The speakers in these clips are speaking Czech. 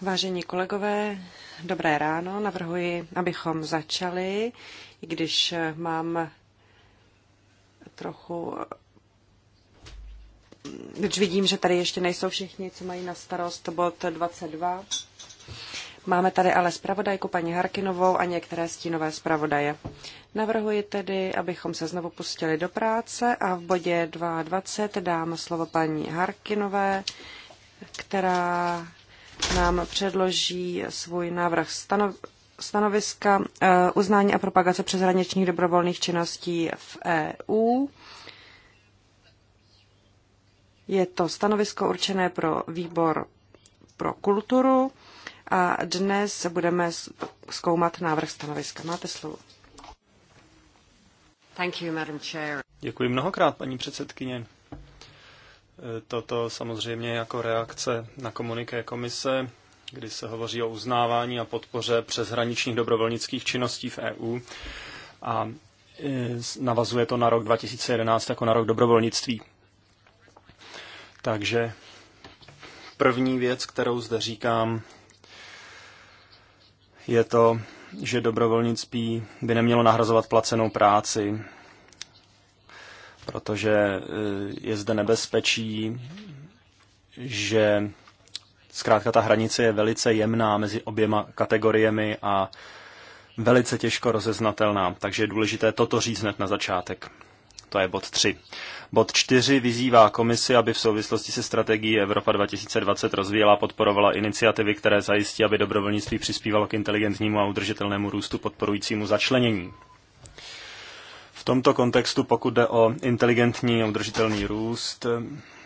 Vážení kolegové, dobré ráno. Navrhuji, abychom začali, i když mám trochu když vidím, že tady ještě nejsou všichni, co mají na starost bod 22. Máme tady ale zpravodajku paní Harkinovou a některé stínové zpravodaje. Navrhuji tedy, abychom se znovu pustili do práce a v bodě 22 dám slovo paní Harkinové, která nám předloží svůj návrh stanov, stanoviska uh, uznání a propagace přeshraničních dobrovolných činností v EU. Je to stanovisko určené pro výbor pro kulturu a dnes budeme zkoumat návrh stanoviska. Máte slovo. Thank you, Madam Chair. Děkuji mnohokrát, paní předsedkyně. E, toto samozřejmě jako reakce na komuniké komise, kdy se hovoří o uznávání a podpoře přeshraničních dobrovolnických činností v EU a e, navazuje to na rok 2011 jako na rok dobrovolnictví. Takže první věc, kterou zde říkám, je to, že dobrovolnictví by nemělo nahrazovat placenou práci, protože eh, je zde nebezpečí, že zkrátka ta hranice je velice jemná mezi oběma kategoriemi a velice těžko rozeznatelná, takže je důležité toto říct hned na začátek. To je bod 3. Bod 4 vyzývá komisi, aby v souvislosti se strategií Evropa 2020 rozvíjela a podporovala iniciativy, které zajistí, aby dobrovolnictví přispívalo k inteligentnímu a udržitelnému růstu podporujícímu začlenění. V tomto kontextu, pokud jde o inteligentní a udržitelný růst,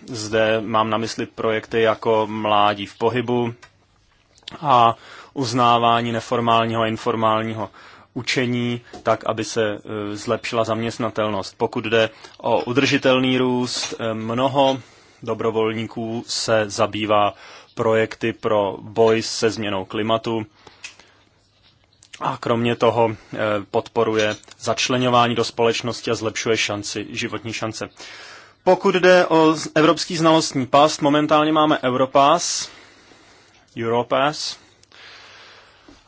zde mám na mysli projekty jako Mládí v pohybu a uznávání neformálního a informálního učení, tak aby se e, zlepšila zaměstnatelnost. Pokud jde o udržitelný růst, e, mnoho dobrovolníků se zabývá projekty pro boj se změnou klimatu a kromě toho e, podporuje začlenování do společnosti a zlepšuje šanci, životní šance. Pokud jde o evropský znalostní pas, momentálně máme Europass, Europass,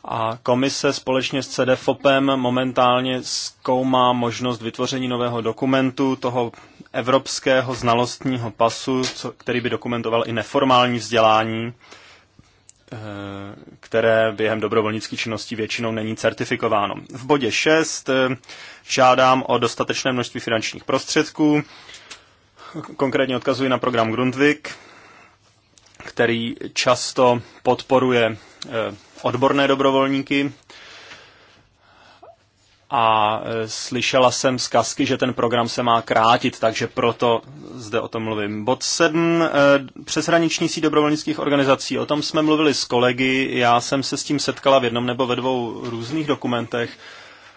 a komise společně s CDFOPem momentálně zkoumá možnost vytvoření nového dokumentu, toho evropského znalostního pasu, co, který by dokumentoval i neformální vzdělání, eh, které během dobrovolnické činnosti většinou není certifikováno. V bodě 6 eh, žádám o dostatečné množství finančních prostředků, konkrétně odkazuji na program Grundvik, který často podporuje eh, odborné dobrovolníky a e, slyšela jsem z kasky, že ten program se má krátit, takže proto zde o tom mluvím. Bod 7. E, přeshraniční síť dobrovolnických organizací. O tom jsme mluvili s kolegy. Já jsem se s tím setkala v jednom nebo ve dvou různých dokumentech.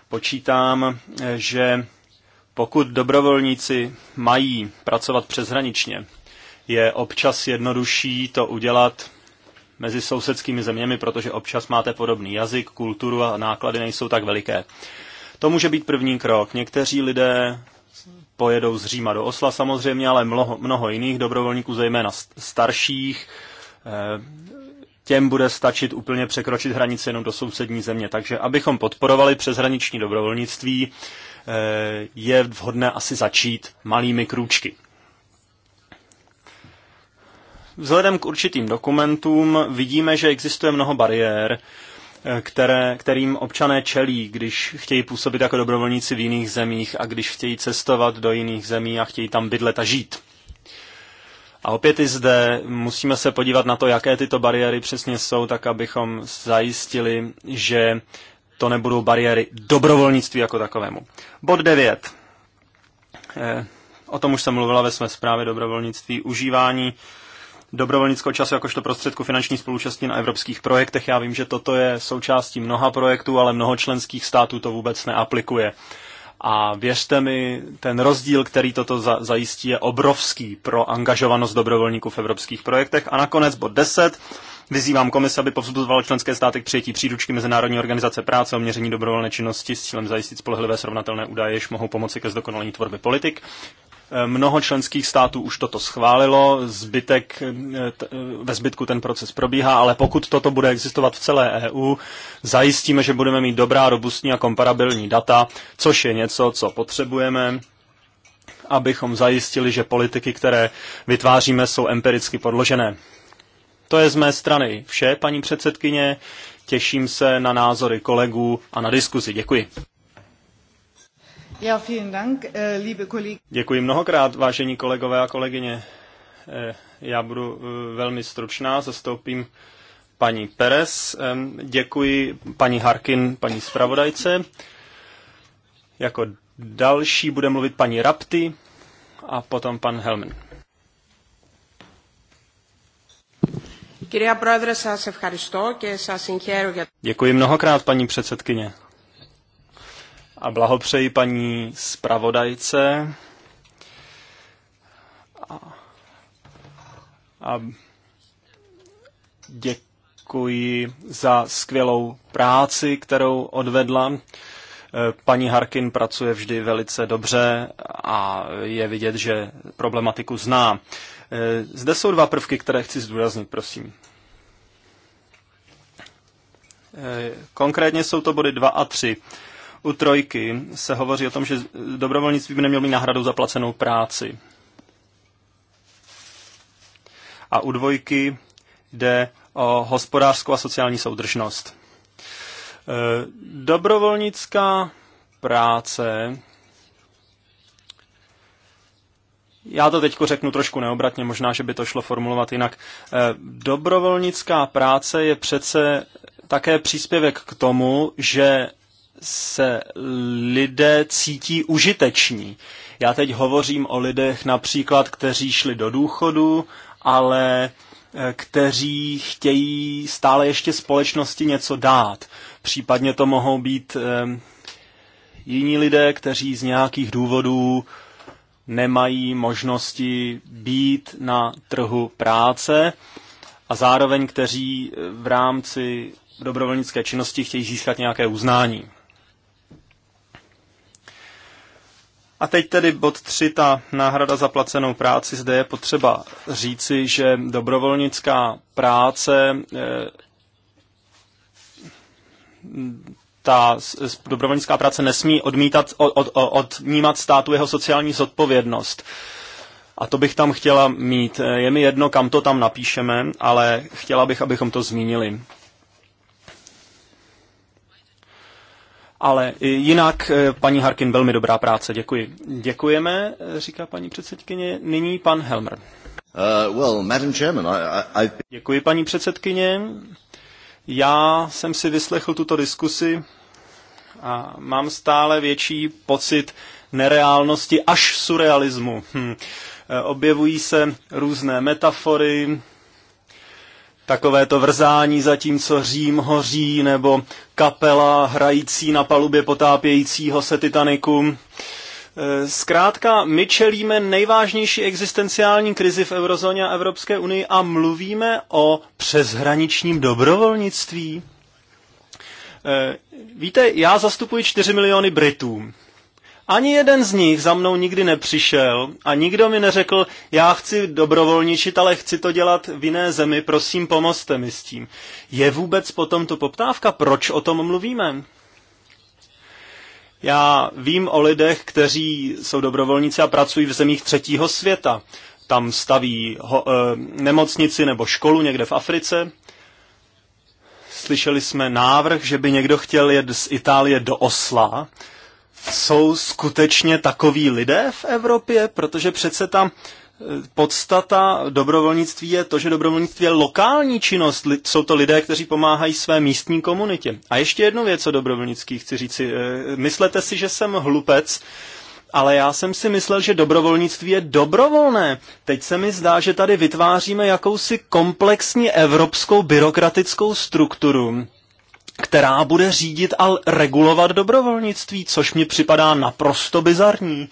Počítám, e, že pokud dobrovolníci mají pracovat přeshraničně, je občas jednodušší to udělat mezi sousedskými zeměmi, protože občas máte podobný jazyk, kulturu a náklady nejsou tak veliké. To může být první krok. Někteří lidé pojedou z Říma do Osla samozřejmě, ale mnoho, mnoho jiných dobrovolníků, zejména starších, eh, těm bude stačit úplně překročit hranice jenom do sousední země. Takže abychom podporovali přeshraniční dobrovolnictví, eh, je vhodné asi začít malými krůčky. Vzhledem k určitým dokumentům vidíme, že existuje mnoho bariér, eh, které, kterým občané čelí, když chtějí působit jako dobrovolníci v jiných zemích a když chtějí cestovat do jiných zemí a chtějí tam bydlet a žít. A opět i zde musíme se podívat na to, jaké tyto bariéry přesně jsou, tak abychom zajistili, že to nebudou bariéry dobrovolnictví jako takovému. Bod 9. Eh, o tom už jsem mluvila ve své zprávě dobrovolnictví. Užívání dobrovolnického času jakožto prostředku finanční spolučasti na evropských projektech. Já vím, že toto je součástí mnoha projektů, ale mnoho členských států to vůbec neaplikuje. A věřte mi, ten rozdíl, který toto za, zajistí, je obrovský pro angažovanost dobrovolníků v evropských projektech. A nakonec bod 10. Vyzývám komise, aby povzbuzoval členské státy k přijetí příručky Mezinárodní organizace práce o měření dobrovolné činnosti s cílem zajistit spolehlivé srovnatelné údaje, jež mohou pomoci ke zdokonalení tvorby politik. Mnoho členských států už toto schválilo, zbytek, eh, eh, ve zbytku ten proces probíhá, ale pokud toto bude existovat v celé EU, zajistíme, že budeme mít dobrá, robustní a komparabilní data, což je něco, co potřebujeme abychom zajistili, že politiky, které vytváříme, jsou empiricky podložené. To je z mé strany vše, paní předsedkyně. Těším se na názory kolegů a na diskuzi. Děkuji. Äh, děkuji mnohokrát, vážení kolegové a kolegyně. Eh, já budu eh, velmi stručná, zastoupím paní Perez. Děkuji paní Harkin, paní zpravodajce. Jako další bude mluvit paní Rapty a potom pan Helmen. Děkuji mnohokrát, paní předsedkyně a blahopřeji paní zpravodajce. A, a děkuji za skvělou práci, kterou odvedla. E, paní Harkin pracuje vždy velice dobře a je vidět, že problematiku zná. E, zde jsou dva prvky, které chci zdůraznit, prosím. E, konkrétně jsou to body 2 a 3 u trojky se hovoří o tom, že dobrovolnictví by nemělo mít náhradu za placenou práci. A u dvojky jde o hospodářskou a sociální soudržnost. E, dobrovolnická práce já to teď řeknu trošku neobratně, možná, že by to šlo formulovat jinak. E, dobrovolnická práce je přece také příspěvek k tomu, že se lidé cítí užiteční. Já teď hovořím o lidech například, kteří šli do důchodu, ale eh, kteří chtějí stále ještě společnosti něco dát. Případně to mohou být eh, jiní lidé, kteří z nějakých důvodů nemají možnosti být na trhu práce a zároveň kteří eh, v rámci dobrovolnické činnosti chtějí získat nějaké uznání. A teď tedy bod 3, ta náhrada za placenou práci. Zde je potřeba říci, že dobrovolnická práce eh, ta dobrovolnická práce nesmí odmítat, od, od, odnímat státu jeho sociální zodpovědnost. A to bych tam chtěla mít. Eh, je mi jedno, kam to tam napíšeme, ale chtěla bych, abychom to zmínili. Ale jinak, eh, paní Harkin, velmi dobrá práce, děkuji. Děkujeme, eh, říká paní předsedkyně. Nyní pan Helmer. Uh, well, Madam Chairman, I, I... Děkuji, paní předsedkyně. Já jsem si vyslechl tuto diskusi a mám stále větší pocit nereálnosti až surrealismu. Hm. Eh, objevují se různé metafory, takové to vrzání zatímco Řím hoří, nebo kapela hrající na palubě potápějícího se Titaniku. E, zkrátka, my čelíme nejvážnější existenciální krizi v eurozóně a Evropské unii a mluvíme o přeshraničním dobrovolnictví. E, víte, já zastupuji 4 miliony Britů. Ani jeden z nich za mnou nikdy nepřišel a nikdo mi neřekl, já chci dobrovolničit, ale chci to dělat v jiné zemi, prosím, pomozte mi s tím. Je vůbec potom tu poptávka? Proč o tom mluvíme? Já vím o lidech, kteří jsou dobrovolníci a pracují v zemích třetího světa. Tam staví ho, e, nemocnici nebo školu někde v Africe. Slyšeli jsme návrh, že by někdo chtěl jet z Itálie do Osla, jsou skutečně takoví lidé v Evropě? Protože přece tam eh, podstata dobrovolnictví je to, že dobrovolnictví je lokální činnost. Jsou to lidé, kteří pomáhají své místní komunitě. A ještě jednu věc o dobrovolnických chci říci. Eh, myslete si, že jsem hlupec, ale já jsem si myslel, že dobrovolnictví je dobrovolné. Teď se mi zdá, že tady vytváříme jakousi komplexní evropskou byrokratickou strukturu, která bude řídit a regulovat dobrovolnictví, což mi připadá naprosto bizarní.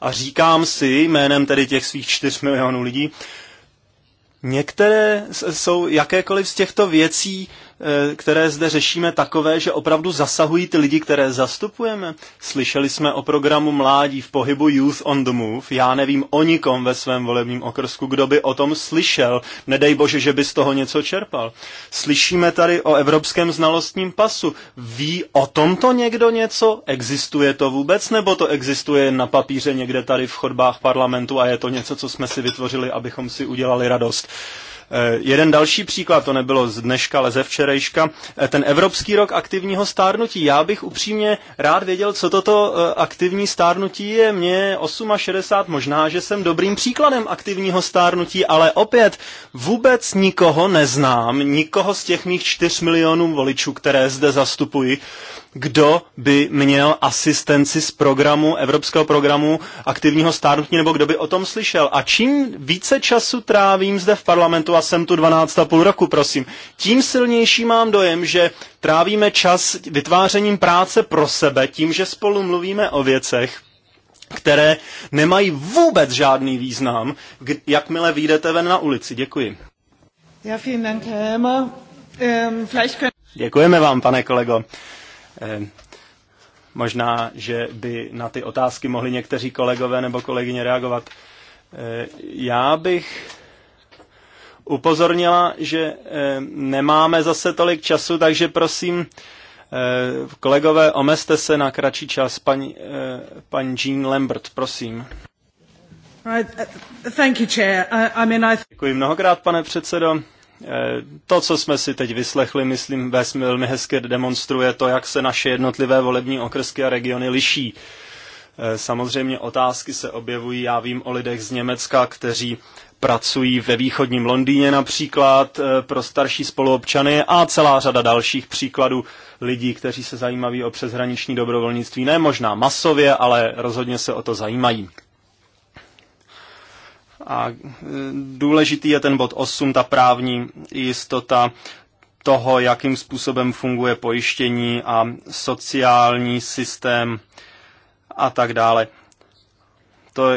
A říkám si jménem tedy těch svých čtyř milionů lidí, některé jsou jakékoliv z těchto věcí Eh, které zde řešíme, takové, že opravdu zasahují ty lidi, které zastupujeme? Slyšeli jsme o programu Mládí v pohybu Youth on the Move. Já nevím o nikom ve svém volebním okrsku, kdo by o tom slyšel. Nedej bože, že by z toho něco čerpal. Slyšíme tady o evropském znalostním pasu. Ví o tomto někdo něco? Existuje to vůbec, nebo to existuje na papíře někde tady v chodbách parlamentu a je to něco, co jsme si vytvořili, abychom si udělali radost? Eh, jeden další příklad, to nebylo z dneška, ale ze včerejška, eh, ten Evropský rok aktivního stárnutí. Já bych upřímně rád věděl, co toto eh, aktivní stárnutí je. Mně je 68, možná, že jsem dobrým příkladem aktivního stárnutí, ale opět vůbec nikoho neznám, nikoho z těch mých 4 milionů voličů, které zde zastupuji, kdo by měl asistenci z programu, evropského programu aktivního stárnutí, nebo kdo by o tom slyšel. A čím více času trávím zde v parlamentu, a jsem tu 12,5 roku, prosím, tím silnější mám dojem, že trávíme čas vytvářením práce pro sebe, tím, že spolu mluvíme o věcech, které nemají vůbec žádný význam, jakmile vyjdete ven na ulici. Děkuji. Ähm, Děkujeme vám, pane kolego. Eh, možná, že by na ty otázky mohli někteří kolegové nebo kolegyně reagovat. Eh, já bych upozornila, že eh, nemáme zase tolik času, takže prosím, kolegové, omezte se na kratší čas. Paní, paní Jean Lambert, prosím. Děkuji mnohokrát, pane předsedo. Eh, to, co jsme si teď vyslechli, myslím, velmi hezky demonstruje to, jak se naše jednotlivé volební okrsky a regiony liší. Eh, samozřejmě otázky se objevují, já vím o lidech z Německa, kteří pracují ve východním Londýně například eh, pro starší spoluobčany a celá řada dalších příkladů lidí, kteří se zajímaví o přeshraniční dobrovolnictví. Ne možná masově, ale rozhodně se o to zajímají. A e, důležitý je ten bod 8, ta právní jistota toho, jakým způsobem funguje pojištění a sociální systém a tak dále. To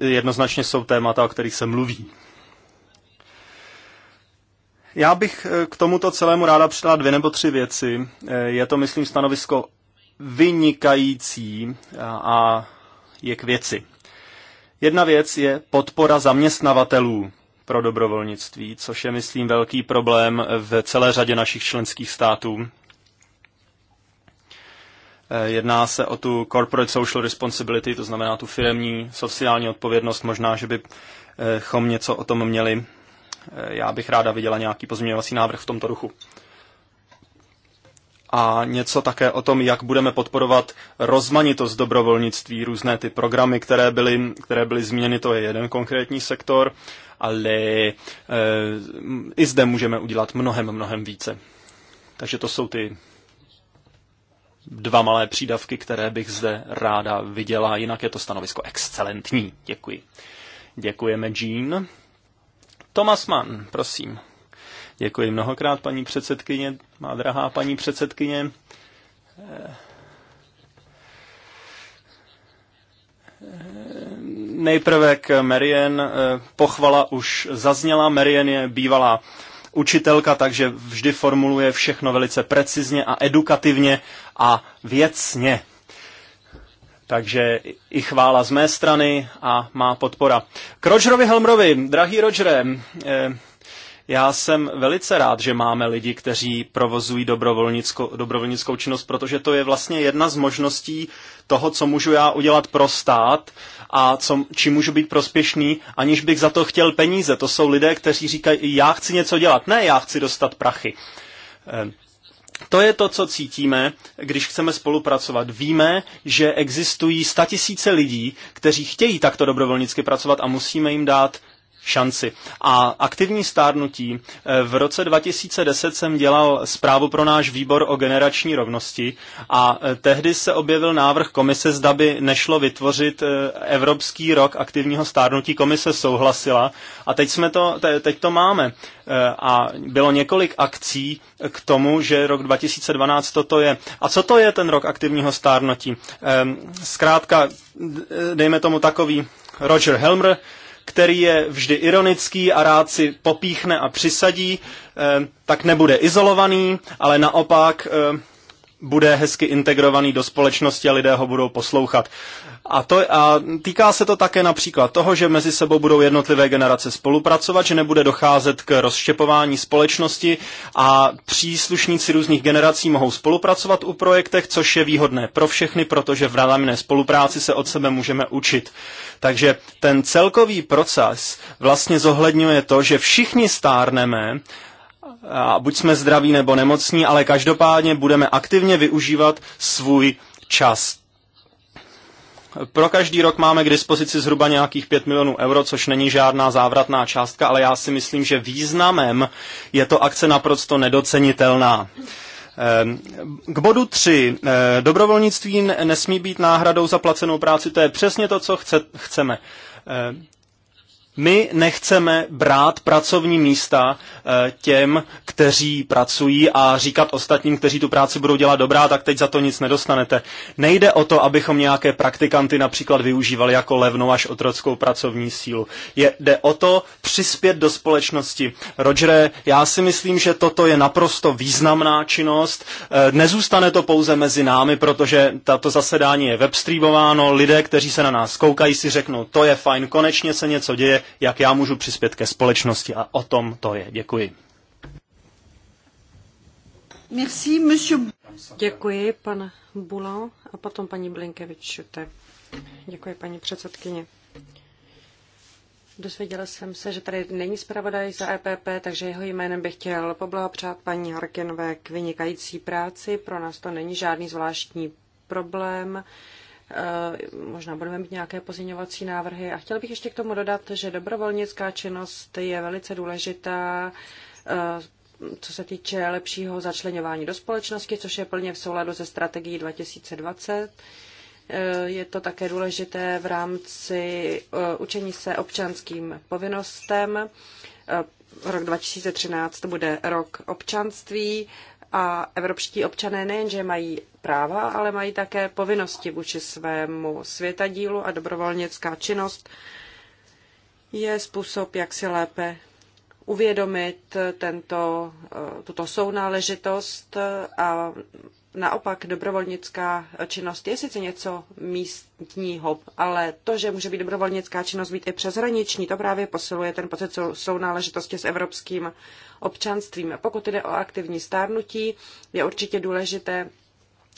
jednoznačně jsou témata, o kterých se mluví. Já bych e, k tomuto celému ráda přidala dvě nebo tři věci. E, je to, myslím, stanovisko vynikající a je k věci. Jedna věc je podpora zaměstnavatelů pro dobrovolnictví, což je, myslím, velký problém v celé řadě našich členských států. Eh, jedná se o tu corporate social responsibility, to znamená tu firmní sociální odpovědnost. Možná, že bychom eh, něco o tom měli. Eh, já bych ráda viděla nějaký pozměňovací návrh v tomto ruchu a něco také o tom, jak budeme podporovat rozmanitost dobrovolnictví, různé ty programy, které byly, které byly zmíněny, to je jeden konkrétní sektor, ale e, i zde můžeme udělat mnohem, mnohem více. Takže to jsou ty dva malé přídavky, které bych zde ráda viděla, jinak je to stanovisko excelentní. Děkuji. Děkujeme, Jean. Thomas Mann, prosím. Děkuji mnohokrát, paní předsedkyně, má drahá paní předsedkyně. Nejprve k Marian. Pochvala už zazněla. Marian je bývalá učitelka, takže vždy formuluje všechno velice precizně a edukativně a věcně. Takže i chvála z mé strany a má podpora. K Rogerovi Helmrovi, drahý Rogere, eh, já jsem velice rád, že máme lidi, kteří provozují dobrovolnickou, dobrovolnickou činnost, protože to je vlastně jedna z možností toho, co můžu já udělat pro stát a co, či můžu být prospěšný, aniž bych za to chtěl peníze. To jsou lidé, kteří říkají, já chci něco dělat, ne já chci dostat prachy. Ehm, to je to, co cítíme, když chceme spolupracovat. Víme, že existují statisíce lidí, kteří chtějí takto dobrovolnicky pracovat a musíme jim dát šanci. A aktivní stárnutí. Eh, v roce 2010 jsem dělal zprávu pro náš výbor o generační rovnosti a eh, tehdy se objevil návrh komise, zda by nešlo vytvořit eh, Evropský rok aktivního stárnutí. Komise souhlasila a teď, jsme to, teď to máme. A bylo několik akcí k tomu, že rok 2012 toto je. A co to je ten rok aktivního stárnutí? Zkrátka, dejme tomu takový Roger Helmer, který je vždy ironický a rád si popíchne a přisadí, eh, tak nebude izolovaný, ale naopak eh, bude hezky integrovaný do společnosti a lidé ho budou poslouchat. A, to, a týká se to také například toho, že mezi sebou budou jednotlivé generace spolupracovat, že nebude docházet k rozštěpování společnosti a příslušníci různých generací mohou spolupracovat u projektech, což je výhodné pro všechny, protože v rámci spolupráci se od sebe můžeme učit. Takže ten celkový proces vlastně zohledňuje to, že všichni stárneme, a buď jsme zdraví nebo nemocní, ale každopádně budeme aktivně využívat svůj čas. Pro každý rok máme k dispozici zhruba nějakých 5 milionů euro, což není žádná závratná částka, ale já si myslím, že významem je to akce naprosto nedocenitelná. Ehm, k bodu 3. Ehm, dobrovolnictví nesmí být náhradou za placenou práci. To je přesně to, co chce, chceme. Ehm, my nechceme brát pracovní místa eh, těm, kteří pracují a říkat ostatním, kteří tu práci budou dělat dobrá, tak teď za to nic nedostanete. Nejde o to, abychom nějaké praktikanty například využívali jako levnou až otrockou pracovní sílu. Je, jde o to přispět do společnosti. Roger, já si myslím, že toto je naprosto významná činnost. Eh, nezůstane to pouze mezi námi, protože tato zasedání je webstreamováno. Lidé, kteří se na nás koukají, si řeknou, to je fajn, konečně se něco děje jak já můžu přispět ke společnosti a o tom to je. Děkuji. Merci, monsieur. Děkuji, pan Bulo a potom paní Blinkevič. Děkuji, paní předsedkyně. Dosvěděla jsem se, že tady není zpravodaj za EPP, takže jeho jménem bych chtěl poblahopřát paní Harkinové k vynikající práci. Pro nás to není žádný zvláštní problém. Eh, možná budeme mít nějaké pozměňovací návrhy. A chtěla bych ještě k tomu dodat, že dobrovolnická činnost je velice důležitá eh, co se týče lepšího začlenování do společnosti, což je plně v souladu se strategií 2020. Eh, je to také důležité v rámci učení se občanským povinnostem. Rok 2013 bude rok občanství a evropští občané nejenže mají práva, ale mají také povinnosti vůči svému světadílu a dobrovolnická činnost je způsob, jak si lépe uvědomit tento, eh, tuto sounáležitost a Naopak dobrovolnická činnost je sice něco místního, ale to, že může být dobrovolnická činnost být i přeshraniční, to právě posiluje ten pocit sounáležitosti s evropským občanstvím. Pokud jde o aktivní stárnutí, je určitě důležité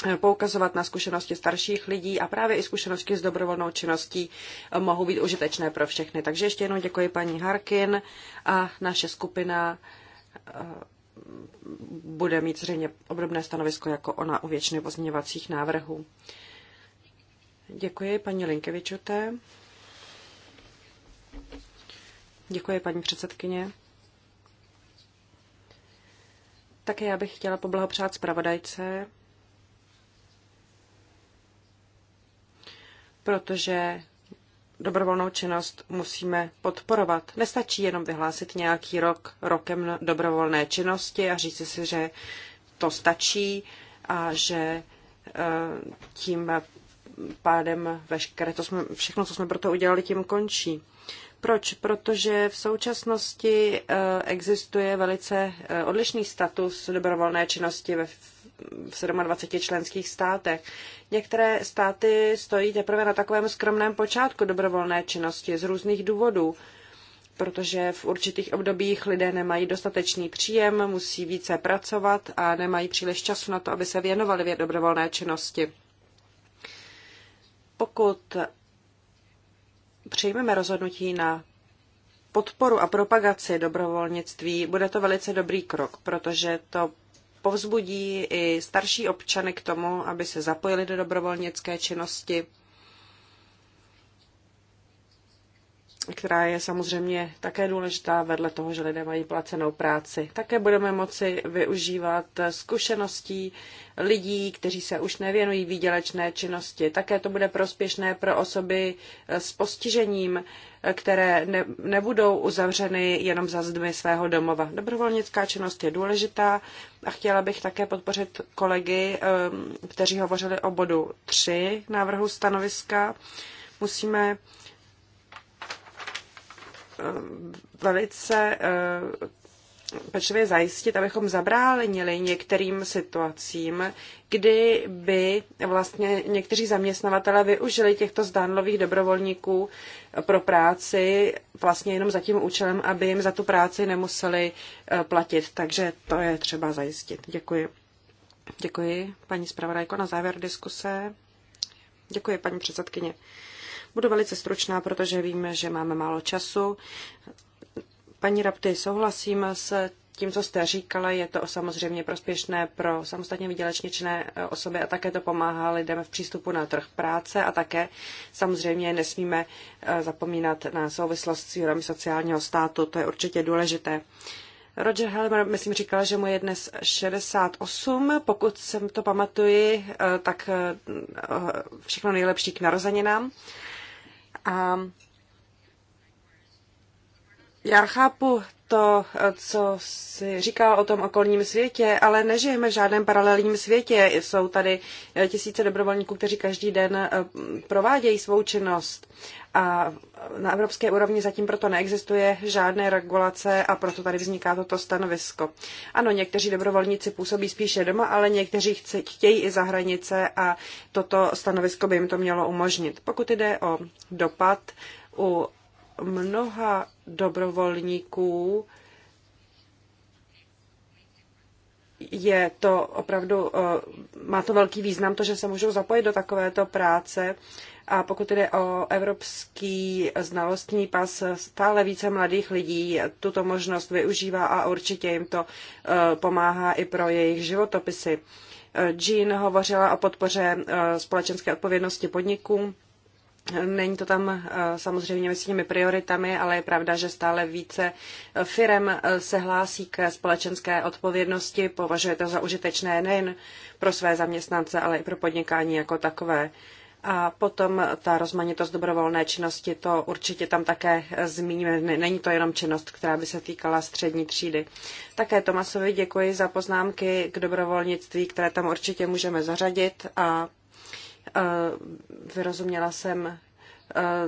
eh, poukazovat na zkušenosti starších lidí a právě i zkušenosti s dobrovolnou činností eh, mohou být užitečné pro všechny. Takže ještě jednou děkuji paní Harkin a naše skupina eh, bude mít zřejmě obdobné stanovisko jako ona u většiny pozměňovacích návrhů. Děkuji, paní Linkevičuté. Děkuji, paní předsedkyně. Také já bych chtěla poblahopřát zpravodajce, protože dobrovolnou činnost musíme podporovat. Nestačí jenom vyhlásit nějaký rok rokem dobrovolné činnosti a říci si, že to stačí a že eh, tím pádem veškeré to jsme, všechno, co jsme pro to udělali, tím končí. Proč? Protože v současnosti eh, existuje velice eh, odlišný status dobrovolné činnosti ve v 27 členských státech. Některé státy stojí teprve na takovém skromném počátku dobrovolné činnosti z různých důvodů, protože v určitých obdobích lidé nemají dostatečný příjem, musí více pracovat a nemají příliš času na to, aby se věnovali vě dobrovolné činnosti. Pokud přijmeme rozhodnutí na podporu a propagaci dobrovolnictví, bude to velice dobrý krok, protože to povzbudí i starší občany k tomu, aby se zapojili do dobrovolnické činnosti která je samozřejmě také důležitá vedle toho, že lidé mají placenou práci. Také budeme moci využívat zkušeností lidí, kteří se už nevěnují výdělečné činnosti. Také to bude prospěšné pro osoby s postižením, které ne, nebudou uzavřeny jenom za zdmi svého domova. Dobrovolnická činnost je důležitá a chtěla bych také podpořit kolegy, ehm, kteří hovořili o bodu 3 návrhu stanoviska. Musíme Eh, velice eh, pečlivě zajistit, abychom zabránili některým situacím, kdy by vlastně někteří zaměstnavatele využili těchto zdánlových dobrovolníků pro práci vlastně jenom za tím účelem, aby jim za tu práci nemuseli eh, platit. Takže to je třeba zajistit. Děkuji. Děkuji, paní zpravodajko, na závěr diskuse. Děkuji, paní předsedkyně. Budu velice stručná, protože víme, že máme málo času. Paní Rapty, souhlasím s tím, co jste říkala, je to samozřejmě prospěšné pro samostatně výdělečně činné eh, osoby a také to pomáhá lidem v přístupu na trh práce a také samozřejmě nesmíme eh, zapomínat na souvislost s cílem sociálního státu, to je určitě důležité. Roger Helmer, myslím, říkal, že mu je dnes 68. Pokud jsem to pamatuji, eh, tak všechno nejlepší k narozeninám. A já chápu to, co si říká o tom okolním světě, ale nežijeme v žádném paralelním světě. Jsou tady eh, tisíce dobrovolníků, kteří každý den eh, provádějí svou činnost. A na evropské úrovni zatím proto neexistuje žádné regulace a proto tady vzniká toto stanovisko. Ano, někteří dobrovolníci působí spíše doma, ale někteří chtějí i za hranice a toto stanovisko by jim to mělo umožnit. Pokud jde o dopad u mnoha dobrovolníků je to opravdu, eh, má to velký význam, to, že se můžou zapojit do takovéto práce. A pokud jde o evropský znalostní pas, stále více mladých lidí tuto možnost využívá a určitě jim to eh, pomáhá i pro jejich životopisy. Eh, Jean hovořila o podpoře společenské odpovědnosti podniků. Není to tam eh, samozřejmě mezi těmi prioritami, ale je pravda, že stále více firem eh, se hlásí k společenské odpovědnosti. Považuje to za užitečné nejen pro své zaměstnance, ale i pro podnikání jako takové. A potom ta rozmanitost dobrovolné činnosti, to určitě tam také eh, zmíníme. Není to jenom činnost, která by se týkala střední třídy. Také Tomasovi děkuji za poznámky k dobrovolnictví, které tam určitě můžeme zařadit a Vyrozuměla jsem, e,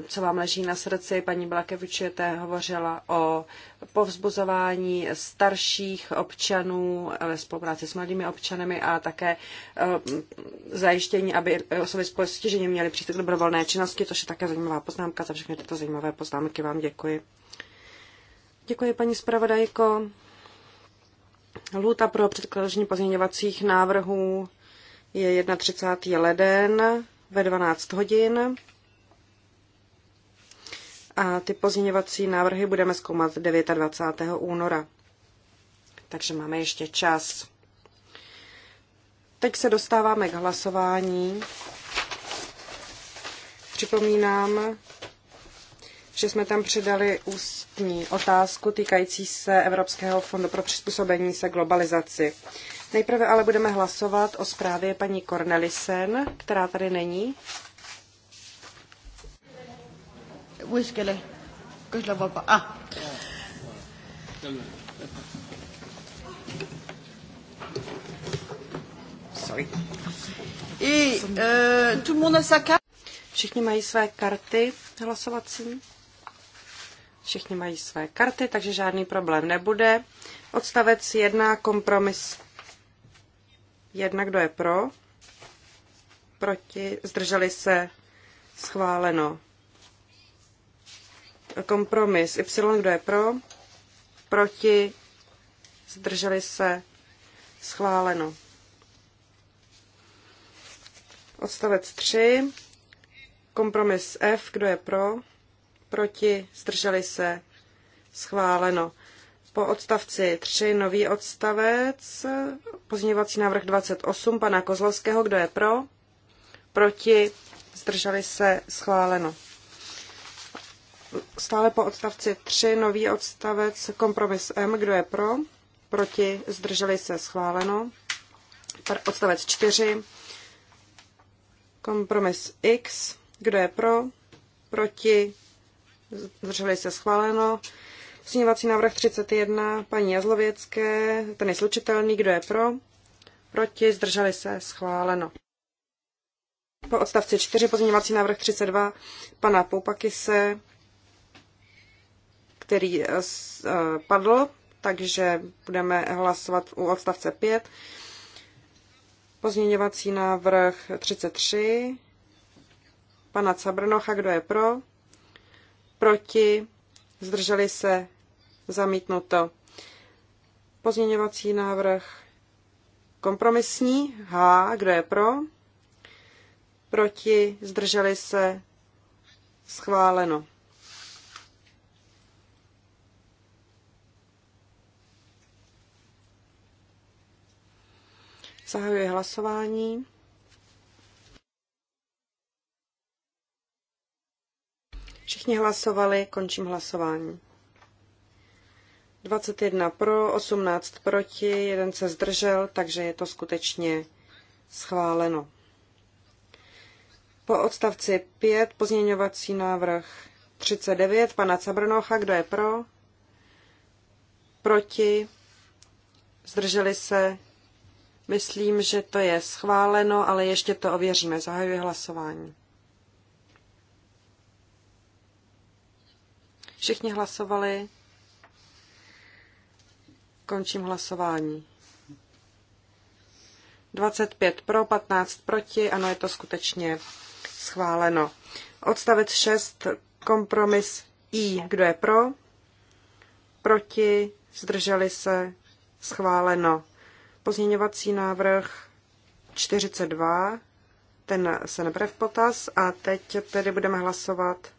co vám leží na srdci. Paní Blakevičete hovořila o povzbuzování starších občanů e, ve spolupráci s mladými občanami a také e, zajištění, aby osoby s postižením měly přístup k dobrovolné činnosti, což je také zajímavá poznámka. Za všechny tyto zajímavé poznámky vám děkuji. Děkuji, paní zpravodajko. Lhůta pro předkladení pozměňovacích návrhů je 31. leden ve 12 hodin. A ty pozměňovací návrhy budeme zkoumat 29. února. Takže máme ještě čas. Teď se dostáváme k hlasování. Připomínám, že jsme tam přidali ústní otázku týkající se Evropského fondu pro přizpůsobení se globalizaci. Nejprve ale budeme hlasovat o zprávě paní Cornelisen, která tady není. Ah. Eh, Všichni mají své karty hlasovací. Všichni mají své karty, takže žádný problém nebude. Odstavec 1, kompromis Jedna, kdo je pro, proti, zdrželi se, schváleno. Kompromis Y, kdo je pro, proti, zdrželi se, schváleno. Odstavec 3, kompromis F, kdo je pro, proti, zdrželi se, schváleno. Po odstavci 3 nový odstavec, pozměňovací návrh 28 pana Kozlovského, kdo je pro, proti, zdrželi se, schváleno. Stále po odstavci 3 nový odstavec, kompromis M, kdo je pro, proti, zdrželi se, schváleno. Odstavec 4, kompromis X, kdo je pro, proti, zdrželi se, schváleno. Pozměňovací návrh 31 paní Jazlověcké, ten je slučitelný, kdo je pro? Proti, zdrželi se, schváleno. Po odstavci 4 pozměňovací návrh 32 pana Poupakise, který eh, eh, padl, takže budeme hlasovat u odstavce 5. Pozměňovací návrh 33 pana Cabrnocha, kdo je pro? Proti, zdrželi se, Zamítnuto. Pozměňovací návrh kompromisní H, kdo je pro? Proti, zdrželi se, schváleno. Zahajuji hlasování. Všichni hlasovali, končím hlasování. 21 pro, 18 proti, jeden se zdržel, takže je to skutečně schváleno. Po odstavci 5 pozměňovací návrh 39 pana Cabrnocha, kdo je pro? Proti? Zdrželi se? Myslím, že to je schváleno, ale ještě to ověříme. Zahajuji hlasování. Všichni hlasovali. Končím hlasování. 25 pro, 15 proti, ano, je to skutečně schváleno. Odstavec 6, kompromis I. Kdo je pro? Proti, zdrželi se, schváleno. Pozměňovací návrh 42, ten se nebere v potaz a teď tedy budeme hlasovat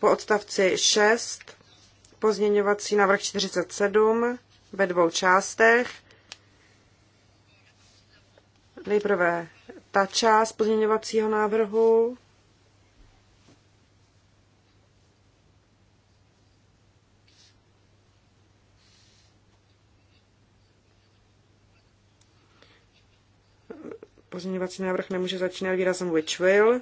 po odstavci 6 Pozměňovací návrh 47 ve dvou částech. Nejprve ta část pozměňovacího návrhu, pozměňovací návrh nemůže začínat výrazem which will.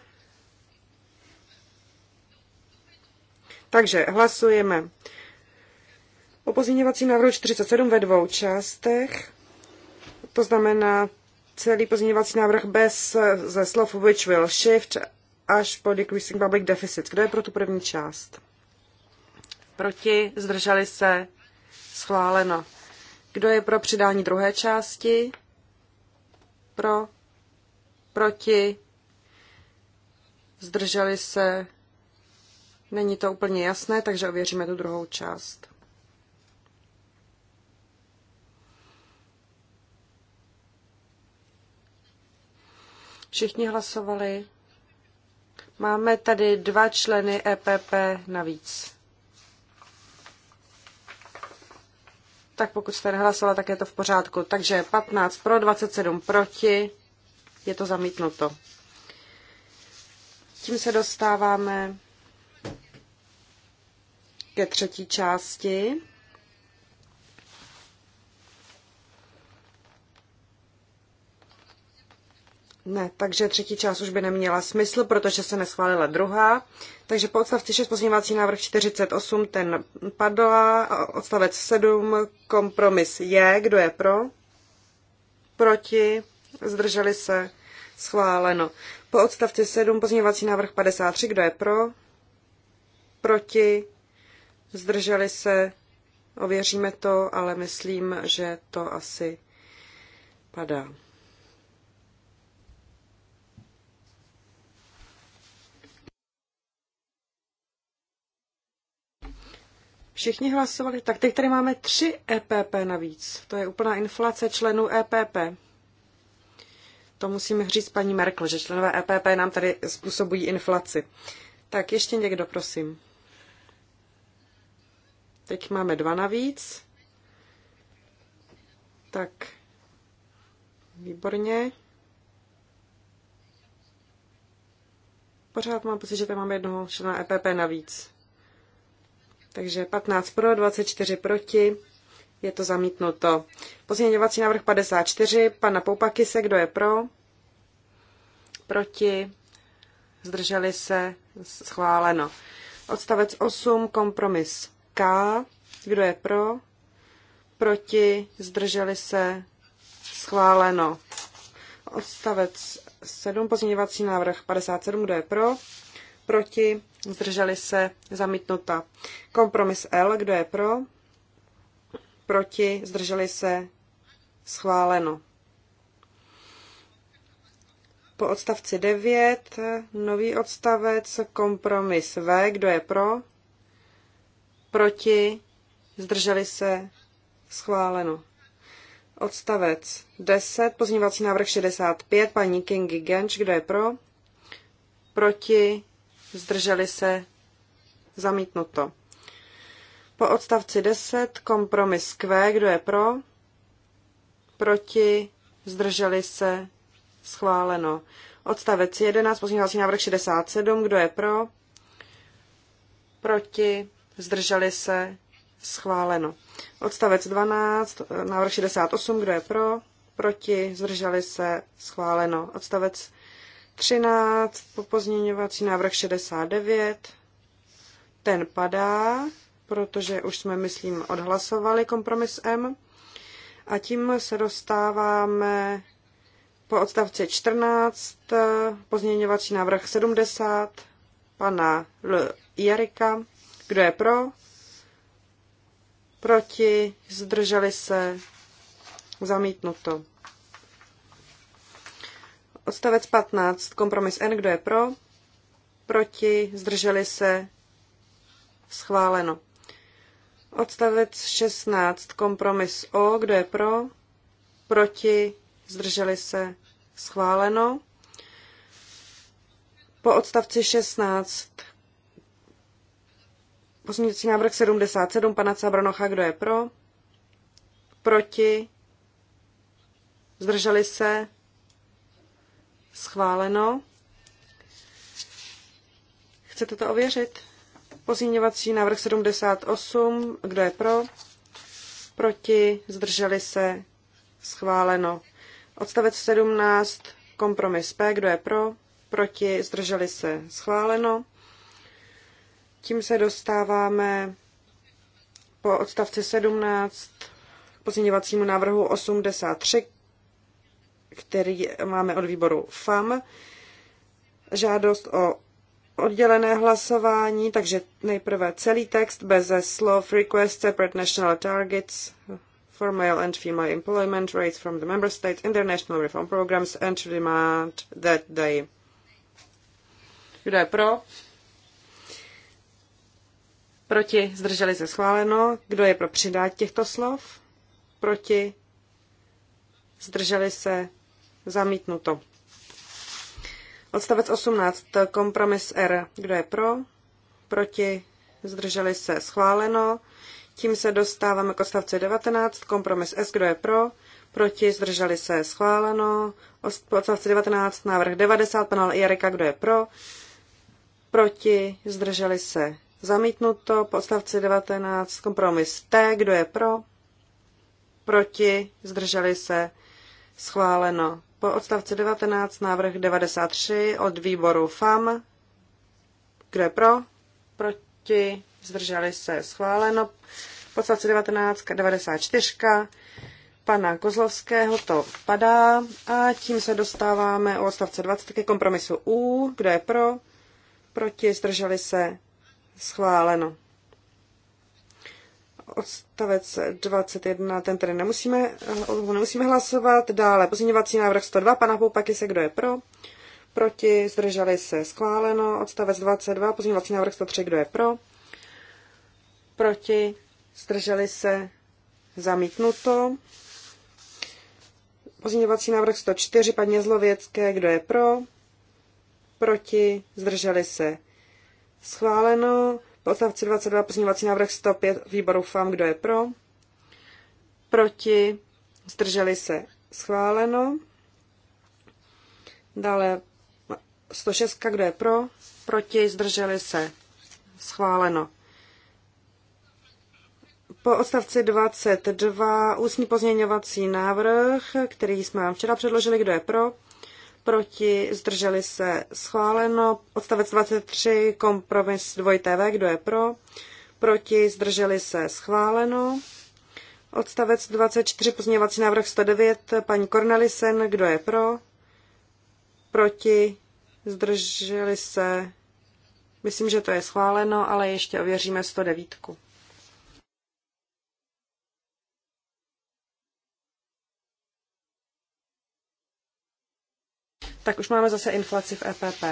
Takže hlasujeme o pozměňovacím návrhu 47 ve dvou částech. To znamená celý pozměňovací návrh bez ze slov which will shift až po decreasing public deficit. Kdo je pro tu první část? Proti, zdrželi se, schváleno. Kdo je pro přidání druhé části? Pro, proti, zdrželi se, není to úplně jasné, takže ověříme tu druhou část. Všichni hlasovali. Máme tady dva členy EPP navíc. Tak pokud jste nehlasovala, tak je to v pořádku. Takže 15 pro, 27 proti. Je to zamítnuto. Tím se dostáváme ke třetí části. Ne, takže třetí část už by neměla smysl, protože se neschválila druhá. Takže po odstavci 6 pozměňovací návrh 48, ten a odstavec 7, kompromis je, kdo je pro, proti, zdrželi se, schváleno. Po odstavci 7 pozměňovací návrh 53, kdo je pro, proti, zdrželi se, ověříme to, ale myslím, že to asi padá. Všichni hlasovali, tak teď tady máme tři EPP navíc. To je úplná inflace členů EPP. To musíme říct paní Merkel, že členové EPP nám tady způsobují inflaci. Tak ještě někdo, prosím. Teď máme dva navíc. Tak, výborně. Pořád mám pocit, že tam máme jednoho člena EPP navíc. Takže 15 pro, 24 proti. Je to zamítnuto. Pozměňovací návrh 54, pana se, kdo je pro? Proti? Zdrželi se? Schváleno. Odstavec 8, kompromis K. Kdo je pro? Proti? Zdrželi se? Schváleno. Odstavec 7, pozměňovací návrh 57, kdo je pro? proti, zdrželi se, zamítnuta. Kompromis L, kdo je pro, proti, zdrželi se, schváleno. Po odstavci 9, nový odstavec, kompromis V, kdo je pro, proti, zdrželi se, schváleno. Odstavec 10, pozměňovací návrh 65, paní Kingy Genč, kdo je pro, proti, zdrželi se, zamítnuto. Po odstavci 10 kompromis Q, kdo je pro, proti, zdrželi se, schváleno. Odstavec 11, pozměňovací návrh 67, kdo je pro, proti, zdrželi se, schváleno. Odstavec 12, návrh 68, kdo je pro, proti, zdrželi se, schváleno. Odstavec 13, pozměňovací návrh 69, ten padá, protože už jsme, myslím, odhlasovali kompromis M. A tím se dostáváme po odstavci 14, pozměňovací návrh 70, pana L. Jarika. Kdo je pro? Proti? Zdrželi se? Zamítnuto. Odstavec 15. Kompromis N. Kdo je pro? Proti? Zdrželi se? Schváleno. Odstavec 16. Kompromis O. Kdo je pro? Proti? Zdrželi se? Schváleno. Po odstavci 16. Pozměňující návrh 77 pana Cabranocha. Kdo je pro? Proti? Zdrželi se? Schváleno. Chcete to ověřit? Pozměňovací návrh 78. Kdo je pro? Proti? Zdrželi se? Schváleno. Odstavec 17. Kompromis P. Kdo je pro? Proti? Zdrželi se? Schváleno. Tím se dostáváme po odstavci 17 pozměňovacímu návrhu 83 který máme od výboru FAM. Žádost o oddělené hlasování, takže nejprve celý text bez slov Request separate national targets for male and female employment rates from the member states, international reform programs and demand that they. Kdo je pro? Proti zdrželi se schváleno. Kdo je pro přidání těchto slov? Proti zdrželi se Zamítnuto. Odstavec 18. Kompromis R. Kdo je pro? Proti? Zdrželi se? Schváleno. Tím se dostáváme k odstavci 19. Kompromis S. Kdo je pro? Proti? Zdrželi se? Schváleno. Odstavce 19. Návrh 90. Panel Jareka. Kdo je pro? Proti? Zdrželi se? Zamítnuto. Po 19. Kompromis T. Kdo je pro? Proti? Zdrželi se? Schváleno. Po odstavci 19 návrh 93 od výboru FAM. Kdo je pro? Proti? Zdrželi se? Schváleno. Po odstavci 19 94 pana Kozlovského to padá a tím se dostáváme u odstavce 20 ke kompromisu U. Kdo je pro? Proti? Zdrželi se? Schváleno odstavec 21, ten tedy nemusíme, nemusíme hlasovat. Dále pozměňovací návrh 102, pana se, kdo je pro? Proti, zdrželi se, schváleno. Odstavec 22, pozměňovací návrh 103, kdo je pro? Proti, zdrželi se, zamítnuto. Pozměňovací návrh 104, paní Zlověcké, kdo je pro? Proti, zdrželi se, schváleno odstavci 22 pozměňovací návrh 105 výboru FAM, kdo je pro, proti, zdrželi se schváleno. Dále 106, kdo je pro, proti, zdrželi se schváleno. Po odstavci 22 ústní pozměňovací návrh, který jsme vám včera předložili, kdo je pro, proti, zdrželi se schváleno. Odstavec 23, kompromis 2TV, kdo je pro, proti, zdrželi se schváleno. Odstavec 24, pozměňovací návrh 109, paní Cornelisen, kdo je pro, proti, zdrželi se, myslím, že to je schváleno, ale ještě ověříme 109. Tak už máme zase inflaci v EPP.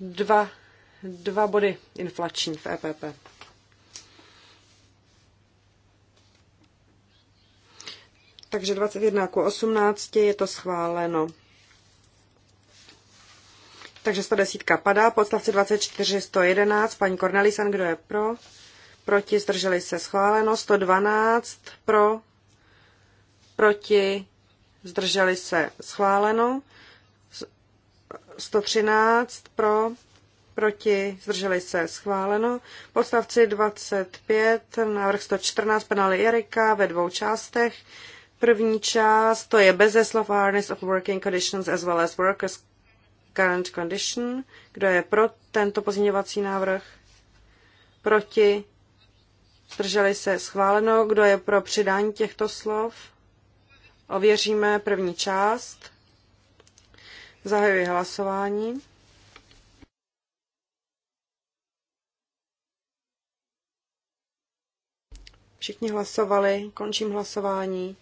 Dva, dva body inflační v EPP. Takže 21 k 18 je to schváleno. Takže 110 padá. Podstavce 24, 111. Paní Cornelisan, kdo je pro? Proti, zdrželi se schváleno. 112 pro, proti, zdrželi se schváleno, 113 pro, proti, zdrželi se schváleno, podstavci 25, návrh 114 penály Erika ve dvou částech, První část, to je beze slov awareness of working conditions as well as workers current condition. Kdo je pro tento pozměňovací návrh? Proti? Zdrželi se schváleno. Kdo je pro přidání těchto slov? Ověříme první část. Zahajuji hlasování. Všichni hlasovali, končím hlasování.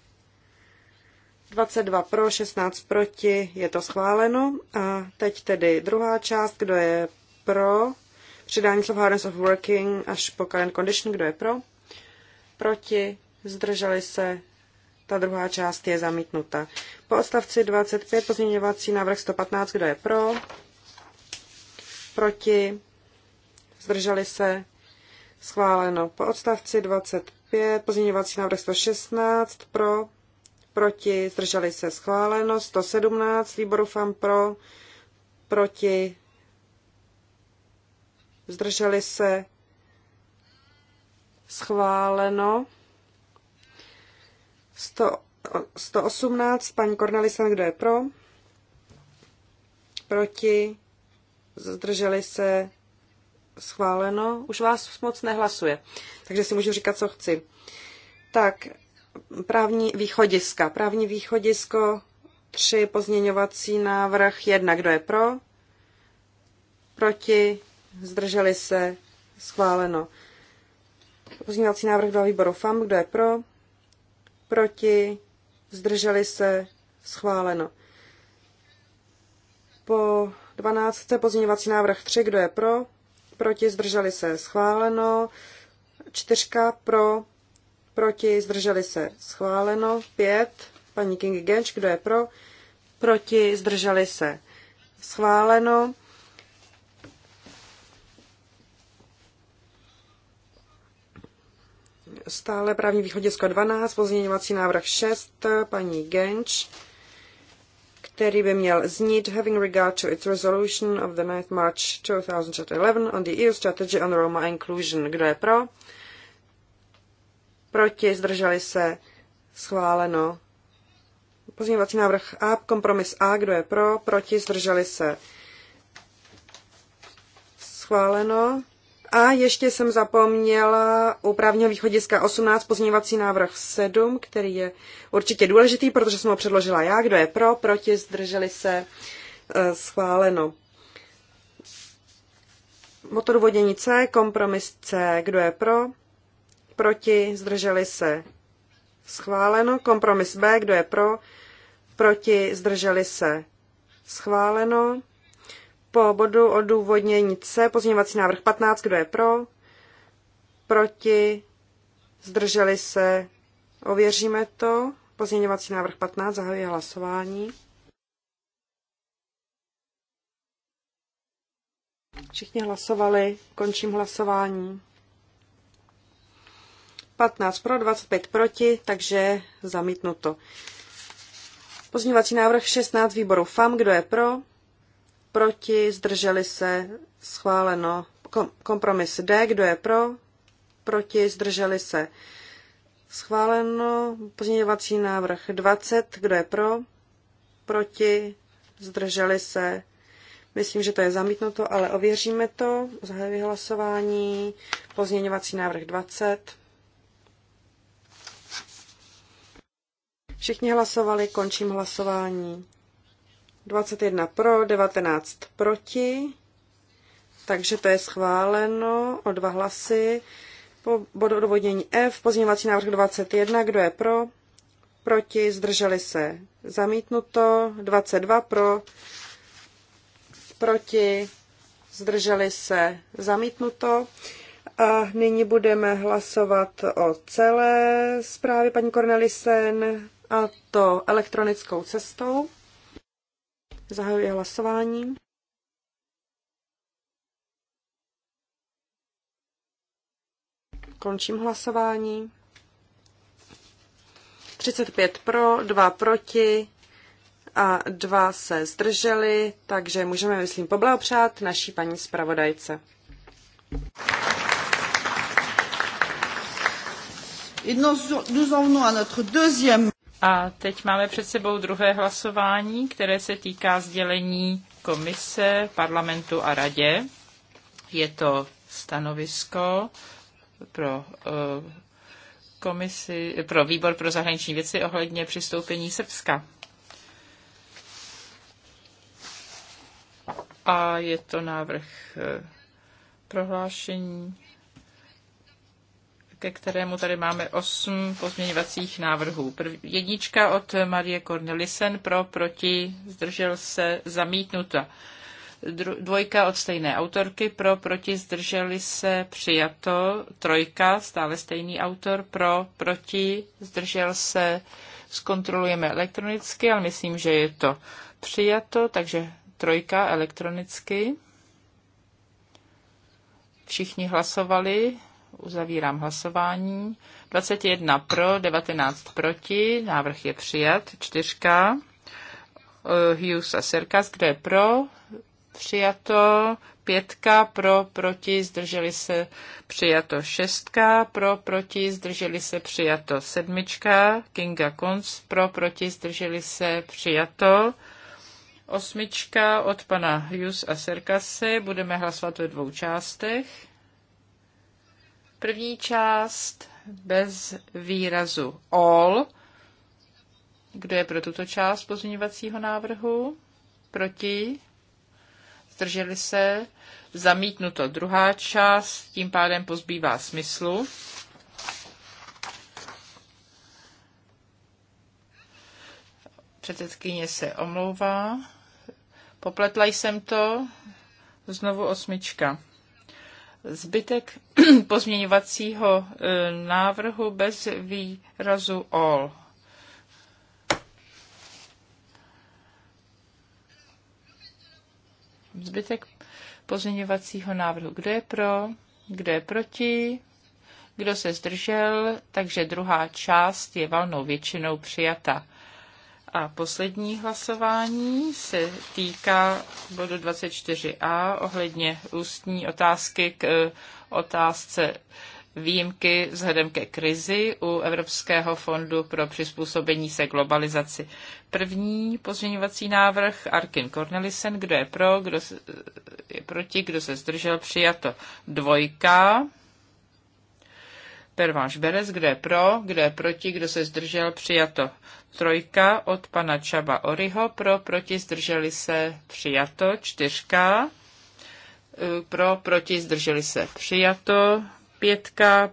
22 pro, 16 proti, je to schváleno. A teď tedy druhá část, kdo je pro, přidání slov hardness of working až po current condition, kdo je pro, proti, zdrželi se, ta druhá část je zamítnuta. Po odstavci 25 pozměňovací návrh 115, kdo je pro? Proti? Zdrželi se? Schváleno. Po odstavci 25 pozměňovací návrh 116 pro? Proti? Zdrželi se? Schváleno. 117 výboru FAM pro? Proti? Zdrželi se? Schváleno. 100, 118, paní Kornelisen, kdo je pro? Proti? Zdrželi se? Schváleno? Už vás moc nehlasuje, takže si můžu říkat, co chci. Tak, právní východiska. Právní východisko tři pozměňovací návrh jedna, kdo je pro? Proti? Zdrželi se? Schváleno. Pozměňovací návrh dva výboru FAM, kdo je pro? proti, zdrželi se, schváleno. Po 12. pozměňovací návrh 3, kdo je pro, proti, zdrželi se, schváleno. Čtyřka pro, proti, zdrželi se, schváleno. Pět, paní King Genč, kdo je pro, proti, zdrželi se, schváleno. Stále právní východisko 12, pozměňovací návrh 6, paní Genč, který by měl znít having regard to its resolution of the 9th March 2011 on the EU strategy on Roma inclusion. Kdo je pro? Proti, zdrželi se, schváleno. Pozměňovací návrh A, kompromis A, kdo je pro, proti, zdrželi se. Schváleno. A ještě jsem zapomněla u právního východiska 18 pozměňovací návrh 7, který je určitě důležitý, protože jsem ho předložila já. Kdo je pro, proti, zdrželi se, e, schváleno. Motor vodění C, kompromis C, kdo je pro, proti, zdrželi se, schváleno. Kompromis B, kdo je pro, proti, zdrželi se, schváleno. Po bodu odůvodnění C pozměňovací návrh 15, kdo je pro? Proti? Zdrželi se? Ověříme to. Pozměňovací návrh 15, zahajuje hlasování. Všichni hlasovali, končím hlasování. 15 pro, 25 proti, takže zamítnuto. Pozměňovací návrh 16 výboru FAM, kdo je pro? proti, zdrželi se, schváleno. Kompromis D, kdo je pro, proti, zdrželi se, schváleno. Pozměňovací návrh 20, kdo je pro, proti, zdrželi se. Myslím, že to je zamítnuto, ale ověříme to. Zahajuji hlasování. Pozměňovací návrh 20. Všichni hlasovali, končím hlasování. 21 pro, 19 proti, takže to je schváleno o dva hlasy. Po bodu odvodnění F, pozměňovací návrh 21, kdo je pro, proti, zdrželi se, zamítnuto, 22 pro, proti, zdrželi se, zamítnuto. A nyní budeme hlasovat o celé zprávě paní Cornelisen a to elektronickou cestou. Zahajuji hlasování. Končím hlasování. 35 pro, 2 proti a 2 se zdrželi, takže můžeme, myslím, poblahopřát naší paní zpravodajce. Et nous, nous en venons à notre deuxième a teď máme před sebou druhé hlasování, které se týká sdělení komise, parlamentu a radě. Je to stanovisko pro eh, komisi, pro výbor pro zahraniční věci ohledně přistoupení Srbska. A je to návrh eh, prohlášení ke kterému tady máme osm pozměňovacích návrhů. Prv, jednička od Marie Cornelisen pro, proti, zdržel se, zamítnuta. Dvojka od stejné autorky pro, proti, zdrželi se, přijato. Trojka, stále stejný autor, pro, proti, zdržel se, zkontrolujeme elektronicky, ale myslím, že je to přijato, takže trojka elektronicky. Všichni hlasovali, Uzavírám hlasování. 21 pro, 19 proti. Návrh je přijat. Čtyřka. Eh, Hughes a Serkas, kdo je pro? Přijato. Pětka pro, proti, zdrželi se přijato. Šestka pro, proti, zdrželi se přijato. Sedmička. Kinga Kunz pro, proti, zdrželi se přijato. Osmička od pana Hughes a Serkase. Budeme hlasovat ve dvou částech. První část bez výrazu all. Kdo je pro tuto část pozměňovacího návrhu? Proti? Zdrželi se? Zamítnuto. Druhá část tím pádem pozbývá smyslu. Předsedkyně se omlouvá. Popletla jsem to. Znovu osmička zbytek pozměňovacího e, návrhu bez výrazu all. Zbytek pozměňovacího návrhu. Kdo je pro? Kdo je proti? Kdo se zdržel? Takže druhá část je valnou většinou přijata. A poslední hlasování se týká bodu 24a ohledně ústní otázky k eh, otázce výjimky vzhledem ke krizi u Evropského fondu pro přizpůsobení se globalizaci. První pozměňovací návrh Arkin Cornelisen, kdo je pro, kdo je proti, kdo se zdržel, přijato. Dvojka, váš Berez, kde je pro, kde je proti, kdo se zdržel, přijato. Trojka od pana Čaba Oriho, pro, proti, zdrželi se, přijato. Čtyřka, eh, pro, proti, zdrželi se, přijato. Pětka,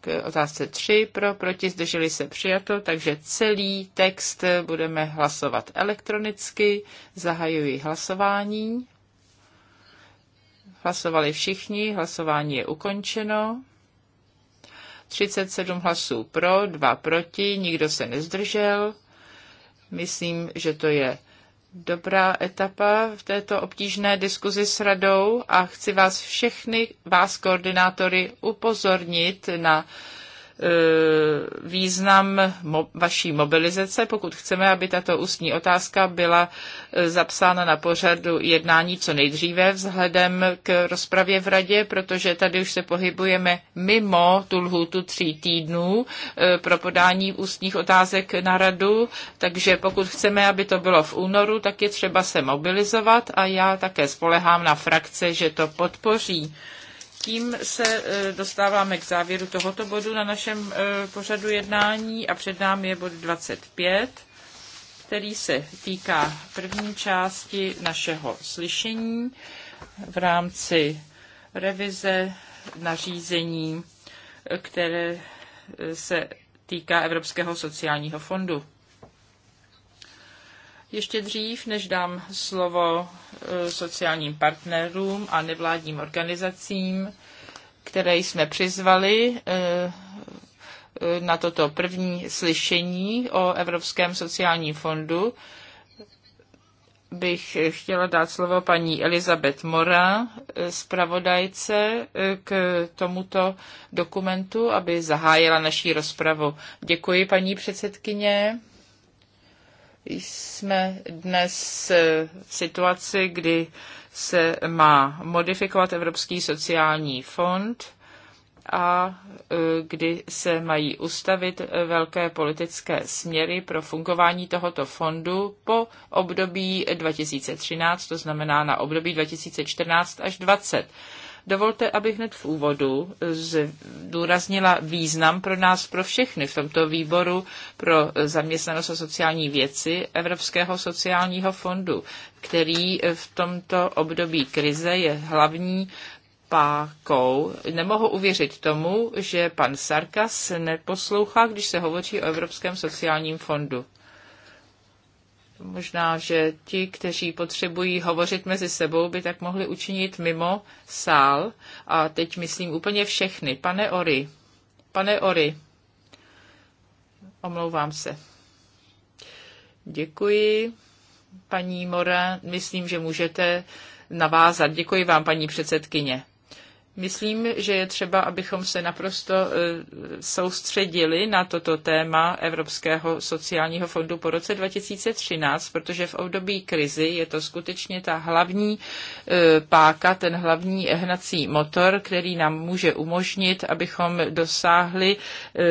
k otázce 3 pro, proti, zdrželi se přijato, takže celý text budeme hlasovat elektronicky. Zahajuji hlasování. Hlasovali všichni, hlasování je ukončeno. 37 hlasů pro, 2 proti, nikdo se nezdržel. Myslím, že to je dobrá etapa v této obtížné diskuzi s radou a chci vás všechny, vás koordinátory, upozornit na Eh, význam vaší mobilizace, pokud chceme, aby tato ústní otázka byla eh, zapsána na pořadu jednání co nejdříve vzhledem k rozpravě v radě, protože tady už se pohybujeme mimo tu lhůtu tří týdnů eh, pro podání ústních otázek na radu, takže pokud chceme, aby to bylo v únoru, tak je třeba se mobilizovat a já také spolehám na frakce, že to podpoří tím se e, dostáváme k závěru tohoto bodu na našem e, pořadu jednání a před námi je bod 25, který se týká první části našeho slyšení v rámci revize nařízení, e, které se týká Evropského sociálního fondu. Ještě dřív, než dám slovo e, sociálním partnerům a nevládním organizacím, které jsme přizvali e, e, na toto první slyšení o Evropském sociálním fondu, bych chtěla dát slovo paní Elizabeth Mora, zpravodajce k tomuto dokumentu, aby zahájila naší rozpravu. Děkuji, paní předsedkyně jsme dnes eh, v situaci, kdy se má modifikovat Evropský sociální fond a eh, kdy se mají ustavit eh, velké politické směry pro fungování tohoto fondu po období 2013, to znamená na období 2014 až 2020. Dovolte, abych hned v úvodu zdůraznila význam pro nás, pro všechny v tomto výboru pro zaměstnanost a sociální věci Evropského sociálního fondu, který v tomto období krize je hlavní pákou. Nemohu uvěřit tomu, že pan Sarkas neposlouchá, když se hovoří o Evropském sociálním fondu. Možná, že ti, kteří potřebují hovořit mezi sebou, by tak mohli učinit mimo sál. A teď myslím úplně všechny. Pane Ory, pane Ory, omlouvám se. Děkuji, paní Mora. Myslím, že můžete navázat. Děkuji vám, paní předsedkyně. Myslím, že je třeba, abychom se naprosto eh, soustředili na toto téma Evropského sociálního fondu po roce 2013, protože v období krizi je to skutečně ta hlavní eh, páka, ten hlavní hnací motor, který nám může umožnit, abychom dosáhli eh,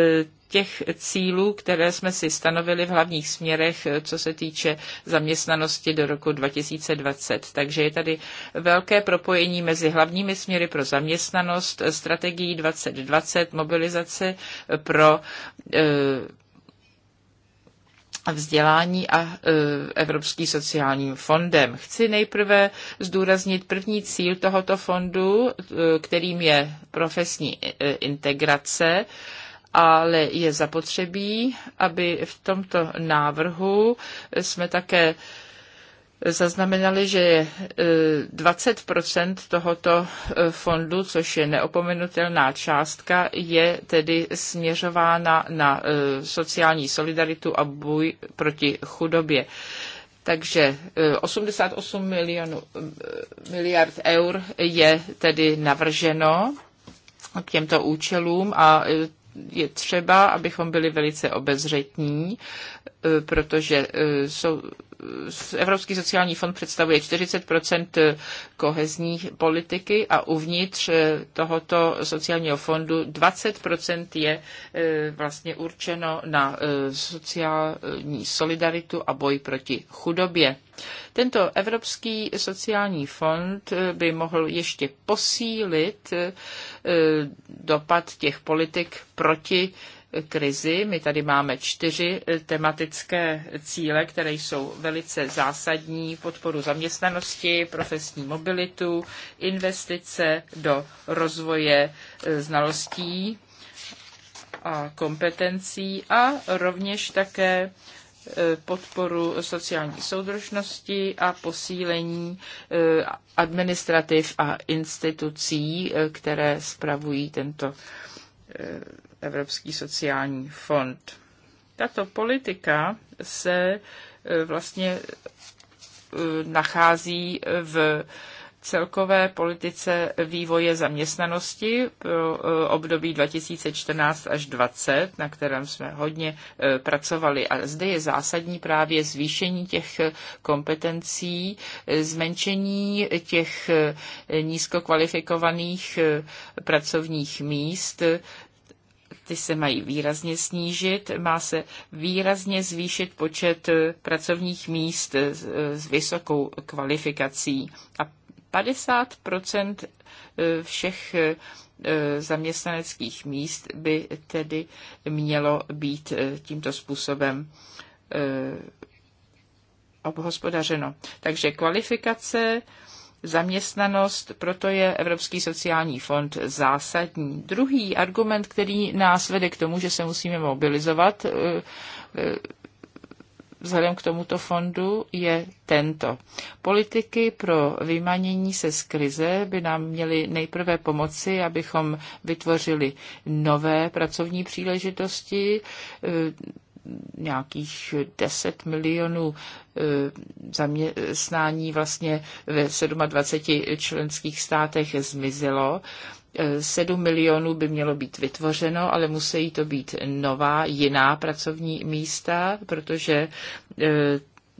těch cílů, které jsme si stanovili v hlavních směrech, eh, co se týče zaměstnanosti do roku 2020. Takže je tady velké propojení mezi hlavními směry pro zaměstnanost, eh, strategií 2020, mobilizace eh, pro vzdělání a Evropský sociálním fondem. Chci nejprve zdůraznit první cíl tohoto fondu, kterým je profesní integrace ale je zapotřebí, aby v tomto návrhu jsme také zaznamenali, že je 20 e, tohoto e, fondu, což je neopomenutelná částka, je tedy směřována na e, sociální solidaritu a boj proti chudobě. Takže 88 milionů, miliard eur je tedy navrženo k těmto účelům a je třeba, abychom byli velice obezřetní, eh, protože eh, jsou, Evropský sociální fond představuje 40 eh, kohezní politiky a uvnitř tohoto sociálního fondu 20 je vlastně určeno na sociální solidaritu a boj proti chudobě. Tento Evropský sociální fond by mohl ještě posílit E, dopad těch politik proti krizi. My tady máme čtyři e, tematické cíle, které jsou velice zásadní. Podporu zaměstnanosti, profesní mobilitu, investice do rozvoje e, znalostí a kompetencí a rovněž také E, podporu sociální soudržnosti a posílení e, administrativ a institucí, e, které spravují tento Evropský sociální fond. Tato politika se vlastně nachází v celkové politice vývoje zaměstnanosti pro eh, období 2014 až 2020, na kterém jsme hodně eh, pracovali. A zde je zásadní právě zvýšení těch eh, kompetencí, zmenšení těch nízkokvalifikovaných pracovních míst, ty se mají výrazně snížit, má se výrazně zvýšit počet pracovních míst s vysokou kvalifikací. A 50 e, všech e, zaměstnaneckých míst by tedy mělo být e, tímto způsobem obhospodařeno. Takže kvalifikace, zaměstnanost, proto je Evropský sociální fond zásadní. Druhý argument, který nás vede k tomu, že se musíme mobilizovat vzhledem k tomuto fondu je tento. Politiky pro vymanění se z krize by nám měly nejprve pomoci, abychom vytvořili nové pracovní příležitosti, eh, nějakých 10 milionů eh, zaměstnání vlastně ve 27 členských státech zmizelo 7 milionů by mělo být vytvořeno, ale musí to být nová, jiná pracovní místa, protože e,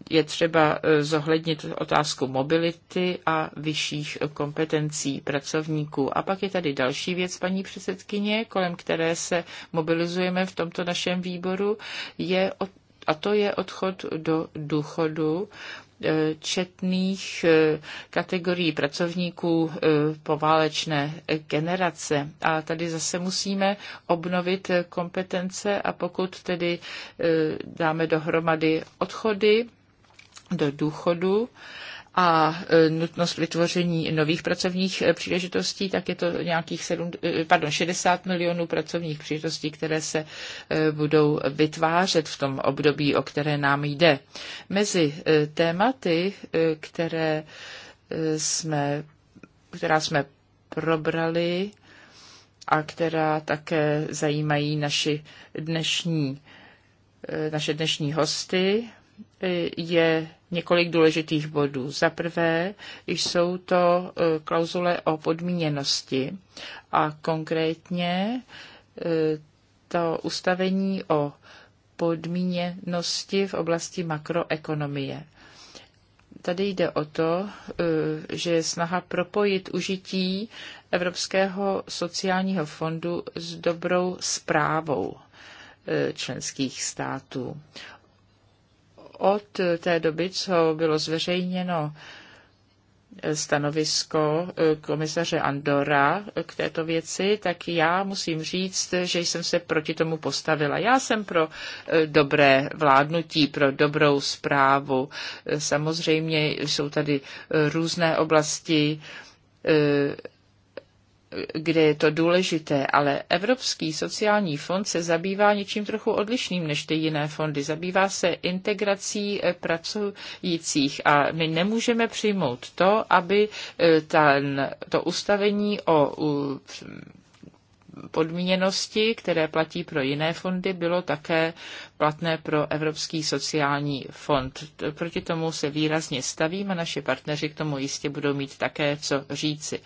je třeba e, zohlednit otázku mobility a vyšších kompetencí pracovníků. A pak je tady další věc, paní předsedkyně, kolem které se mobilizujeme v tomto našem výboru, je, a to je odchod do důchodu četných eh, kategorií pracovníků eh, poválečné generace. A tady zase musíme obnovit eh, kompetence a pokud tedy dáme dohromady odchody do důchodu, a e, nutnost vytvoření nových pracovních e, příležitostí, tak je to nějakých 7, e, pardon, 60 milionů pracovních příležitostí, které se budou vytvářet v tom období, o které nám jde. Mezi tématy, které jsme, která jsme probrali a která také zajímají naši dnešní, naše dnešní hosty, je několik důležitých bodů. Za prvé jsou to e, klauzule o podmíněnosti a konkrétně e, to ustavení o podmíněnosti v oblasti makroekonomie. Tady jde o to, e, že je snaha propojit užití Evropského sociálního fondu s dobrou zprávou členských států od té doby, co bylo zveřejněno stanovisko eh, komisaře Andora k této věci, tak já musím říct, že jsem se proti tomu postavila. Já jsem pro eh, dobré vládnutí, pro dobrou zprávu. Eh, samozřejmě jsou tady různé oblasti kde je to důležité, ale Evropský sociální fond se zabývá něčím trochu odlišným než ty jiné fondy. Zabývá se integrací eh, pracujících a my nemůžeme přijmout to, aby eh, ten, to ustavení o podmíněnosti, které platí pro jiné fondy, bylo také platné pro Evropský sociální fond. Proti tomu se výrazně stavím a naši partneři k tomu jistě budou mít také co říci.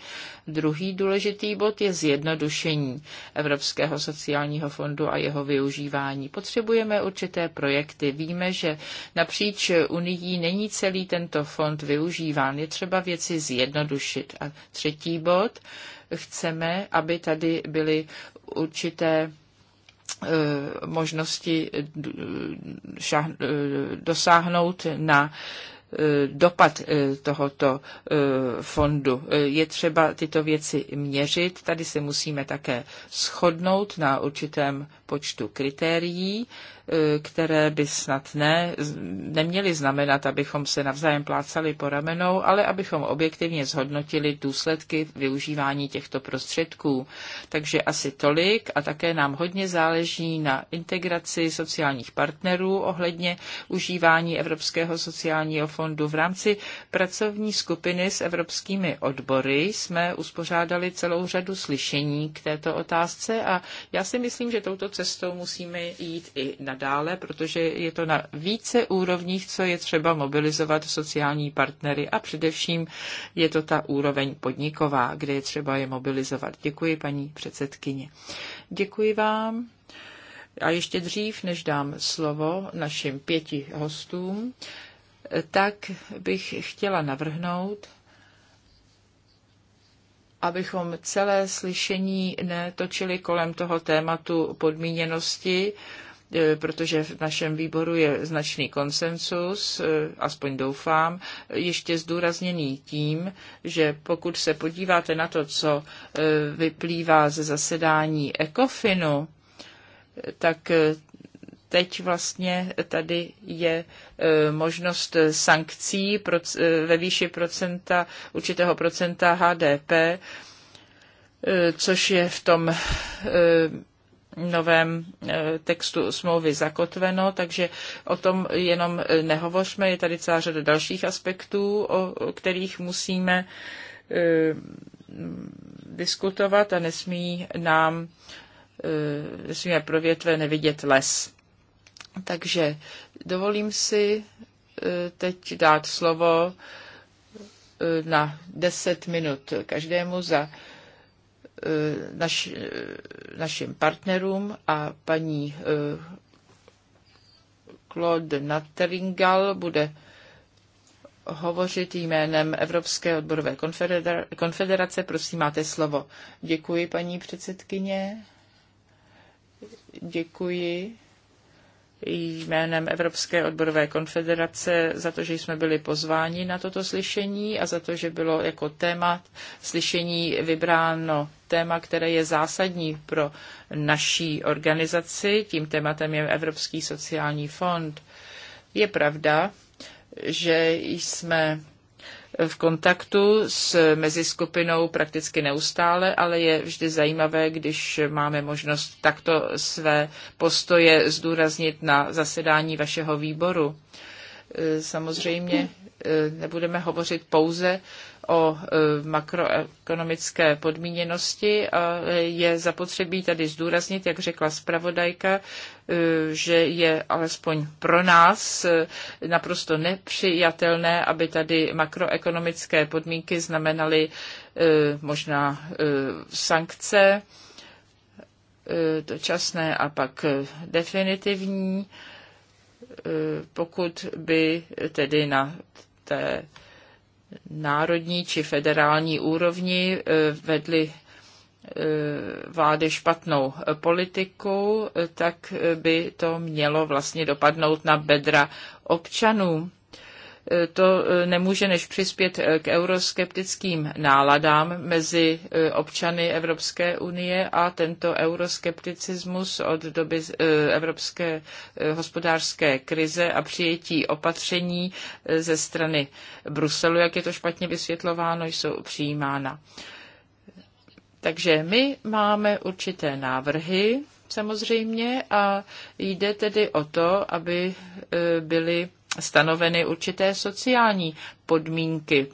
Druhý důležitý bod je zjednodušení Evropského sociálního fondu a jeho využívání. Potřebujeme určité projekty. Víme, že napříč Unii není celý tento fond využíván. Je třeba věci zjednodušit. A třetí bod, chceme, aby tady byly určité eh, možnosti eh, eh, dosáhnout na dopad tohoto fondu. Je třeba tyto věci měřit. Tady se musíme také shodnout na určitém počtu kritérií, Eh, které by snad ne, neměly znamenat, abychom se navzájem plácali po ramenou, ale abychom objektivně zhodnotili důsledky využívání těchto prostředků. Takže asi tolik a také nám hodně záleží na integraci sociálních partnerů ohledně užívání Evropského sociálního fondu. V rámci pracovní skupiny s evropskými odbory jsme uspořádali celou řadu slyšení k této otázce a já si myslím, že touto cestou musíme jít i na dále, protože je to na více úrovních, co je třeba mobilizovat sociální partnery a především je to ta úroveň podniková, kde je třeba je mobilizovat. Děkuji, paní předsedkyně. Děkuji vám. A ještě dřív, než dám slovo našim pěti hostům, tak bych chtěla navrhnout, abychom celé slyšení netočili kolem toho tématu podmíněnosti, E, protože v našem výboru je značný konsensus, e, aspoň doufám, ještě zdůrazněný tím, že pokud se podíváte na to, co e, vyplývá ze zasedání ECOFINu, tak teď vlastně tady je možnost sankcí ve výši procenta, určitého procenta HDP, což je v tom novém eh, textu smlouvy zakotveno, takže o tom jenom eh, nehovořme. Je tady celá řada dalších aspektů, o kterých musíme eh, diskutovat a nesmí nám nesmíme pro větve nevidět les. Takže dovolím si teď dát slovo na 10 minut každému za Eh, naš, eh, našim partnerům a paní eh, Claude Natteringal bude hovořit jménem Evropské odborové konfederace. Prosím, máte slovo. Děkuji, paní předsedkyně. Děkuji jménem Evropské odborové konfederace za to, že jsme byli pozváni na toto slyšení a za to, že bylo jako téma slyšení vybráno téma, které je zásadní pro naší organizaci. Tím tématem je Evropský sociální fond. Je pravda, že jsme v kontaktu s meziskupinou prakticky neustále, ale je vždy zajímavé, když máme možnost takto své postoje zdůraznit na zasedání vašeho výboru. E, samozřejmě e, nebudeme hovořit pouze o e, makroekonomické podmíněnosti. Je zapotřebí tady zdůraznit, jak řekla zpravodajka, Eh, že je alespoň pro nás eh, naprosto nepřijatelné, aby tady makroekonomické podmínky znamenaly eh, možná sankce dočasné a pak definitivní, pokud by tedy na té národní či federální úrovni vedly vlády špatnou politiku, tak by to mělo vlastně dopadnout na bedra občanů. To nemůže než přispět k euroskeptickým náladám mezi občany Evropské unie a tento euroskepticismus od doby eh, evropské eh, hospodářské krize a přijetí opatření eh, ze strany Bruselu, jak je to špatně vysvětlováno, jsou přijímána. Takže my máme určité návrhy, samozřejmě, a jde tedy o to, aby e, byly stanoveny určité sociální podmínky.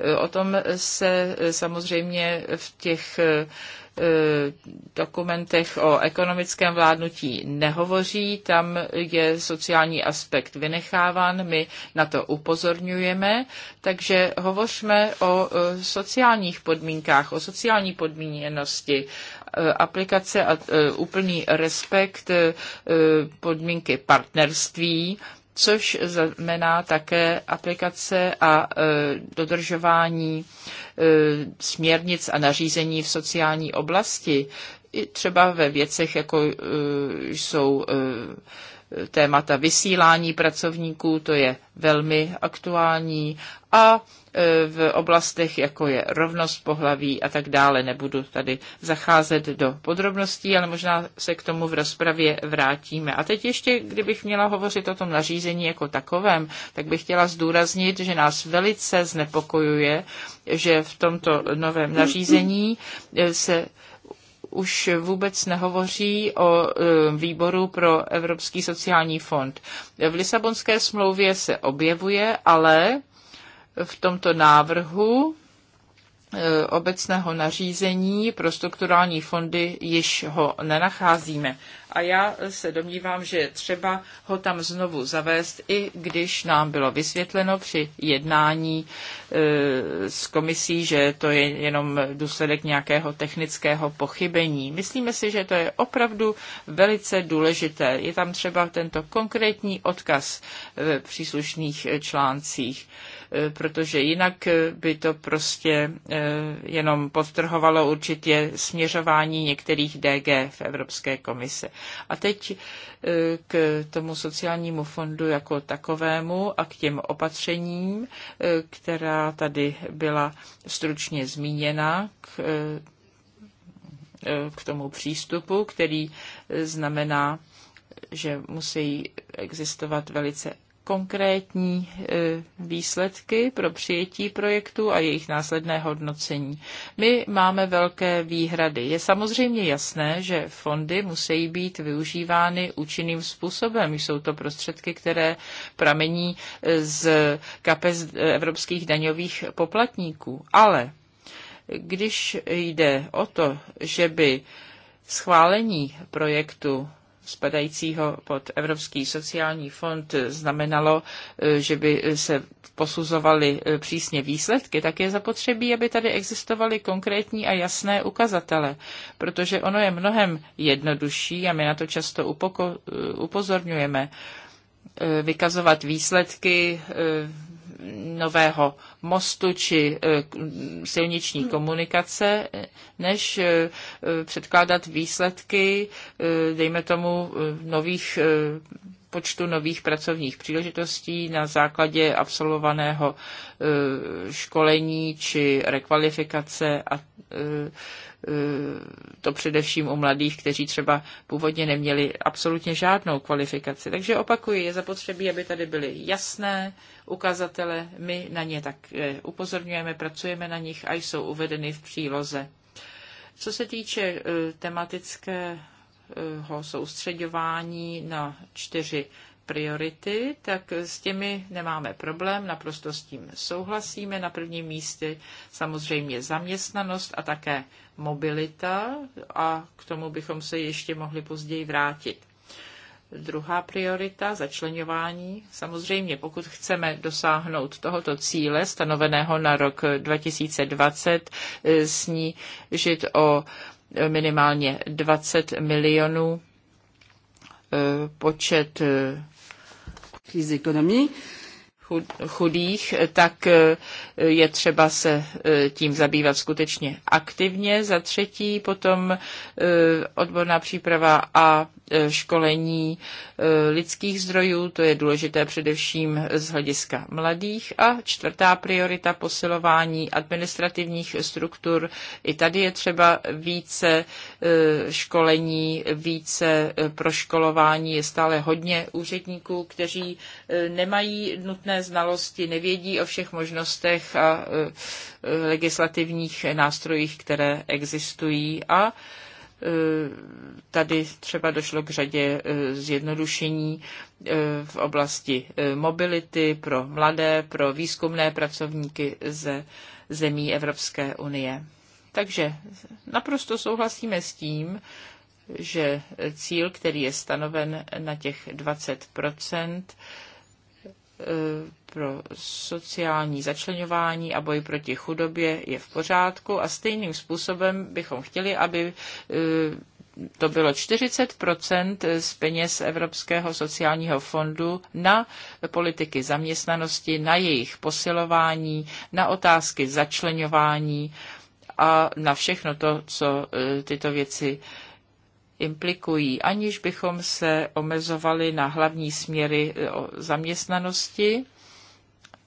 E, o tom se e, samozřejmě v těch E, dokumentech o ekonomickém vládnutí nehovoří, tam je sociální aspekt vynecháván, my na to upozorňujeme, takže hovořme o e, sociálních podmínkách, o sociální podmíněnosti, e, aplikace a úplný respekt podmínky partnerství, což znamená také aplikace a e, dodržování e, směrnic a nařízení v sociální oblasti, i třeba ve věcech, jako e, jsou témata vysílání pracovníků, to je velmi aktuální a e, v oblastech, jako je rovnost pohlaví a tak dále. Nebudu tady zacházet do podrobností, ale možná se k tomu v rozpravě vrátíme. A teď ještě, kdybych měla hovořit o tom nařízení jako takovém, tak bych chtěla zdůraznit, že nás velice znepokojuje, že v tomto novém nařízení e, se už vůbec nehovoří o e, výboru pro Evropský sociální fond. V Lisabonské smlouvě se objevuje, ale v tomto návrhu e, obecného nařízení pro strukturální fondy již ho nenacházíme a já se domnívám, že je třeba ho tam znovu zavést, i když nám bylo vysvětleno při jednání e, s komisí, že to je jenom důsledek nějakého technického pochybení. Myslíme si, že to je opravdu velice důležité. Je tam třeba tento konkrétní odkaz v příslušných článcích e, protože jinak by to prostě e, jenom podtrhovalo určitě směřování některých DG v Evropské komise. A teď e, k tomu sociálnímu fondu jako takovému a k těm opatřením, e, která tady byla stručně zmíněna, k, e, k tomu přístupu, který znamená, že musí existovat velice konkrétní e, výsledky pro přijetí projektu a jejich následné hodnocení. My máme velké výhrady. Je samozřejmě jasné, že fondy musí být využívány účinným způsobem. Jsou to prostředky, které pramení e, z kapes e, evropských daňových poplatníků. Ale když jde o to, že by schválení projektu spadajícího pod Evropský sociální fond znamenalo, e, že by se posuzovaly e, přísně výsledky, tak je zapotřebí, aby tady existovaly konkrétní a jasné ukazatele, protože ono je mnohem jednodušší a my na to často upoko- e, upozorňujeme, vykazovat výsledky nového mostu či eh, silniční komunikace, než eh, předkládat výsledky, eh, dejme tomu, nových počtu nových pracovních příležitostí na základě absolvovaného eh, školení či rekvalifikace a eh, eh, to především u mladých, kteří třeba původně neměli absolutně žádnou kvalifikaci. Takže opakuji, je zapotřebí, aby tady byly jasné ukazatele, my na ně tak upozorňujeme, pracujeme na nich a jsou uvedeny v příloze. Co se týče tematické soustředování na čtyři priority, tak s těmi nemáme problém, naprosto s tím souhlasíme. Na prvním místě samozřejmě zaměstnanost a také mobilita a k tomu bychom se ještě mohli později vrátit. Druhá priorita, začlenování. Samozřejmě, pokud chceme dosáhnout tohoto cíle stanoveného na rok 2020, eh, snížit o minimálně 20 milionů eh, počet eh, chudých, tak eh, je třeba se tím zabývat skutečně aktivně. Za třetí potom odborná příprava a Eh, školení eh, lidských zdrojů, to je důležité především z hlediska mladých. A čtvrtá priorita posilování administrativních struktur. I tady je třeba více eh, školení, více proškolování. Je stále hodně úředníků, kteří nemají nutné znalosti, nevědí o všech možnostech a legislativních nástrojích, které existují. A Eh, tady třeba došlo k řadě eh, zjednodušení eh, v oblasti mobility pro mladé, pro výzkumné pracovníky ze zemí Evropské unie. Takže naprosto souhlasíme s tím, že cíl, který je stanoven na těch 20 pro sociální začlenování a boj proti chudobě je v pořádku a stejným způsobem bychom chtěli, aby eh, to bylo 40 z peněz Evropského sociálního fondu na politiky zaměstnanosti, na jejich posilování, na otázky začlenování a na všechno to, co eh, tyto věci implikují, aniž bychom se omezovali na hlavní směry eh, zaměstnanosti.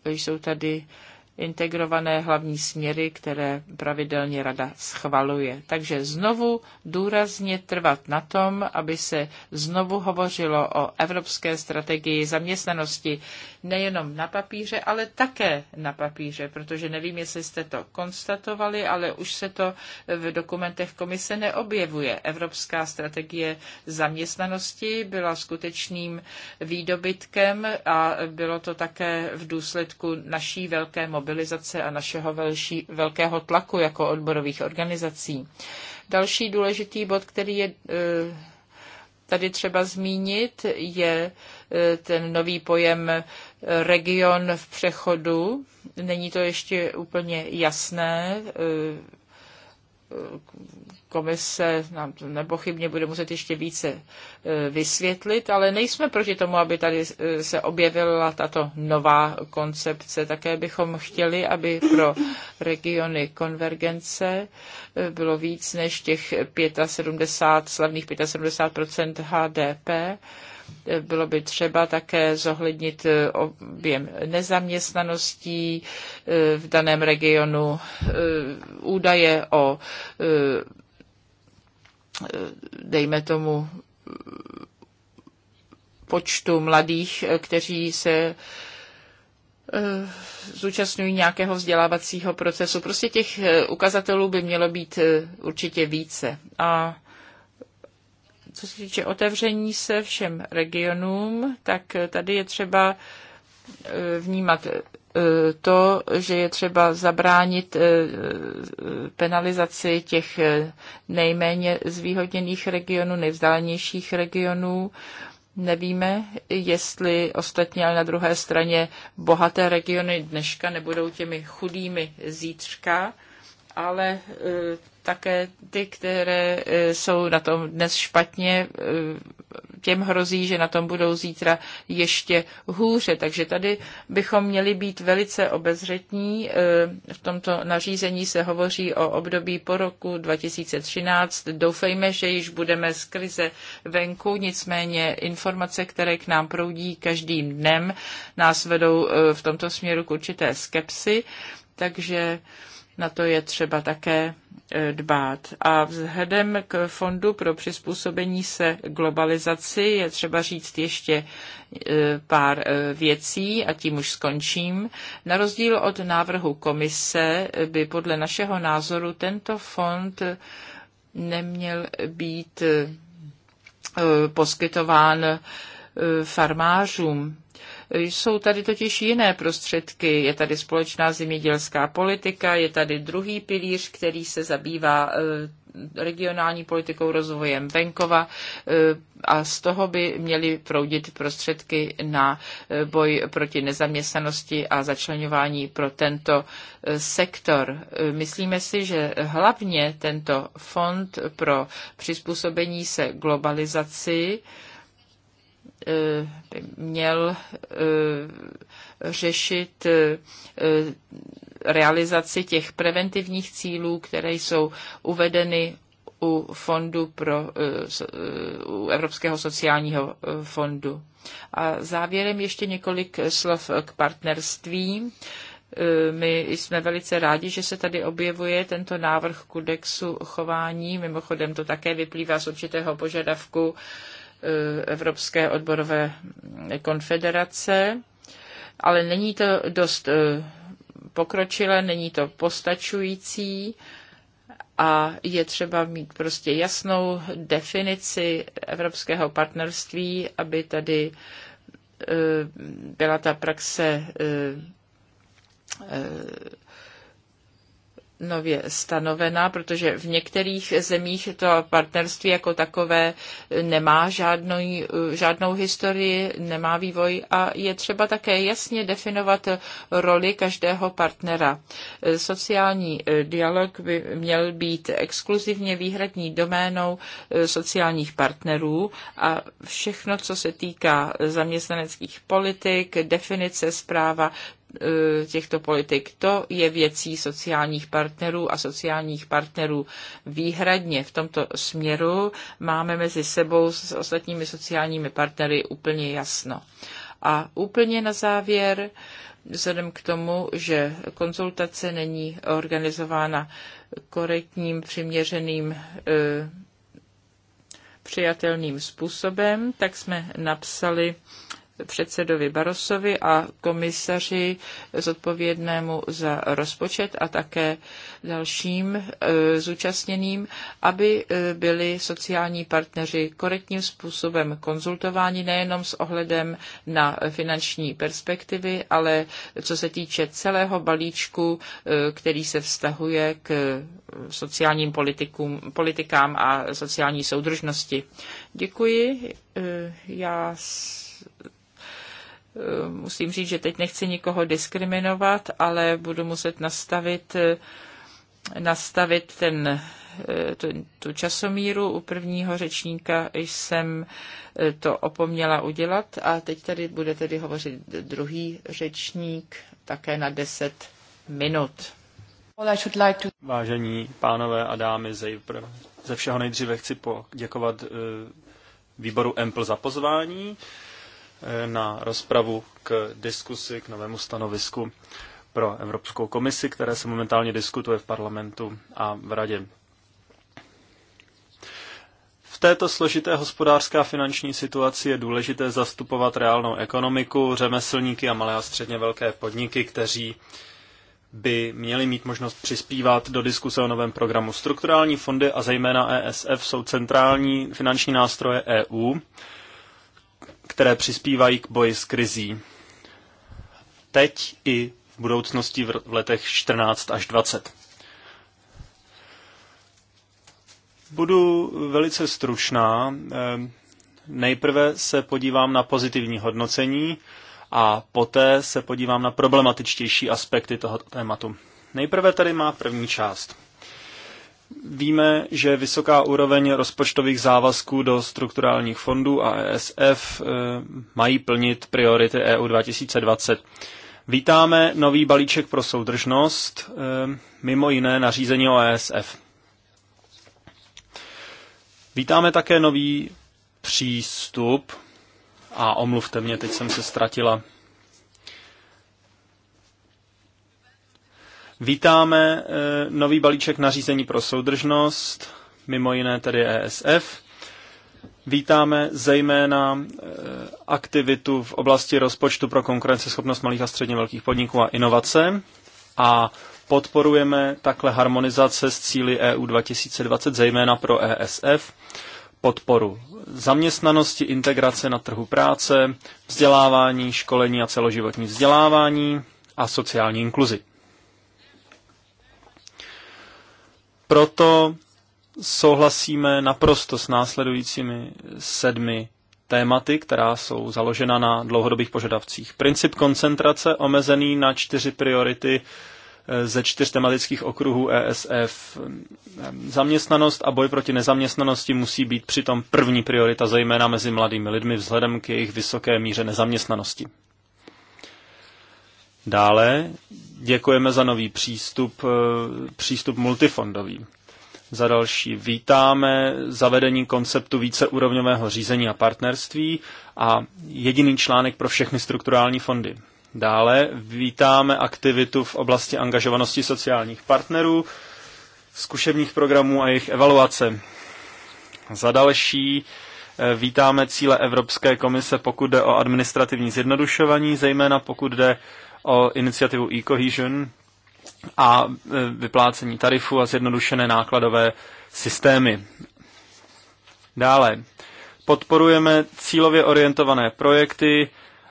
Jsou tady integrované hlavní směry, které pravidelně rada schvaluje. Takže znovu důrazně trvat na tom, aby se znovu hovořilo o evropské strategii zaměstnanosti nejenom na papíře, ale také na papíře, protože nevím, jestli jste to konstatovali, ale už se to v dokumentech komise neobjevuje. Evropská strategie zaměstnanosti byla skutečným výdobytkem a bylo to také v důsledku naší velké mobilizace mobilizace a našeho velší, velkého tlaku jako odborových organizací. Další důležitý bod, který je e, tady třeba zmínit, je e, ten nový pojem e, region v přechodu. Není to ještě úplně jasné, komise nám to nepochybně bude muset ještě více e, vysvětlit, ale nejsme proti tomu, aby tady e, se objevila tato nová koncepce. Také bychom chtěli, aby pro regiony konvergence e, bylo víc než těch 75, slavných 75 HDP. Bylo by třeba také zohlednit objem nezaměstnaností v daném regionu, údaje o Eh, dejme tomu, počtu mladých, eh, kteří se eh, zúčastňují nějakého vzdělávacího procesu. Prostě těch ukazatelů by mělo být určitě více. A co se týče otevření se všem regionům, tak tady je třeba vnímat to, že je třeba zabránit eh, penalizaci těch eh, nejméně zvýhodněných regionů, nejvzdálenějších regionů. Nevíme, jestli ostatně, ale na druhé straně bohaté regiony dneška nebudou těmi chudými zítřka, ale eh, také ty, které jsou na tom dnes špatně, těm hrozí, že na tom budou zítra ještě hůře. Takže tady bychom měli být velice obezřetní. E, v tomto nařízení se hovoří o období po roku 2013. Doufejme, že již budeme z krize venku, nicméně informace, které k nám proudí každým dnem, nás vedou e, v tomto směru k určité skepsy. Takže na to je třeba také e, dbát. A vzhledem k Fondu pro přizpůsobení se globalizaci je třeba říct ještě e, pár e, věcí a tím už skončím. Na rozdíl od návrhu komise by podle našeho názoru tento fond neměl být poskytován farmářům jsou tady totiž jiné prostředky. Je tady společná zemědělská politika, je tady druhý pilíř, který se zabývá eh, regionální politikou, rozvojem venkova eh, a z toho by měly proudit prostředky na eh, boj proti nezaměstnanosti a začlenování pro tento sektor. Myslíme si, že hlavně tento fond pro přizpůsobení se globalizaci by měl eh, řešit eh, realizaci těch preventivních cílů, které jsou uvedeny u fondu pro eh, u Evropského sociálního fondu. A závěrem ještě několik slov k partnerství. My jsme velice rádi, že se tady objevuje tento návrh kodexu chování. Mimochodem to také vyplývá z určitého požadavku Eh, Evropské odborové konfederace, ale není to dost eh, pokročilé, není to postačující a je třeba mít prostě jasnou definici evropského partnerství, aby tady eh, byla ta praxe nově stanovená, protože v některých zemích to partnerství jako takové nemá žádnou, žádnou historii, nemá vývoj a je třeba také jasně definovat roli každého partnera. Sociální eh, dialog by měl být exkluzivně výhradní doménou eh, sociálních partnerů a všechno, co se týká zaměstnaneckých politik, definice zpráva, E, těchto politik. To je věcí sociálních partnerů a sociálních partnerů výhradně. V tomto směru máme mezi sebou s ostatními sociálními partnery úplně jasno. A úplně na závěr, vzhledem k tomu, že konzultace není organizována korektním, přiměřeným e, přijatelným způsobem, tak jsme napsali předsedovi Barosovi a komisaři zodpovědnému za rozpočet a také dalším e, zúčastněným, aby e, byli sociální partneři korektním způsobem konzultováni nejenom s ohledem na finanční perspektivy, ale co se týče celého balíčku, e, který se vztahuje k sociálním politikům, politikám a sociální soudržnosti. Děkuji. Já Eh, musím říct, že teď nechci nikoho diskriminovat, ale budu muset nastavit, eh, nastavit ten, eh, tu, tu časomíru. U prvního řečníka jsem to opomněla udělat a teď tady bude tedy hovořit druhý řečník také na 10 minut. Vážení pánové a dámy, ze všeho nejdříve chci poděkovat výboru EMPL za pozvání na rozpravu k diskusi, k novému stanovisku pro Evropskou komisi, které se momentálně diskutuje v parlamentu a v radě. V této složité hospodářské a finanční situaci je důležité zastupovat reálnou ekonomiku, řemeslníky a malé a středně velké podniky, kteří by měli mít možnost přispívat do diskuse o novém programu. Strukturální fondy a zejména ESF jsou centrální finanční nástroje EU které přispívají k boji s krizí. Teď i v budoucnosti v letech 14 až 20. Budu velice stručná. Ehm, nejprve se podívám na pozitivní hodnocení a poté se podívám na problematičtější aspekty tohoto tématu. Nejprve tady má první část. Víme, že vysoká úroveň rozpočtových závazků do strukturálních fondů a ESF eh, mají plnit priority EU 2020. Vítáme nový balíček pro soudržnost, eh, mimo jiné nařízení o ESF. Vítáme také nový přístup, a omluvte mě, teď jsem se ztratila Vítáme eh, nový balíček nařízení pro soudržnost, mimo jiné tedy ESF. Vítáme zejména eh, aktivitu v oblasti rozpočtu pro konkurenceschopnost malých a středně velkých podniků a inovace a podporujeme takhle harmonizace s cíly EU 2020, zejména pro ESF, podporu zaměstnanosti, integrace na trhu práce, vzdělávání, školení a celoživotní vzdělávání a sociální inkluzi. Proto souhlasíme naprosto s následujícími sedmi tématy, která jsou založena na dlouhodobých požadavcích. Princip koncentrace omezený na čtyři priority eh, ze čtyř tematických okruhů ESF. Ehm, zaměstnanost a boj proti nezaměstnanosti musí být přitom první priorita, zejména mezi mladými lidmi vzhledem k jejich vysoké míře nezaměstnanosti. Dále děkujeme za nový přístup, eh, přístup multifondový. Za další vítáme zavedení konceptu víceúrovňového řízení a partnerství a jediný článek pro všechny strukturální fondy. Dále vítáme aktivitu v oblasti angažovanosti sociálních partnerů, zkušebních programů a jejich evaluace. Za další eh, vítáme cíle Evropské komise, pokud jde o administrativní zjednodušování, zejména pokud jde o iniciativu EcoHesion a e, vyplácení tarifu a zjednodušené nákladové systémy. Dále podporujeme cílově orientované projekty,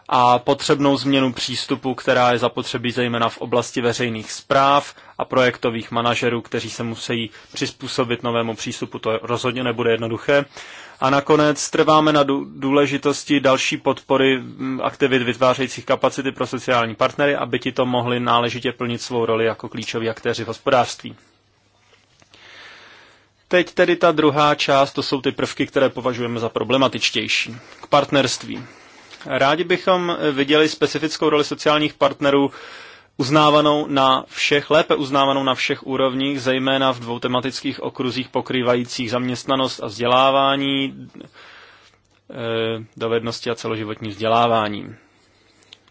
a potřebnou změnu přístupu, která je zapotřebí zejména v oblasti veřejných zpráv a projektových manažerů, kteří se musí přizpůsobit novému přístupu. To rozhodně nebude jednoduché. A nakonec trváme na důležitosti další podpory mm, aktivit vytvářejících kapacity pro sociální partnery, aby ti to mohli náležitě plnit svou roli jako klíčoví aktéři v hospodářství. Teď tedy ta druhá část, to jsou ty prvky, které považujeme za problematičtější. K partnerství. Rádi bychom viděli specifickou roli sociálních partnerů uznávanou na všech, lépe uznávanou na všech úrovních, zejména v dvou tematických okruzích pokrývajících zaměstnanost a vzdělávání, e, dovednosti a celoživotní vzdělávání.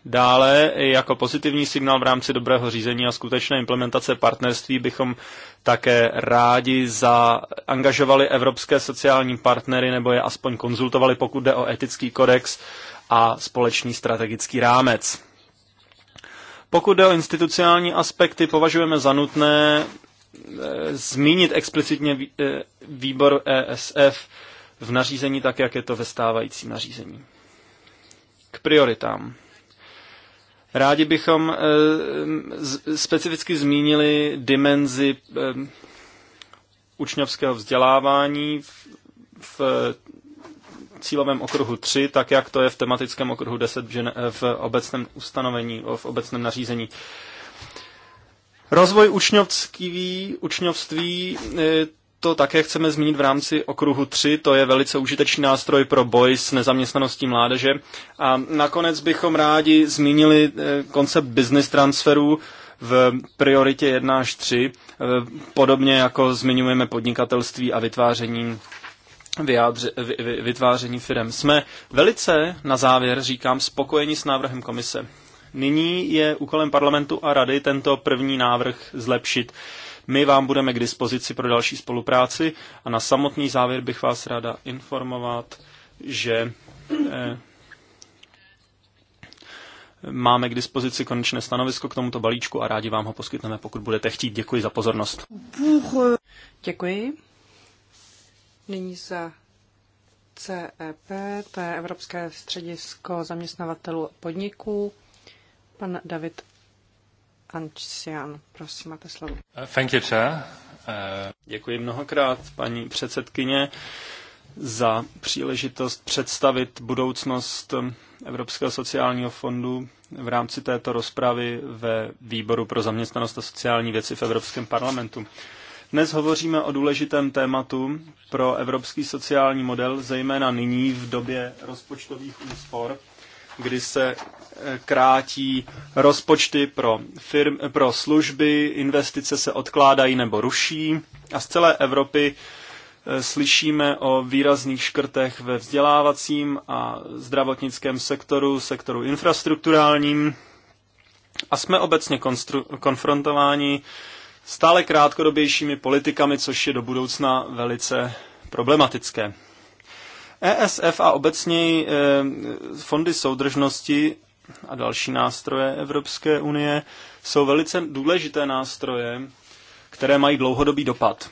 Dále, jako pozitivní signál v rámci dobrého řízení a skutečné implementace partnerství bychom také rádi zaangažovali evropské sociální partnery nebo je aspoň konzultovali, pokud jde o etický kodex a společný strategický rámec. Pokud jde o institucionální aspekty, považujeme za nutné eh, zmínit explicitně eh, výbor ESF v nařízení tak, jak je to ve stávajícím nařízení. K prioritám. Rádi bychom eh, specificky zmínili dimenzi učňovského vzdělávání v cílovém okruhu 3, tak jak to je v tematickém okruhu 10 eh, v obecném ustanovení, v obecném nařízení. Rozvoj učňovství, učňovství eh, to také chceme zmínit v rámci okruhu 3, to je velice užitečný nástroj pro boj s nezaměstnaností mládeže. A nakonec bychom rádi zmínili eh, koncept business transferu v prioritě 1 až 3, podobně jako zmiňujeme podnikatelství a vytváření vyjádře, vytváření firm. Jsme velice, na závěr říkám, spokojeni s návrhem komise. Nyní je úkolem parlamentu a rady tento první návrh zlepšit. My vám budeme k dispozici pro další spolupráci a na samotný závěr bych vás ráda informovat, že eh, máme k dispozici konečné stanovisko k tomuto balíčku a rádi vám ho poskytneme, pokud budete chtít. Děkuji za pozornost. Eh, Děkuji. Nyní za CEP, to je Evropské středisko zaměstnavatelů podniků. Pan David Ančian, prosím, máte slovo. Thank you, uh, Děkuji mnohokrát, paní předsedkyně, za příležitost představit budoucnost Evropského sociálního fondu v rámci této rozpravy ve Výboru pro zaměstnanost a sociální věci v Evropském parlamentu. Dnes hovoříme o důležitém tématu pro evropský sociální model, zejména nyní v době rozpočtových úspor, kdy se eh, krátí rozpočty pro, firm, eh, pro služby, investice se odkládají nebo ruší a z celé Evropy eh, slyšíme o výrazných škrtech ve vzdělávacím a zdravotnickém sektoru, sektoru infrastrukturálním a jsme obecně konfrontováni stále krátkodobějšími politikami, což je do budoucna velice problematické. ESF a obecně eh, fondy soudržnosti a další nástroje Evropské unie jsou velice důležité nástroje, které mají dlouhodobý dopad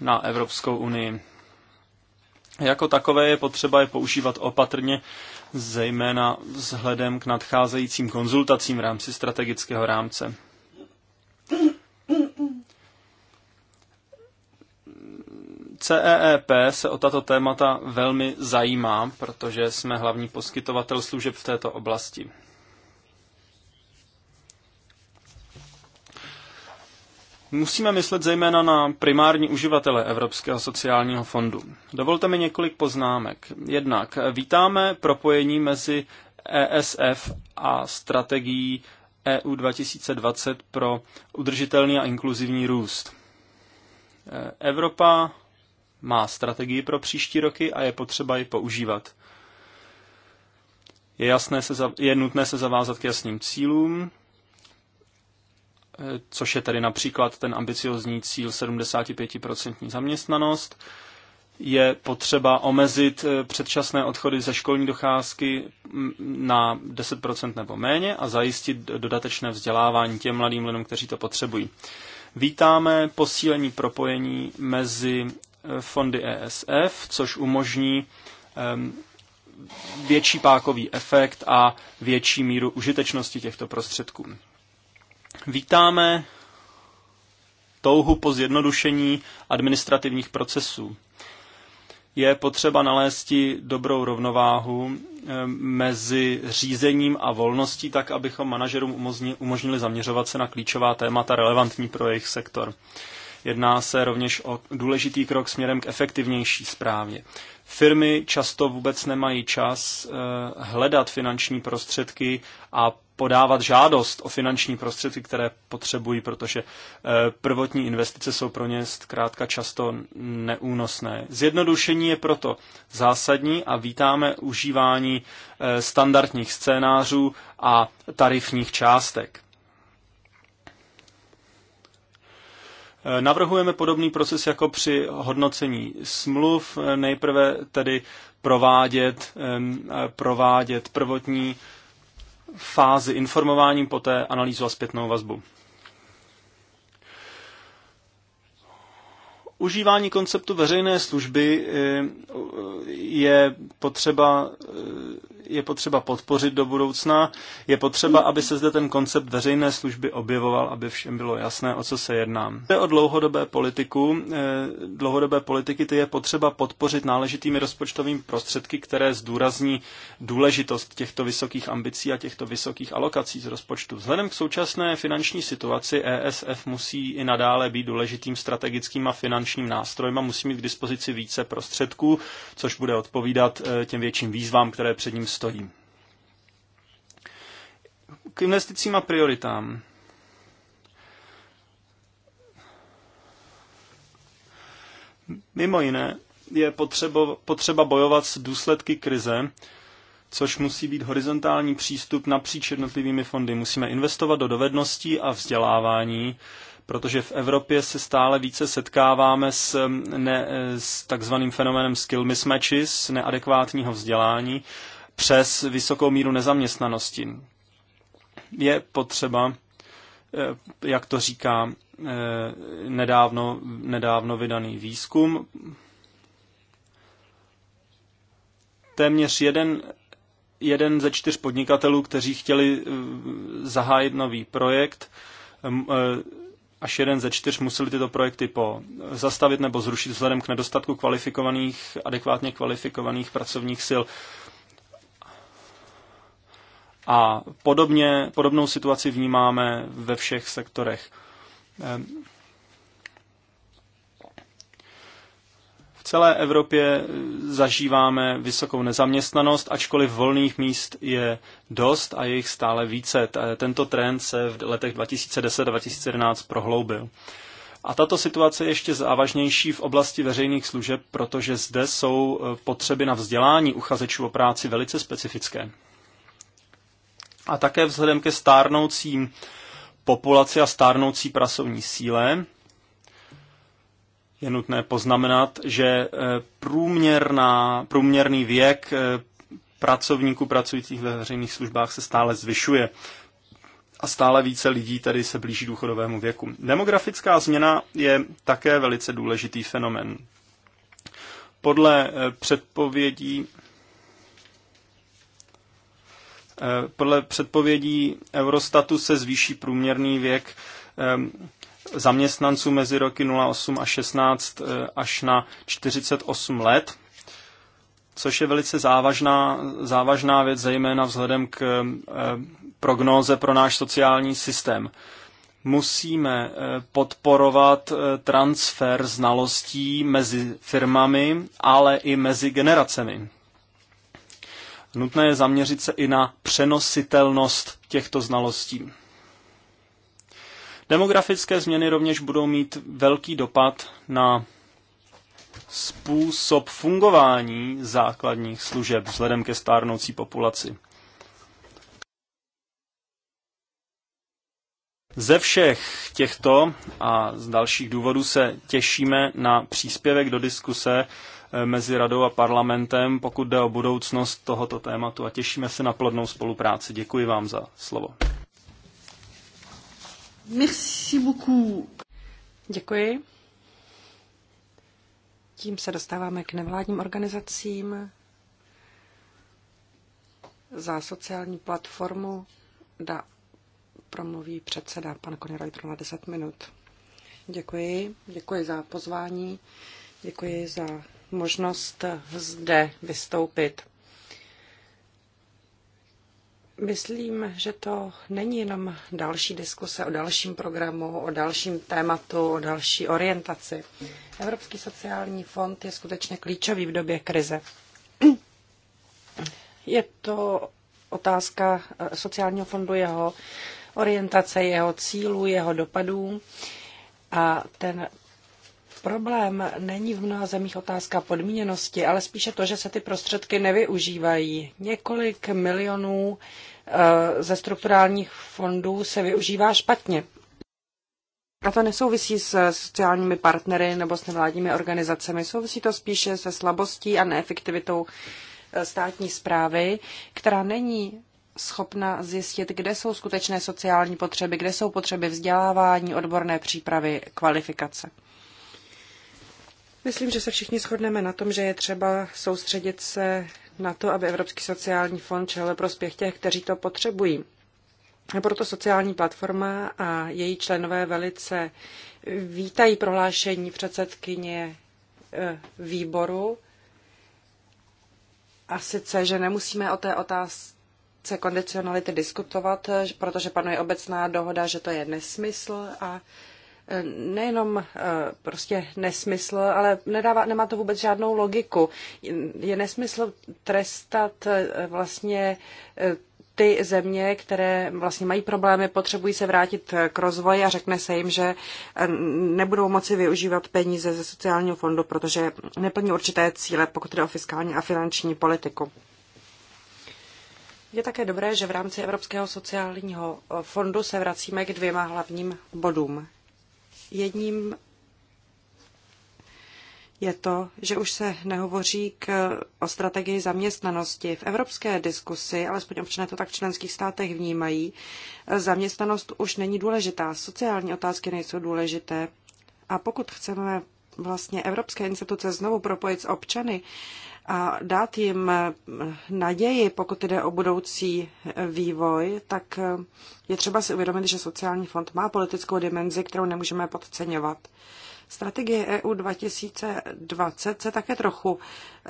na Evropskou unii. Jako takové je potřeba je používat opatrně, zejména vzhledem k nadcházejícím konzultacím v rámci strategického rámce. CEEP e se o tato témata velmi zajímá, protože jsme hlavní poskytovatel služeb v této oblasti. Musíme myslet zejména na primární uživatele Evropského sociálního fondu. Dovolte mi několik poznámek. Jednak vítáme propojení mezi ESF a strategií EU 2020 pro udržitelný a inkluzivní růst. E, Evropa má strategii pro příští roky a je potřeba ji používat. Je, jasné se, je nutné se zavázat k jasným cílům, eh, což je tedy například ten ambiciozní cíl 75% zaměstnanost. Je potřeba omezit eh, předčasné odchody ze školní docházky mm, na 10% nebo méně a zajistit dodatečné vzdělávání těm mladým lidem, kteří to potřebují. Vítáme posílení propojení mezi fondy ESF, což umožní větší pákový efekt a větší míru užitečnosti těchto prostředků. Vítáme touhu po zjednodušení administrativních procesů. Je potřeba nalézt dobrou rovnováhu mezi řízením a volností, tak abychom manažerům umožnili zaměřovat se na klíčová témata relevantní pro jejich sektor. Jedná se rovněž o důležitý krok směrem k efektivnější správě. Firmy často vůbec nemají čas eh, hledat finanční prostředky a podávat žádost o finanční prostředky, které potřebují, protože eh, prvotní investice jsou pro ně zkrátka často neúnosné. Zjednodušení je proto zásadní a vítáme užívání eh, standardních scénářů a tarifních částek. Navrhujeme podobný proces jako při hodnocení smluv, nejprve tedy provádět, provádět prvotní fázi informováním, poté analýzu a zpětnou vazbu. Užívání konceptu veřejné služby je potřeba je potřeba podpořit do budoucna. Je potřeba, aby se zde ten koncept veřejné služby objevoval, aby všem bylo jasné, o co se jedná. Jde o dlouhodobé politiku. Eh, dlouhodobé politiky ty je potřeba podpořit náležitými rozpočtovými prostředky, které zdůrazní důležitost těchto vysokých ambicí a těchto vysokých alokací z rozpočtu. Vzhledem k současné finanční situaci ESF musí i nadále být důležitým strategickým a finančním nástrojem a musí mít k dispozici více prostředků, což bude odpovídat eh, těm větším výzvám, které před ním stojí. K investicím a prioritám. Mimo jiné je potřeba, potřeba bojovat s důsledky krize, což musí být horizontální přístup napříč jednotlivými fondy. Musíme investovat do dovedností a vzdělávání, protože v Evropě se stále více setkáváme s, ne, s takzvaným fenoménem skill mismatches, neadekvátního vzdělání přes vysokou míru nezaměstnanosti. Je potřeba, eh, jak to říká eh, nedávno, nedávno vydaný výzkum, téměř jeden, jeden ze čtyř podnikatelů, kteří chtěli eh, zahájit nový projekt, až jeden ze čtyř museli tyto projekty po zastavit nebo zrušit vzhledem k nedostatku kvalifikovaných, adekvátně kvalifikovaných pracovních sil. A podobně, podobnou situaci vnímáme ve všech sektorech. Ehm, v celé Evropě e, zažíváme vysokou nezaměstnanost, ačkoliv volných míst je dost a je jich stále více. Tento trend se v letech 2010 a 2011 prohloubil. A tato situace je ještě závažnější v oblasti veřejných služeb, protože zde jsou e, potřeby na vzdělání uchazečů o práci velice specifické a také vzhledem ke stárnoucím populaci a stárnoucí pracovní síle je nutné poznamenat, že e, průměrná, průměrný věk e, pracovníků pracujících ve veřejných službách se stále zvyšuje a stále více lidí tady se blíží důchodovému věku. Demografická změna je také velice důležitý fenomen. Podle e, předpovědí Eh, podle předpovědí Eurostatu se zvýší průměrný věk eh, zaměstnanců mezi roky 08 a 16 eh, až na 48 let, což je velice závažná, závažná věc, zejména vzhledem k prognóze pro náš sociální systém. Musíme podporovat transfer znalostí mezi firmami, ale i mezi generacemi. Nutné je zaměřit se i na přenositelnost těchto znalostí. Demografické změny rovněž budou mít velký dopad na způsob fungování základních služeb vzhledem ke stárnoucí populaci. Ze všech těchto a z dalších důvodů se těšíme na příspěvek do diskuse Eh, mezi radou a parlamentem, pokud jde o budoucnost tohoto tématu a těšíme se na plodnou spolupráci. Děkuji vám za slovo. Merci beaucoup. Děkuji. Tím se dostáváme k nevládním organizacím za sociální platformu da promluví předseda pan Konirajtr na 10 minut. Děkuji, děkuji za pozvání, děkuji za možnost zde vystoupit. Myslím, že to není jenom další diskuse o dalším programu, o dalším tématu, o další orientaci. Evropský sociální fond je skutečně klíčový v době krize. Je to otázka sociálního fondu, jeho orientace, jeho cílů, jeho dopadů. A ten Problém není v mnoha zemích otázka podmíněnosti, ale spíše to, že se ty prostředky nevyužívají. Několik milionů eh, ze strukturálních fondů se využívá špatně. A to nesouvisí s sociálními partnery nebo s nevládními organizacemi, souvisí to spíše se slabostí a neefektivitou eh, státní zprávy, která není schopna zjistit, kde jsou skutečné sociální potřeby, kde jsou potřeby vzdělávání, odborné přípravy, kvalifikace. Myslím, že se všichni shodneme na tom, že je třeba soustředit se na to, aby Evropský sociální fond čel prospěch těch, kteří to potřebují. A proto sociální platforma a její členové velice vítají prohlášení předsedkyně e, výboru. A sice, že nemusíme o té otázce kondicionality diskutovat, e, protože panuje obecná dohoda, že to je nesmysl a nejenom eh, prostě nesmysl, ale nedává, nemá to vůbec žádnou logiku. Je nesmysl trestat eh, vlastně eh, ty země, které vlastně mají problémy, potřebují se vrátit k rozvoji a řekne se jim, že nebudou moci využívat peníze ze sociálního fondu, protože neplní určité cíle, pokud jde o fiskální a finanční politiku. Je také dobré, že v rámci Evropského sociálního fondu se vracíme k dvěma hlavním bodům. Jedním je to, že už se nehovoří k, o strategii zaměstnanosti. V evropské diskusi, alespoň občané to tak v členských státech vnímají, zaměstnanost už není důležitá, sociální otázky nejsou důležité. A pokud chceme vlastně evropské instituce znovu propojit s občany, a dát jim naději, pokud jde o budoucí vývoj, tak je třeba si uvědomit, že sociální fond má politickou dimenzi, kterou nemůžeme podceňovat. Strategie EU 2020 se také trochu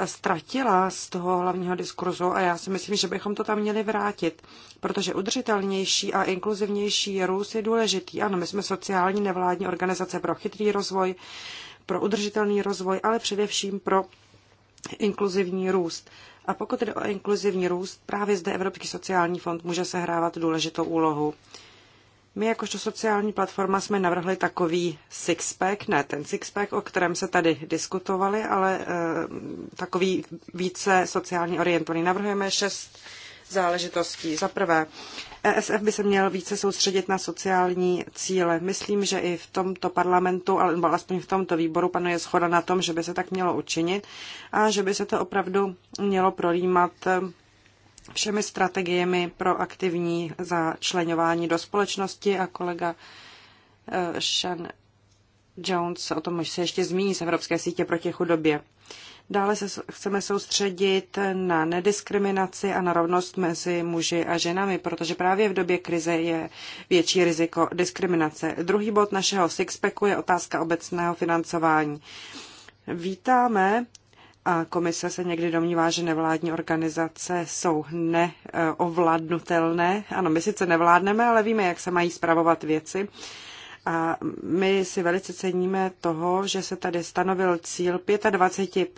ztratila z toho hlavního diskurzu a já si myslím, že bychom to tam měli vrátit, protože udržitelnější a inkluzivnější růst je důležitý. Ano, my jsme sociální nevládní organizace pro chytrý rozvoj, pro udržitelný rozvoj, ale především pro inkluzivní růst. A pokud jde o inkluzivní růst, právě zde Evropský sociální fond může sehrávat důležitou úlohu. My jakožto sociální platforma jsme navrhli takový sixpack, ne ten sixpack, o kterém se tady diskutovali, ale e, takový více sociálně orientovaný. Navrhujeme šest záležitostí. Za prvé, ESF by se měl více soustředit na sociální cíle. Myslím, že i v tomto parlamentu, ale alespoň v tomto výboru, panuje schoda na tom, že by se tak mělo učinit a že by se to opravdu mělo prolímat eh, všemi strategiemi pro aktivní začlenování do společnosti a kolega eh, Sean Jones o tom se ještě zmíní z Evropské sítě proti chudobě. Dále se chceme soustředit na nediskriminaci a na rovnost mezi muži a ženami, protože právě v době krize je větší riziko diskriminace. Druhý bod našeho sixpacku je otázka obecného financování. Vítáme a komise se někdy domnívá, že nevládní organizace jsou neovládnutelné. Ano, my sice nevládneme, ale víme, jak se mají spravovat věci. A my si velice ceníme toho, že se tady stanovil cíl 25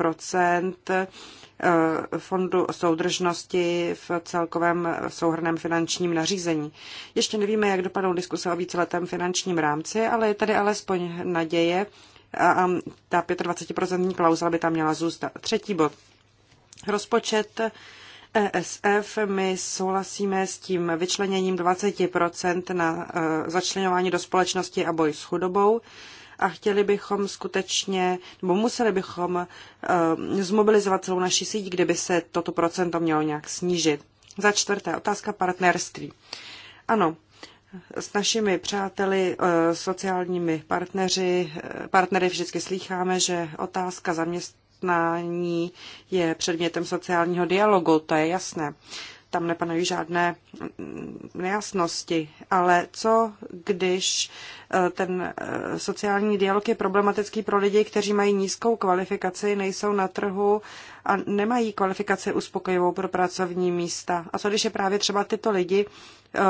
eh, fondu soudržnosti v celkovém souhrném finančním nařízení. Ještě nevíme, jak dopadnou diskuse o víceletém finančním rámci, ale je tady alespoň naděje a ta 25% klauzula by tam měla zůstat. Třetí bod. Rozpočet ESF, my souhlasíme s tím vyčleněním 20% na e, začlenování do společnosti a boj s chudobou a chtěli bychom skutečně, nebo museli bychom e, zmobilizovat celou naši síť, kdyby se toto procento mělo nějak snížit. Za čtvrté, otázka partnerství. Ano, s našimi přáteli, e, sociálními partneři, partnery vždycky slýcháme, že otázka zaměstnání zaměstnání je předmětem sociálního dialogu, to je jasné tam nepanují žádné mm, nejasnosti. Ale co když eh, ten eh, sociální dialog je problematický pro lidi, kteří mají nízkou kvalifikaci, nejsou na trhu a nemají kvalifikaci uspokojivou pro pracovní místa? A co když je právě třeba tyto lidi eh,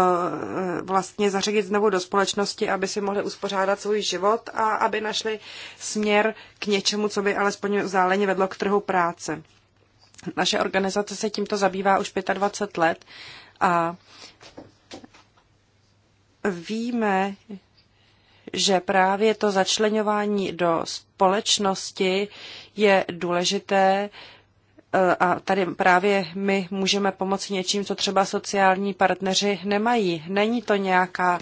vlastně zařadit znovu do společnosti, aby si mohli uspořádat svůj život a aby našli směr k něčemu, co by alespoň záleně vedlo k trhu práce? Naše organizace se tímto zabývá už 25 let a víme, že právě to začlenování do společnosti je důležité eh, a tady právě my můžeme pomoci něčím, co třeba sociální partneři nemají. Není to nějaká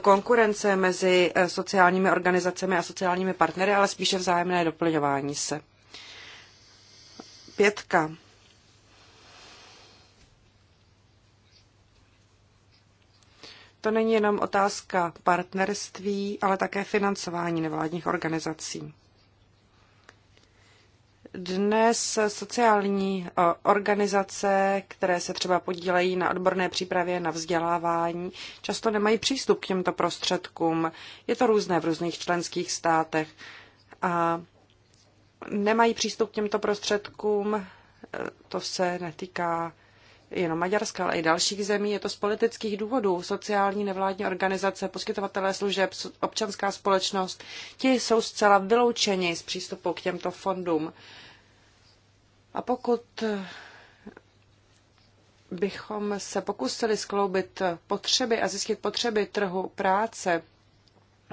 konkurence mezi eh, sociálními organizacemi a sociálními partnery, ale spíše vzájemné doplňování se pětka. To není jenom otázka partnerství, ale také financování nevládních organizací. Dnes sociální organizace, které se třeba podílejí na odborné přípravě, na vzdělávání, často nemají přístup k těmto prostředkům. Je to různé v různých členských státech. A nemají přístup k těmto prostředkům. E, to se netýká jenom Maďarska, ale i dalších zemí. Je to z politických důvodů. Sociální nevládní organizace, poskytovatelé služeb, občanská společnost, ti jsou zcela vyloučeni z přístupu k těmto fondům. A pokud e, bychom se pokusili skloubit potřeby a zjistit potřeby trhu práce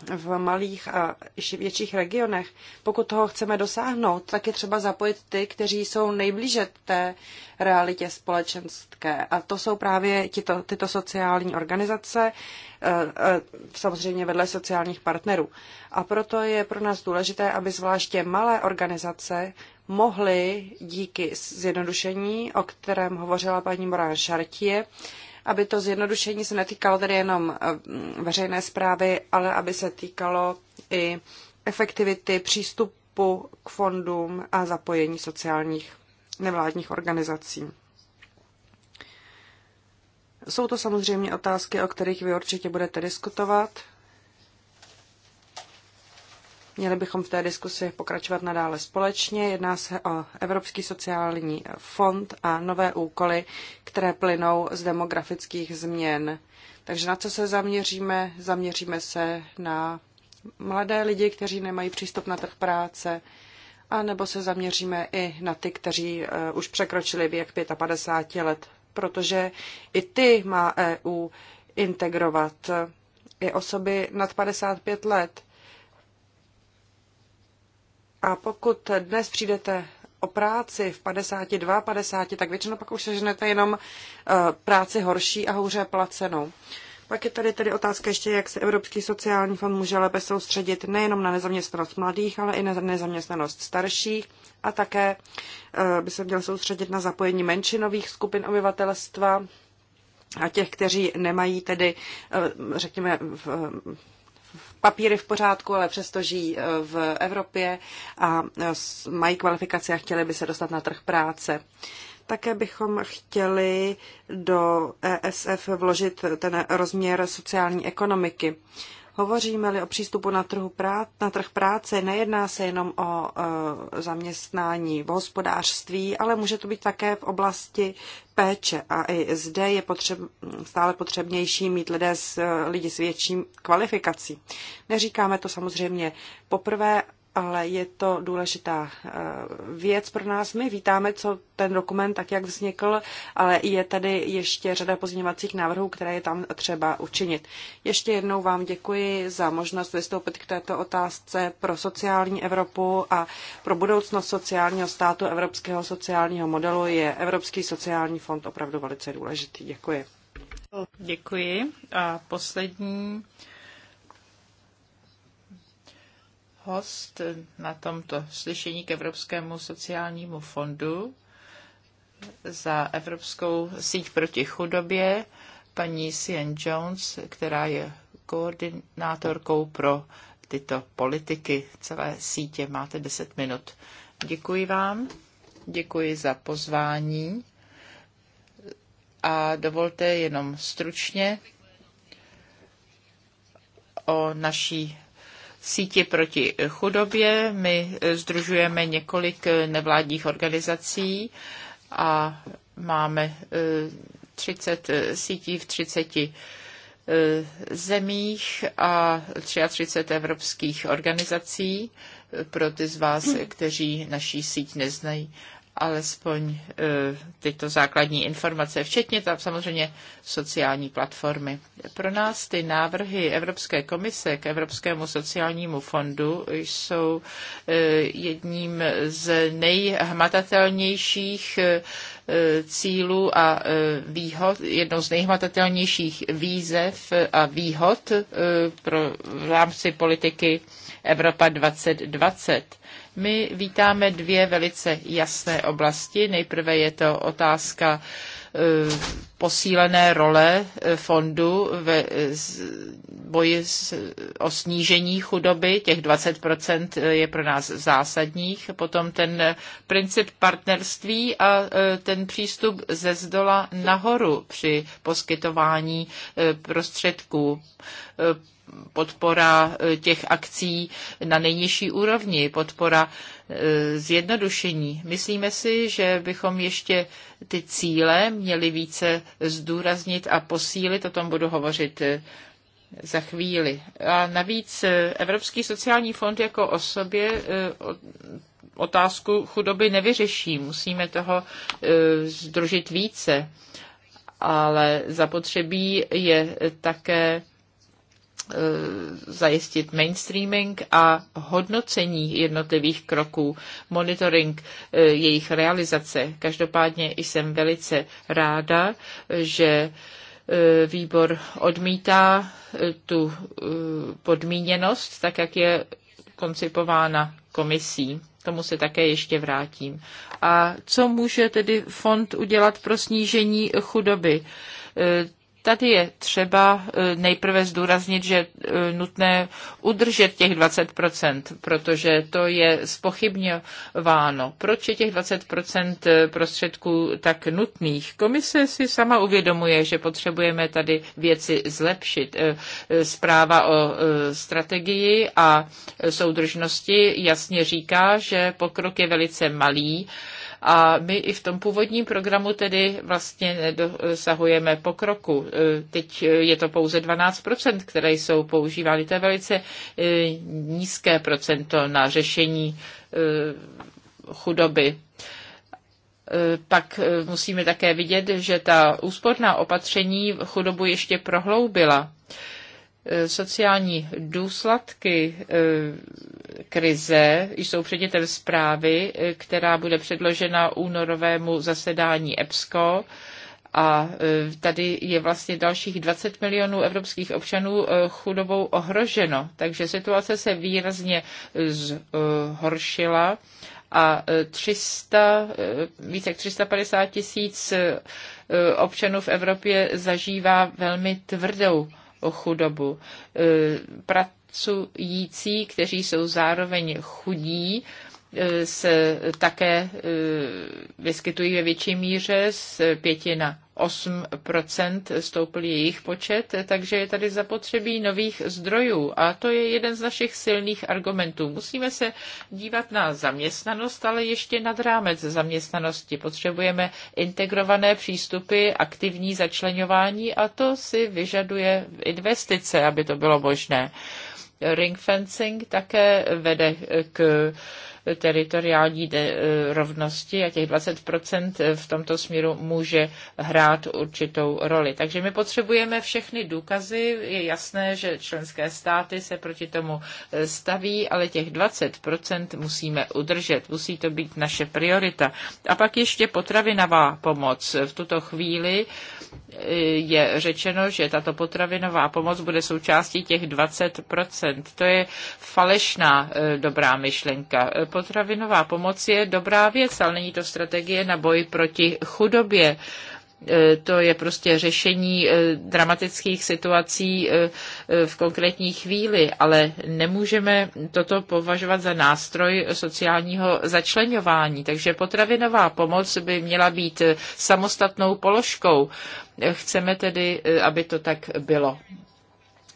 v malých a větších regionech. Pokud toho chceme dosáhnout, tak je třeba zapojit ty, kteří jsou nejblíže té realitě společenské. A to jsou právě tyto, tyto sociální organizace, e, e, samozřejmě vedle sociálních partnerů. A proto je pro nás důležité, aby zvláště malé organizace mohly díky zjednodušení, o kterém hovořila paní Morán Šartie, aby to zjednodušení se netýkalo tedy jenom eh, veřejné zprávy, ale aby se týkalo i efektivity přístupu k fondům a zapojení sociálních nevládních organizací. Jsou to samozřejmě otázky, o kterých vy určitě budete diskutovat Měli bychom v té diskusi pokračovat nadále společně. Jedná se o Evropský sociální fond a nové úkoly, které plynou z demografických změn. Takže na co se zaměříme? Zaměříme se na mladé lidi, kteří nemají přístup na trh práce, a nebo se zaměříme i na ty, kteří eh, už překročili věk 55 let, protože i ty má EU integrovat i osoby nad 55 let. A pokud dnes přijdete o práci v 52, 50, tak většinou pak už seženete jenom eh, práci horší a hůře placenou. Pak je tady tedy otázka ještě, jak se Evropský sociální fond může lépe soustředit nejenom na nezaměstnanost mladých, ale i na nezaměstnanost starších a také eh, by se měl soustředit na zapojení menšinových skupin obyvatelstva a těch, kteří nemají tedy, eh, řekněme, papíry v pořádku, ale přesto žijí e, v Evropě a e, mají kvalifikaci a chtěli by se dostat na trh práce. Také bychom chtěli do ESF vložit ten rozměr sociální ekonomiky. Hovoříme-li o přístupu na, trhu na trh práce, nejedná se jenom o e, zaměstnání v hospodářství, ale může to být také v oblasti péče. A i zde je potřeb- stále potřebnější mít lidé s, e, lidi s větším kvalifikací. Neříkáme to samozřejmě poprvé, ale je to důležitá eh, věc pro nás. My vítáme, co ten dokument tak, jak vznikl, ale je tady ještě řada pozměňovacích návrhů, které je tam třeba učinit. Ještě jednou vám děkuji za možnost vystoupit k této otázce pro sociální Evropu a pro budoucnost sociálního státu, evropského sociálního modelu je Evropský sociální fond opravdu velice důležitý. Děkuji. Děkuji. A poslední host na tomto slyšení k Evropskému sociálnímu fondu za Evropskou síť proti chudobě, paní Sian Jones, která je koordinátorkou pro tyto politiky celé sítě. Máte 10 minut. Děkuji vám, děkuji za pozvání a dovolte jenom stručně o naší síti proti chudobě. My eh, združujeme několik eh, nevládních organizací a máme 30 eh, sítí v 30 zemích a 33 evropských organizací pro ty z vás, kteří naší síť neznají alespoň e, tyto základní informace, včetně tam samozřejmě sociální platformy. Pro nás ty návrhy Evropské komise k Evropskému sociálnímu fondu jsou e, jedním z nejhmatatelnějších e, cílů a výhod, jednou z nejhmatatelnějších výzev a výhod pro v rámci politiky Evropa 2020 my vítáme dvě velice jasné oblasti. Nejprve je to otázka e, posílené role e, fondu ve boji o snížení chudoby, těch 20% e, je pro nás zásadních, potom ten princip partnerství a ten přístup ze zdola nahoru při poskytování prostředků podpora eh, těch akcí na nejnižší úrovni, podpora eh, zjednodušení. Myslíme si, že bychom ještě ty cíle měli více zdůraznit a posílit, o tom budu hovořit eh, za chvíli. A navíc Evropský sociální fond jako o sobě otázku chudoby nevyřeší. Musíme toho združit více. Ale zapotřebí je také Eh, zajistit mainstreaming a hodnocení jednotlivých kroků, monitoring eh, jejich realizace. Každopádně jsem velice ráda, že eh, výbor odmítá tu podmíněnost, tak jak je koncipována komisí. Tomu se také ještě vrátím. A co může tedy fond udělat pro snížení chudoby? Tady je třeba e, nejprve zdůraznit, že e, nutné udržet těch 20%, protože to je spochybňováno. Proč je těch 20% e, prostředků tak nutných? Komise si sama uvědomuje, že potřebujeme tady věci zlepšit. Zpráva o strategii a soudržnosti jasně říká, že pokrok je velice malý a my i v tom původním programu tedy vlastně nedosahujeme pokroku. E, teď je to pouze 12%, které jsou používány. To je velice e, nízké procento na řešení e, chudoby pak musíme také vidět, že ta úsporná opatření chudobu ještě prohloubila. Eh, sociální důsledky eh, krize jsou předmětem zprávy, eh, která bude předložena únorovému zasedání EPSCO. A tady je vlastně dalších 20 milionů evropských občanů chudobou ohroženo. Takže situace se výrazně zhoršila a 300, více jak 350 tisíc občanů v Evropě zažívá velmi tvrdou o chudobu. E, pracující, kteří jsou zároveň chudí, se také e, vyskytují ve větší míře, z 5 na 8 stoupil jejich počet, takže je tady zapotřebí nových zdrojů. A to je jeden z našich silných argumentů. Musíme se dívat na zaměstnanost, ale ještě nad rámec zaměstnanosti. Potřebujeme integrované přístupy, aktivní začlenování a to si vyžaduje investice, aby to bylo možné. Ring fencing také vede k teritoriální eh, rovnosti a těch 20% eh, v tomto směru může hrát určitou roli. Takže my potřebujeme všechny důkazy. Je jasné, že členské státy se proti tomu eh, staví, ale těch 20% musíme udržet. Musí to být naše priorita. A pak ještě potravinová pomoc. V tuto chvíli je řečeno, že tato potravinová pomoc bude součástí těch 20%. To je falešná e, dobrá myšlenka. E, potravinová pomoc je dobrá věc, ale není to strategie na boj proti chudobě. E, to je prostě řešení e, dramatických situací e, v konkrétní chvíli, ale nemůžeme toto považovat za nástroj sociálního začlenování. Takže potravinová pomoc by měla být samostatnou položkou. Chceme tedy, aby to tak bylo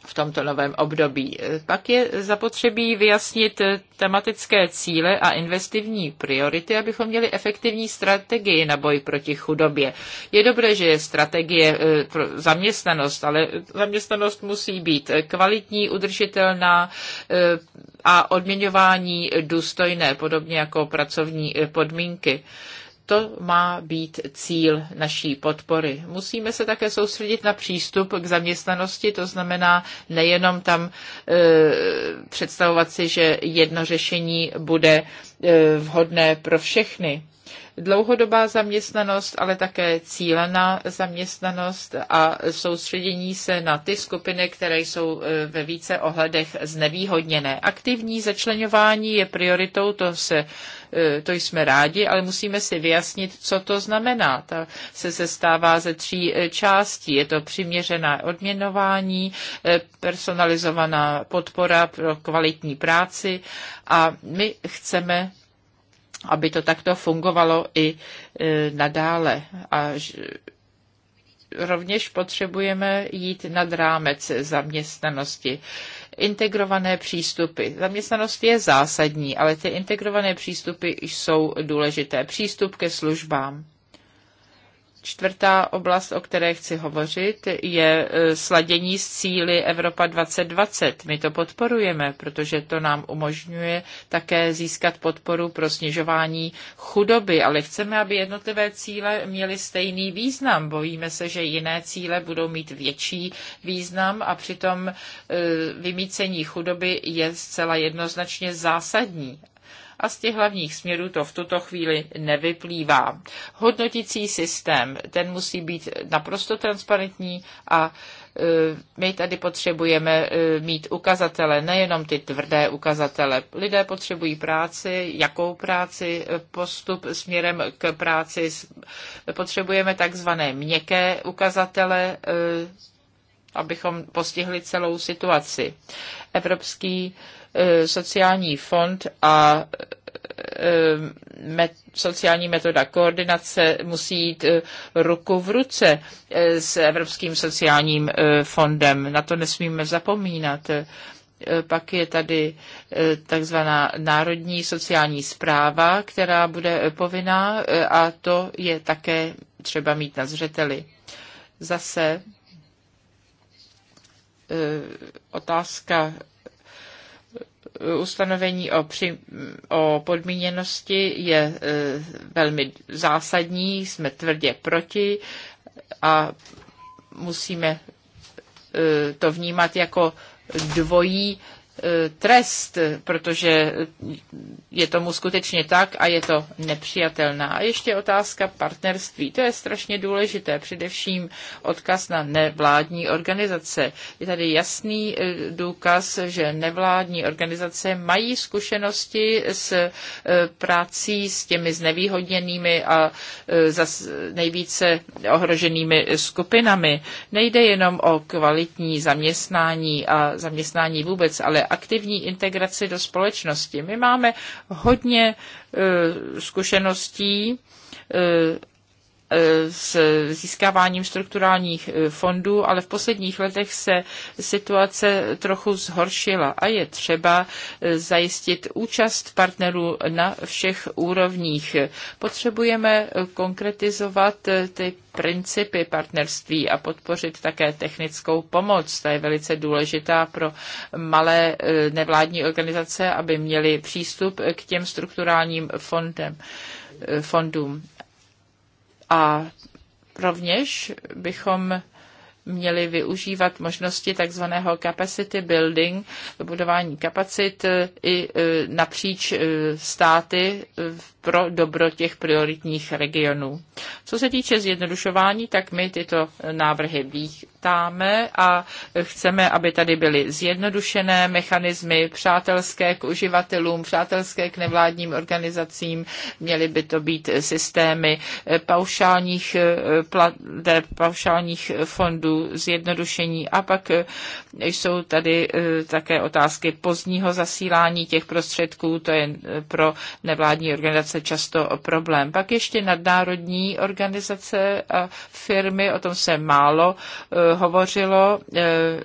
v tomto novém období. Pak je zapotřebí vyjasnit tematické cíle a investivní priority, abychom měli efektivní strategii na boj proti chudobě. Je dobré, že je strategie eh, pro zaměstnanost, ale zaměstnanost musí být kvalitní, udržitelná eh, a odměňování důstojné, podobně jako pracovní eh, podmínky. To má být cíl naší podpory. Musíme se také soustředit na přístup k zaměstnanosti, to znamená nejenom tam e, představovat si, že jedno řešení bude e, vhodné pro všechny dlouhodobá zaměstnanost, ale také cílená zaměstnanost a soustředění se na ty skupiny, které jsou e, ve více ohledech znevýhodněné. Aktivní začlenování je prioritou, to se E, to jsme rádi, ale musíme si vyjasnit, co to znamená. Ta se sestává ze tří e, částí. Je to přiměřená odměnování, e, personalizovaná podpora pro kvalitní práci a my chceme aby to takto fungovalo i nadále. A rovněž potřebujeme jít nad rámec zaměstnanosti integrované přístupy. Zaměstnanost je zásadní, ale ty integrované přístupy jsou důležité. Přístup ke službám. Čtvrtá oblast, o které chci hovořit, je e, sladění s cíly Evropa 2020. My to podporujeme, protože to nám umožňuje také získat podporu pro snižování chudoby, ale chceme, aby jednotlivé cíle měly stejný význam. Bojíme se, že jiné cíle budou mít větší význam a přitom e, vymícení chudoby je zcela jednoznačně zásadní a z těch hlavních směrů to v tuto chvíli nevyplývá. Hodnotící systém, ten musí být naprosto transparentní a e, my tady potřebujeme e, mít ukazatele, nejenom ty tvrdé ukazatele. Lidé potřebují práci, jakou práci, e, postup směrem k práci. Potřebujeme takzvané měkké ukazatele, abychom postihli celou situaci. Evropský E, sociální fond a e, met, sociální metoda koordinace musí jít e, ruku v ruce s Evropským sociálním fondem. Na to nesmíme zapomínat. Pak je tady takzvaná národní sociální zpráva, která bude povinná a to je také třeba mít na zřeteli. Zase otázka ustanovení o, při, o podmíněnosti je e, velmi zásadní, jsme tvrdě proti a musíme e, to vnímat jako dvojí E, trest, protože je tomu skutečně tak a je to nepřijatelná. A ještě otázka partnerství. To je strašně důležité, především odkaz na nevládní organizace. Je tady jasný e, důkaz, že nevládní organizace mají zkušenosti s e, prací s těmi znevýhodněnými a nejvíce ohroženými skupinami. Nejde jenom o kvalitní zaměstnání a zaměstnání vůbec, ale aktivní integraci do společnosti. My máme hodně e, zkušeností e, Eh, s získáváním strukturálních eh, fondů, ale v posledních letech se situace trochu zhoršila a je třeba eh, zajistit účast partnerů na všech úrovních. Potřebujeme konkretizovat ty principy partnerství a podpořit také technickou pomoc. Ta je velice důležitá pro malé nevládní organizace, aby měli přístup k těm strukturálním fondem, fondům. A rovněž bychom měli využívat možnosti takzvaného capacity building, budování kapacit e, i e, napříč e, státy pro dobro těch prioritních regionů. Co se týče zjednodušování, tak my tyto návrhy vítáme a chceme, aby tady byly zjednodušené mechanismy přátelské k uživatelům, přátelské k nevládním organizacím. Měly by to být systémy eh, paušálních eh, plateb, paušálních fondů, zjednodušení a pak eh, jsou tady také otázky pozdního zasílání těch prostředků, to je pro nevládní organizace často problém. Pak ještě nadnárodní organizace a firmy, o tom se málo hovořilo, eh,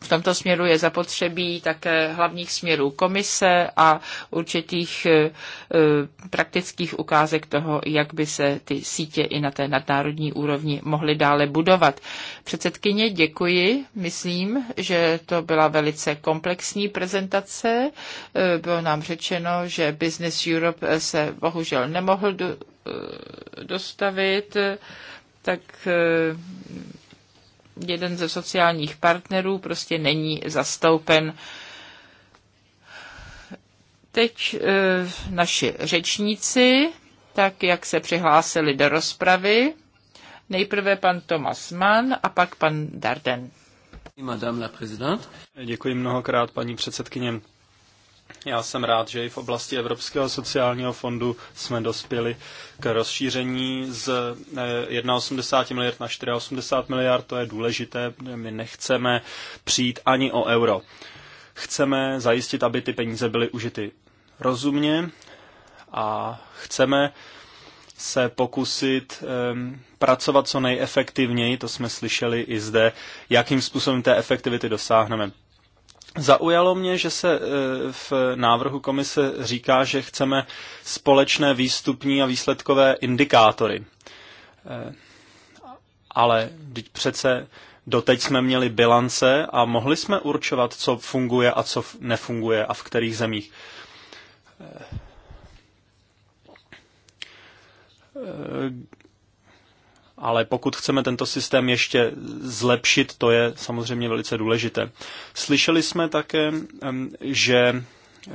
v tomto směru je zapotřebí také hlavních směrů komise a určitých eh, eh, praktických ukázek toho, jak by se ty sítě i na té nadnárodní úrovni mohly dále budovat. Předsedkyně, děkuji. Myslím, že to byla velice komplexní prezentace. Bylo nám řečeno, že Business Europe se bohužel nemohl dostavit, tak jeden ze sociálních partnerů prostě není zastoupen. Teď e, naši řečníci, tak jak se přihlásili do rozpravy, nejprve pan Thomas Mann a pak pan Darden. Madame la Děkuji mnohokrát, paní předsedkyně. Já jsem rád, že i v oblasti Evropského sociálního fondu jsme dospěli k rozšíření z 1,80 eh, miliard na 4,80 miliard. To je důležité, protože my nechceme přijít ani o euro. Chceme zajistit, aby ty peníze byly užity rozumně a chceme se pokusit um, pracovat co nejefektivněji, to jsme slyšeli i zde, jakým způsobem té efektivity dosáhneme. Zaujalo mě, že se e, v návrhu komise říká, že chceme společné výstupní a výsledkové indikátory. E, ale teď přece doteď jsme měli bilance a mohli jsme určovat, co funguje a co nefunguje a v kterých zemích. E, ale pokud chceme tento systém ještě zlepšit, to je samozřejmě velice důležité. Slyšeli jsme také, že eh,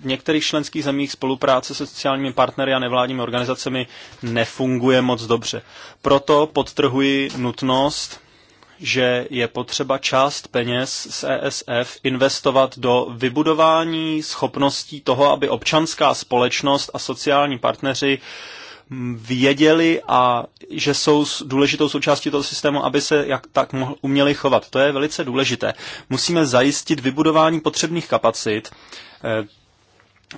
v některých členských zemích spolupráce se sociálními partnery a nevládními organizacemi nefunguje moc dobře. Proto podtrhuji nutnost, že je potřeba část peněz z ESF investovat do vybudování schopností toho, aby občanská společnost a sociální partneři věděli a že jsou důležitou součástí toho systému, aby se jak tak mohl, uměli chovat. To je velice důležité. Musíme zajistit vybudování potřebných kapacit, eh,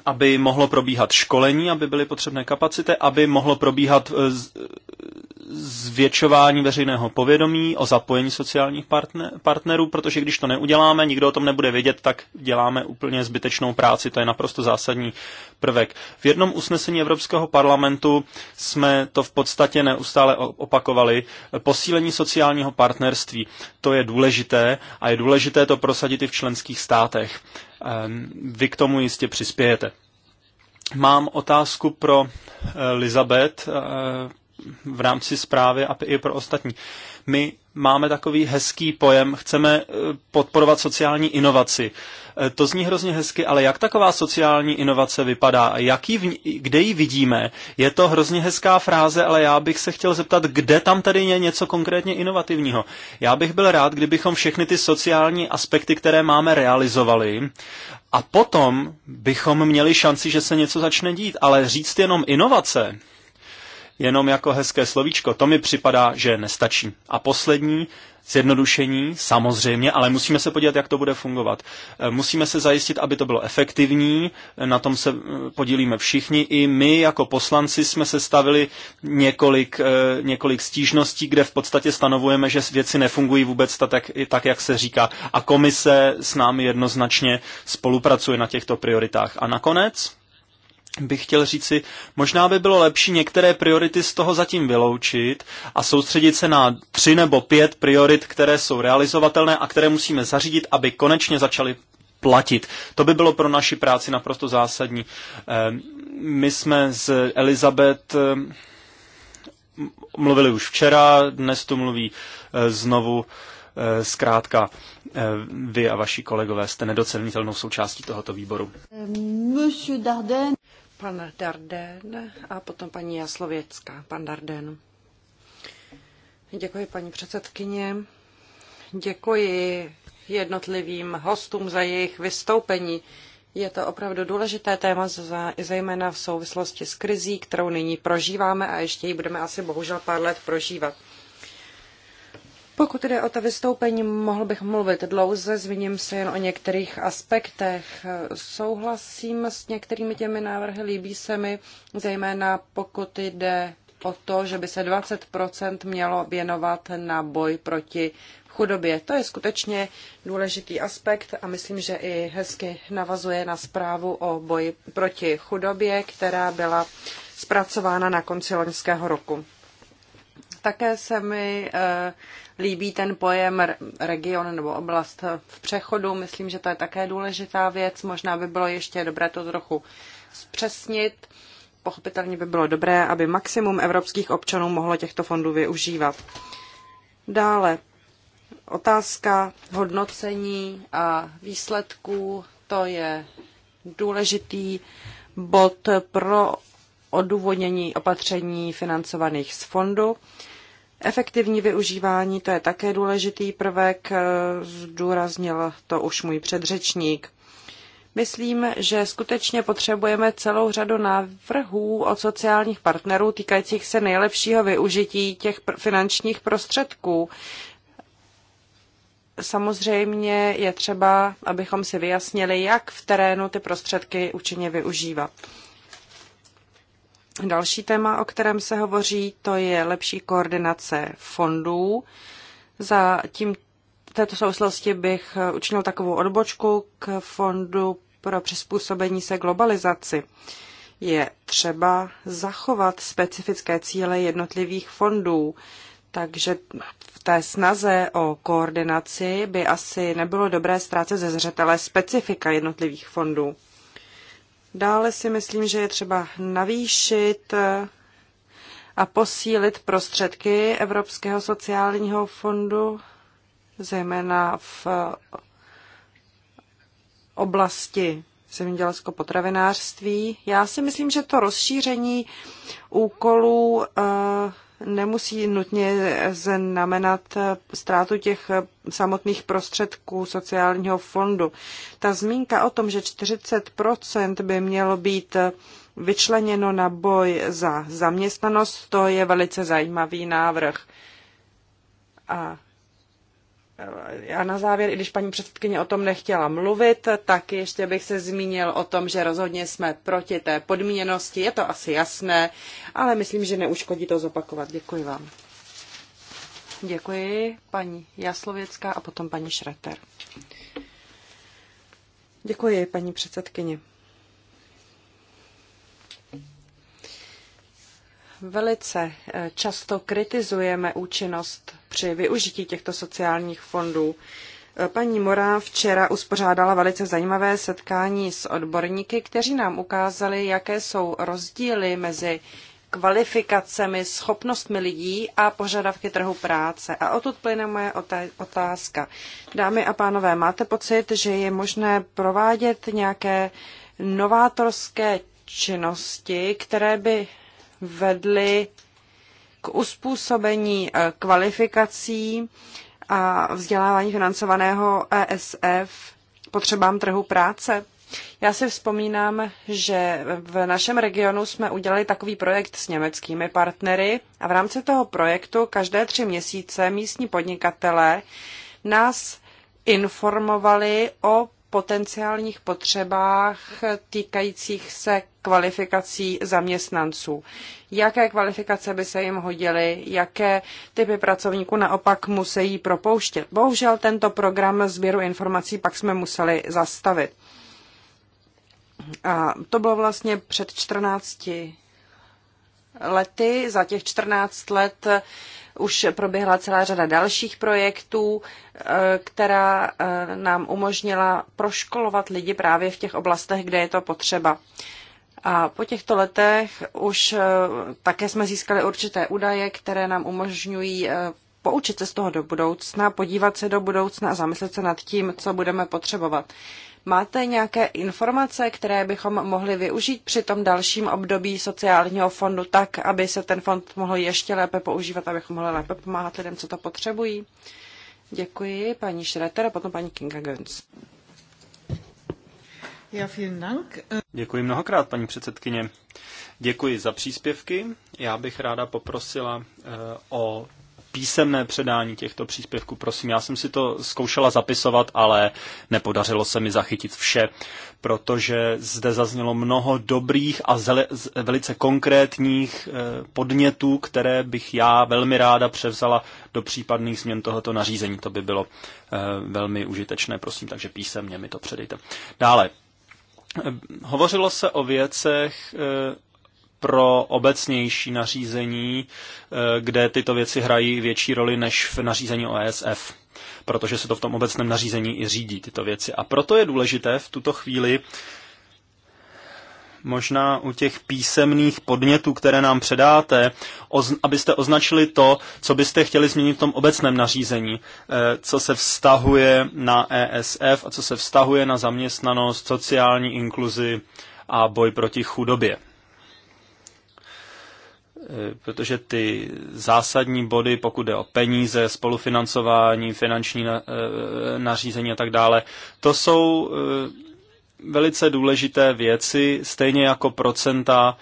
aby mohlo probíhat školení, aby byly potřebné kapacity, aby mohlo probíhat eh, zvětšování veřejného povědomí, o zapojení sociálních partnerů, protože když to neuděláme, nikdo o tom nebude vědět, tak děláme úplně zbytečnou práci. To je naprosto zásadní prvek. V jednom usnesení Evropského parlamentu jsme to v podstatě neustále opakovali. Posílení sociálního partnerství, to je důležité a je důležité to prosadit i v členských státech. Ehm, vy k tomu jistě přispějete. Mám otázku pro Elizabeth, eh, eh, v rámci zprávy a i pro ostatní. My máme takový hezký pojem, chceme eh, podporovat sociální inovaci. Eh, to zní hrozně hezky, ale jak taková sociální inovace vypadá jaký kde ji vidíme? Je to hrozně hezká fráze, ale já bych se chtěl zeptat, kde tam tady je něco konkrétně inovativního. Já bych byl rád, kdybychom všechny ty sociální aspekty, které máme, realizovali a potom bychom měli šanci, že se něco začne dít, ale říct jenom inovace, jenom jako hezké slovíčko. To mi připadá, že nestačí. A poslední, zjednodušení, samozřejmě, ale musíme se podívat, jak to bude fungovat. E, musíme se zajistit, aby to bylo efektivní, e, na tom se e, podílíme všichni. I my jako poslanci jsme se stavili několik, několik stížností, kde v podstatě stanovujeme, že věci nefungují vůbec tak, tak, jak se říká. A komise s námi jednoznačně spolupracuje na těchto prioritách. A nakonec, bych chtěl říci, možná by bylo lepší některé priority z toho zatím vyloučit a soustředit se na tři nebo pět priorit, které jsou realizovatelné a které musíme zařídit, aby konečně začaly platit. To by bylo pro naši práci naprosto zásadní. Ehm, my jsme s Elizabeth ehm, mluvili už včera, dnes to mluví eh, znovu. Eh, zkrátka, eh, vy a vaši kolegové jste nedocenitelnou součástí tohoto výboru. Ehm, Monsieur Darden pan Darden a potom paní Jaslověcká. Pan Darden. Děkuji, paní předsedkyně. Děkuji jednotlivým hostům za jejich vystoupení. Je to opravdu důležité téma, zejména v souvislosti s krizí, kterou nyní prožíváme a ještě ji budeme asi bohužel pár let prožívat. Pokud jde o ta vystoupení, mohl bych mluvit dlouze, zmíním se jen o některých aspektech. Souhlasím s některými těmi návrhy, líbí se mi, zejména pokud jde o to, že by se 20% mělo věnovat na boj proti chudobě. To je skutečně důležitý aspekt a myslím, že i hezky navazuje na zprávu o boji proti chudobě, která byla zpracována na konci loňského roku. Také se mi eh, líbí ten pojem region nebo oblast v přechodu. Myslím, že to je také důležitá věc. Možná by bylo ještě dobré to trochu zpřesnit. Pochopitelně by bylo dobré, aby maximum evropských občanů mohlo těchto fondů využívat. Dále otázka hodnocení a výsledků. To je důležitý bod pro odůvodnění opatření financovaných z fondu. Efektivní využívání, to je také důležitý prvek, eh, zdůraznil to už můj předřečník. Myslím, že skutečně potřebujeme celou řadu návrhů od sociálních partnerů týkajících se nejlepšího využití těch finančních prostředků. Samozřejmě je třeba, abychom si vyjasnili, jak v terénu ty prostředky účinně využívat. Další téma, o kterém se hovoří, to je lepší koordinace fondů. Za tím této souvislosti bych učinil takovou odbočku k fondu pro přizpůsobení se globalizaci. Je třeba zachovat specifické cíle jednotlivých fondů, takže v té snaze o koordinaci by asi nebylo dobré ztrácet ze zřetele specifika jednotlivých fondů. Dále si myslím, že je třeba navýšit a posílit prostředky Evropského sociálního fondu, zejména v oblasti zemědělsko-potravinářství. Já si myslím, že to rozšíření úkolů eh, nemusí nutně znamenat ztrátu těch samotných prostředků sociálního fondu. Ta zmínka o tom, že 40 by mělo být vyčleněno na boj za zaměstnanost, to je velice zajímavý návrh. A a na závěr, i když paní předsedkyně o tom nechtěla mluvit, tak ještě bych se zmínil o tom, že rozhodně jsme proti té podmíněnosti, je to asi jasné, ale myslím, že neuškodí to zopakovat. Děkuji vám. Děkuji paní Jaslověcká a potom paní Šreter. Děkuji, paní předsedkyně. Velice eh, často kritizujeme účinnost při využití těchto sociálních fondů. Paní Mora včera uspořádala velice zajímavé setkání s odborníky, kteří nám ukázali, jaké jsou rozdíly mezi kvalifikacemi, schopnostmi lidí a požadavky trhu práce. A odtud plyne moje otázka. Dámy a pánové, máte pocit, že je možné provádět nějaké novátorské činnosti, které by vedly k uspůsobení eh, kvalifikací a vzdělávání financovaného ESF potřebám trhu práce? Já si vzpomínám, že v našem regionu jsme udělali takový projekt s německými partnery a v rámci toho projektu každé tři měsíce místní podnikatelé nás informovali o potenciálních potřebách týkajících se kvalifikací zaměstnanců. Jaké kvalifikace by se jim hodily, jaké typy pracovníků naopak musí propouštět. Bohužel tento program sběru informací pak jsme museli zastavit. A to bylo vlastně před 14 lety. Za těch 14 let už proběhla celá řada dalších projektů, e, která e, nám umožnila proškolovat lidi právě v těch oblastech, kde je to potřeba. A po těchto letech už eh, také jsme získali určité údaje, které nám umožňují eh, poučit se z toho do budoucna, podívat se do budoucna a zamyslet se nad tím, co budeme potřebovat. Máte nějaké informace, které bychom mohli využít při tom dalším období sociálního fondu tak, aby se ten fond mohl ještě lépe používat, abychom mohli lépe pomáhat lidem, co to potřebují? Děkuji, paní Šreter a potom paní Kinga Gönz. Děkuji mnohokrát, paní předsedkyně. Děkuji za příspěvky. Já bych ráda poprosila eh, o písemné předání těchto příspěvků. Prosím, já jsem si to zkoušela zapisovat, ale nepodařilo se mi zachytit vše, protože zde zaznělo mnoho dobrých a zele, velice konkrétních eh, podnětů, které bych já velmi ráda převzala do případných změn tohoto nařízení. To by bylo eh, velmi užitečné, prosím, takže písemně mi to předejte. Dále, Hovořilo se o věcech eh, pro obecnější nařízení, eh, kde tyto věci hrají větší roli než v nařízení OSF, e protože se to v tom obecném nařízení i řídí tyto věci. A proto je důležité v tuto chvíli možná u těch písemných podnětů, které nám předáte, abyste označili to, co byste chtěli změnit v tom obecném nařízení, eh, co se vztahuje na ESF a co se vztahuje na zaměstnanost, sociální inkluzi a boj proti chudobě eh, protože ty zásadní body, pokud jde o peníze, spolufinancování, finanční eh, nařízení a tak dále, to jsou velice důležité věci, stejně jako procenta,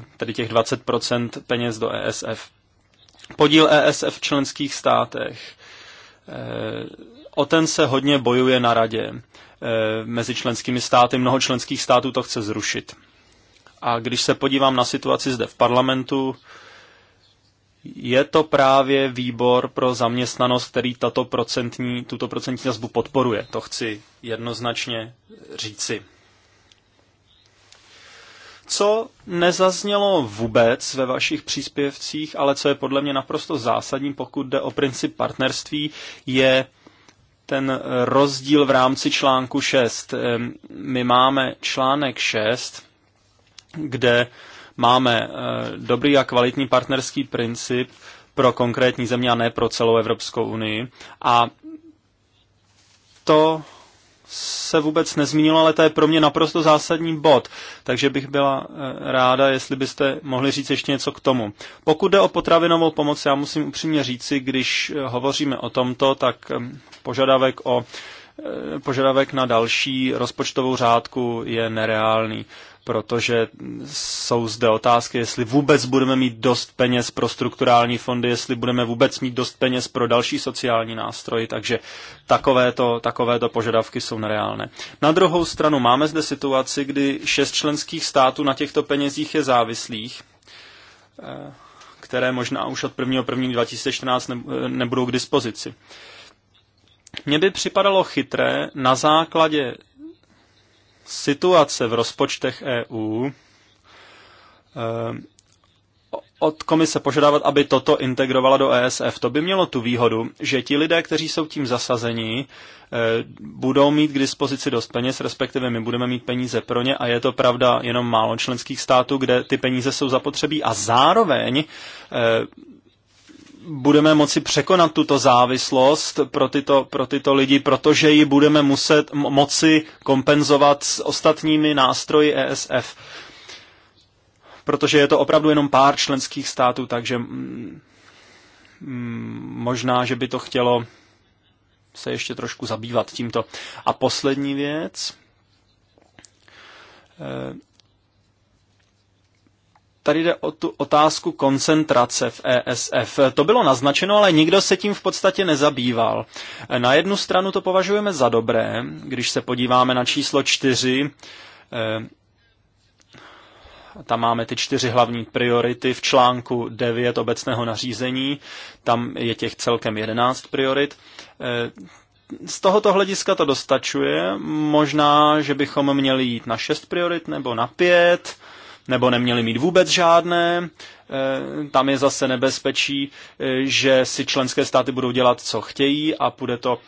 eh, tedy těch 20% peněz do ESF. Podíl ESF v členských státech. Eh, o ten se hodně bojuje na radě. Eh, mezi členskými státy mnoho členských států to chce zrušit. A když se podívám na situaci zde v parlamentu, je to právě výbor pro zaměstnanost, který tato procentní, tuto procentní zazbu podporuje. To chci jednoznačně říci. Co nezaznělo vůbec ve vašich příspěvcích, ale co je podle mě naprosto zásadní, pokud jde o princip partnerství, je ten rozdíl v rámci článku 6. Ehm, my máme článek 6, kde máme eh, dobrý a kvalitní partnerský princip pro konkrétní země a ne pro celou Evropskou unii. A to se vůbec nezmínilo, ale to je pro mě naprosto zásadní bod, takže bych byla eh, ráda, jestli byste mohli říct ještě něco k tomu. Pokud jde o potravinovou pomoc, já musím upřímně říci, když eh, hovoříme o tomto, tak požadavek o požadavek na další rozpočtovou řádku je nereálný protože jsou zde otázky, jestli vůbec budeme mít dost peněz pro strukturální fondy, jestli budeme vůbec mít dost peněz pro další sociální nástroje, takže takovéto, takovéto požadavky jsou nereálné. Na druhou stranu máme zde situaci, kdy šest členských států na těchto penězích je závislých, eh, které možná už od 1. 1. 2014 nebudou k dispozici. Mně by připadalo chytré na základě situace v rozpočtech EU eh, od komise požadovat, aby toto integrovala do ESF. To by mělo tu výhodu, že ti lidé, kteří jsou tím zasazení, eh, budou mít k dispozici dost peněz, respektive my budeme mít peníze pro ně a je to pravda jenom málo členských států, kde ty peníze jsou zapotřebí a zároveň eh, budeme moci překonat tuto závislost pro tyto, pro tyto lidi, protože ji budeme muset moci kompenzovat s ostatními nástroji ESF. Protože je to opravdu jenom pár členských států, takže mm, možná, že by to chtělo se ještě trošku zabývat tímto. A poslední věc. E tady jde o tu otázku koncentrace v ESF. To bylo naznačeno, ale nikdo se tím v podstatě nezabýval. Na jednu stranu to považujeme za dobré, když se podíváme na číslo čtyři, eh, tam máme ty čtyři hlavní priority v článku 9 obecného nařízení, tam je těch celkem 11 priorit. Eh, z tohoto hlediska to dostačuje, možná, že bychom měli jít na šest priorit nebo na pět nebo neměli mít vůbec žádné. Eh, tam je zase nebezpečí, eh, že si členské státy budou dělat, co chtějí a půjde to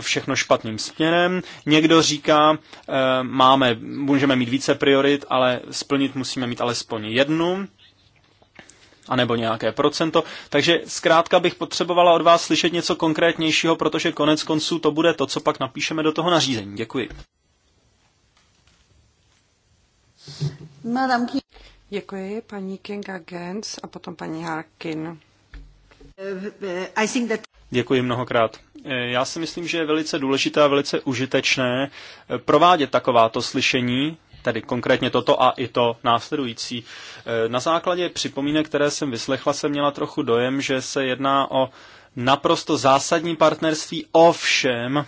všechno špatným směrem. Někdo říká, eh, máme, můžeme mít více priorit, ale splnit musíme mít alespoň jednu anebo nějaké procento. Takže zkrátka bych potřebovala od vás slyšet něco konkrétnějšího, protože konec konců to bude to, co pak napíšeme do toho nařízení. Děkuji. Děkuji, paní Kinga Gens a potom paní Harkin. Eh, I think that... Děkuji mnohokrát. Eh, já si myslím, že je velice důležité a velice užitečné eh, provádět takováto slyšení, tedy konkrétně toto a i to následující. Na základě připomínek, které jsem vyslechla, jsem měla trochu dojem, že se jedná o naprosto zásadní partnerství, ovšem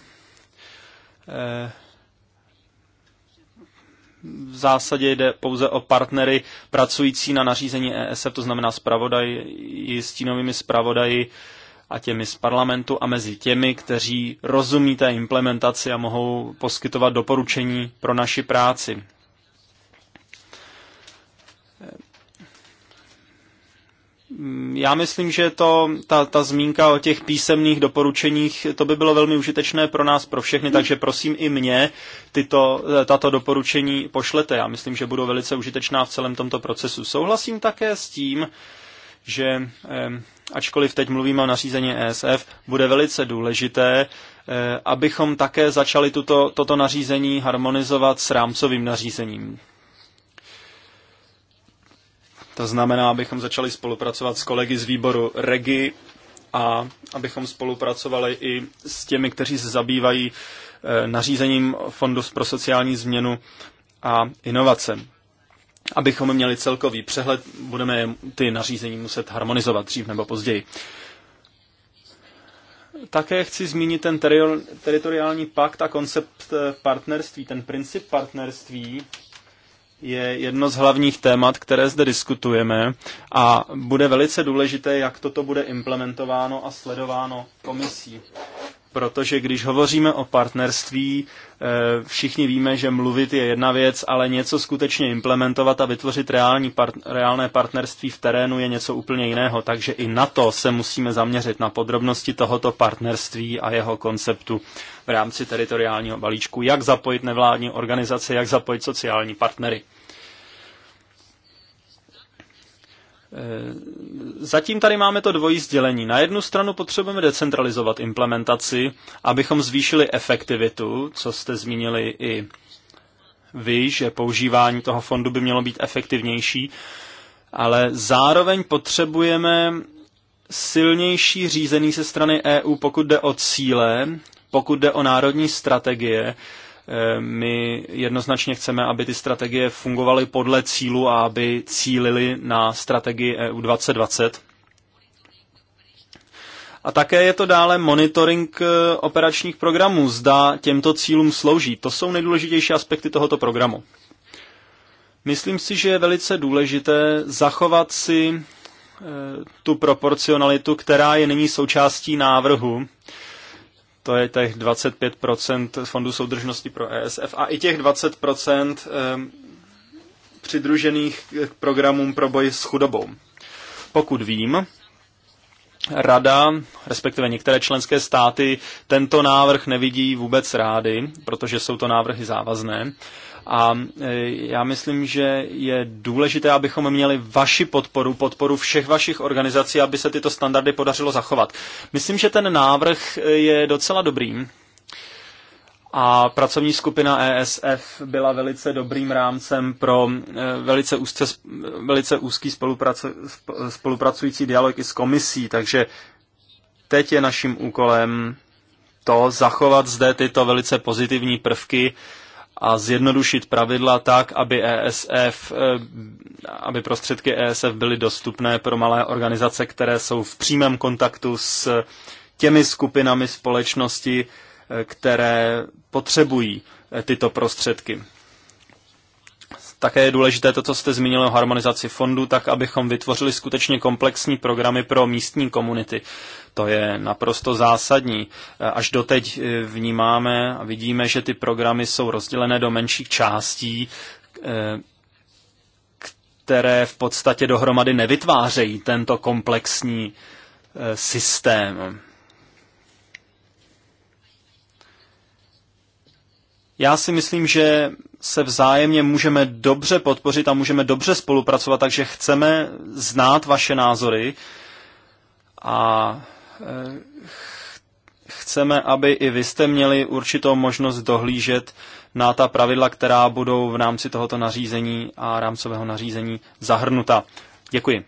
v zásadě jde pouze o partnery pracující na nařízení ESF, to znamená zpravodaji, stínovými zpravodaji a těmi z parlamentu a mezi těmi, kteří rozumí té implementaci a mohou poskytovat doporučení pro naši práci. Mm, já myslím, že to, ta, ta zmínka o těch písemných doporučeních, to by bylo velmi užitečné pro nás, pro všechny, takže prosím i mě tyto, eh, tato doporučení pošlete. Já myslím, že budou velice užitečná v celém tomto procesu. Souhlasím také s tím, že eh, ačkoliv teď mluvíme o nařízení ESF, bude velice důležité, eh, abychom také začali tuto, toto nařízení harmonizovat s rámcovým nařízením. To znamená, abychom začali spolupracovat s kolegy z výboru REGI a abychom spolupracovali i s těmi, kteří se zabývají eh, nařízením Fondu pro sociální změnu a inovace. Abychom měli celkový přehled, budeme ty nařízení muset harmonizovat dřív nebo později. Také chci zmínit ten teritoriální pakt a koncept eh, partnerství, ten princip partnerství, je jedno z hlavních témat, které zde diskutujeme a bude velice důležité, jak toto bude implementováno a sledováno komisí protože když hovoříme o partnerství, eh, všichni víme, že mluvit je jedna věc, ale něco skutečně implementovat a vytvořit reální part, reálné partnerství v terénu je něco úplně jiného, takže i na to se musíme zaměřit, na podrobnosti tohoto partnerství a jeho konceptu v rámci teritoriálního balíčku, jak zapojit nevládní organizace, jak zapojit sociální partnery. Eh, zatím tady máme to dvojí sdělení. Na jednu stranu potřebujeme decentralizovat implementaci, abychom zvýšili efektivitu, co jste zmínili i vy, že používání toho fondu by mělo být efektivnější, ale zároveň potřebujeme silnější řízení se strany EU, pokud jde o cíle, pokud jde o národní strategie, my jednoznačně chceme, aby ty strategie fungovaly podle cílu a aby cílily na strategii EU 2020. A také je to dále monitoring eh, operačních programů, zda těmto cílům slouží. To jsou nejdůležitější aspekty tohoto programu. Myslím si, že je velice důležité zachovat si eh, tu proporcionalitu, která je nyní součástí návrhu, to je těch 25% fondů soudržnosti pro ESF a i těch 20% ehm, přidružených k programům pro boj s chudobou. Pokud vím, Rada, respektive některé členské státy, tento návrh nevidí vůbec rády, protože jsou to návrhy závazné. A e, já myslím, že je důležité, abychom měli vaši podporu, podporu všech vašich organizací, aby se tyto standardy podařilo zachovat. Myslím, že ten návrh e, je docela dobrý. A pracovní skupina ESF byla velice dobrým rámcem pro e, velice, úzce, velice úzký spolupracu, spolupracující dialog i s komisí, takže teď je naším úkolem to zachovat zde tyto velice pozitivní prvky, a zjednodušit pravidla tak, aby ESF, eh, aby prostředky ESF byly dostupné pro malé organizace, které jsou v přímém kontaktu s těmi skupinami společnosti, eh, které potřebují eh, tyto prostředky. Také je důležité to, co jste zmínil o harmonizaci fondů, tak abychom vytvořili skutečně komplexní programy pro místní komunity. To je naprosto zásadní. Až doteď eh, vnímáme a vidíme, že ty programy jsou rozdělené do menších částí, eh, které v podstatě dohromady nevytvářejí tento komplexní eh, systém. Já si myslím, že se vzájemně můžeme dobře podpořit a můžeme dobře spolupracovat, takže chceme znát vaše názory a eh, chceme, aby i vy jste měli určitou možnost dohlížet na ta pravidla, která budou v rámci tohoto nařízení a rámcového nařízení zahrnuta. Děkuji.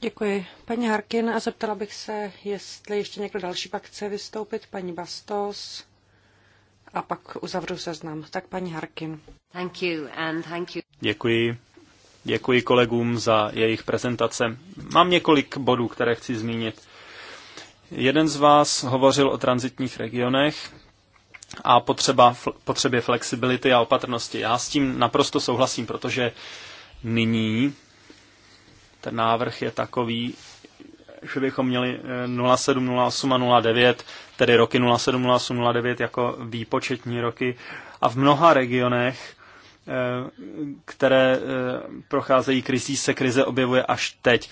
Děkuji. Paní Harkin, a zeptala bych se, jestli ještě někdo další pak chce vystoupit. Paní Bastos a pak uzavřu seznam. Tak paní Harkin. Thank you and thank you. Děkuji. Děkuji kolegům za jejich prezentace. Mám několik bodů, které chci zmínit. Jeden z vás hovořil o transitních regionech a potřeba, potřebě flexibility a opatrnosti. Já s tím naprosto souhlasím, protože nyní ten návrh je takový, že bychom měli 07, eh, 08 a 09, tedy roky 07, 08, 09 jako výpočetní roky. A v mnoha regionech, eh, které eh, procházejí krizí, se krize objevuje až teď.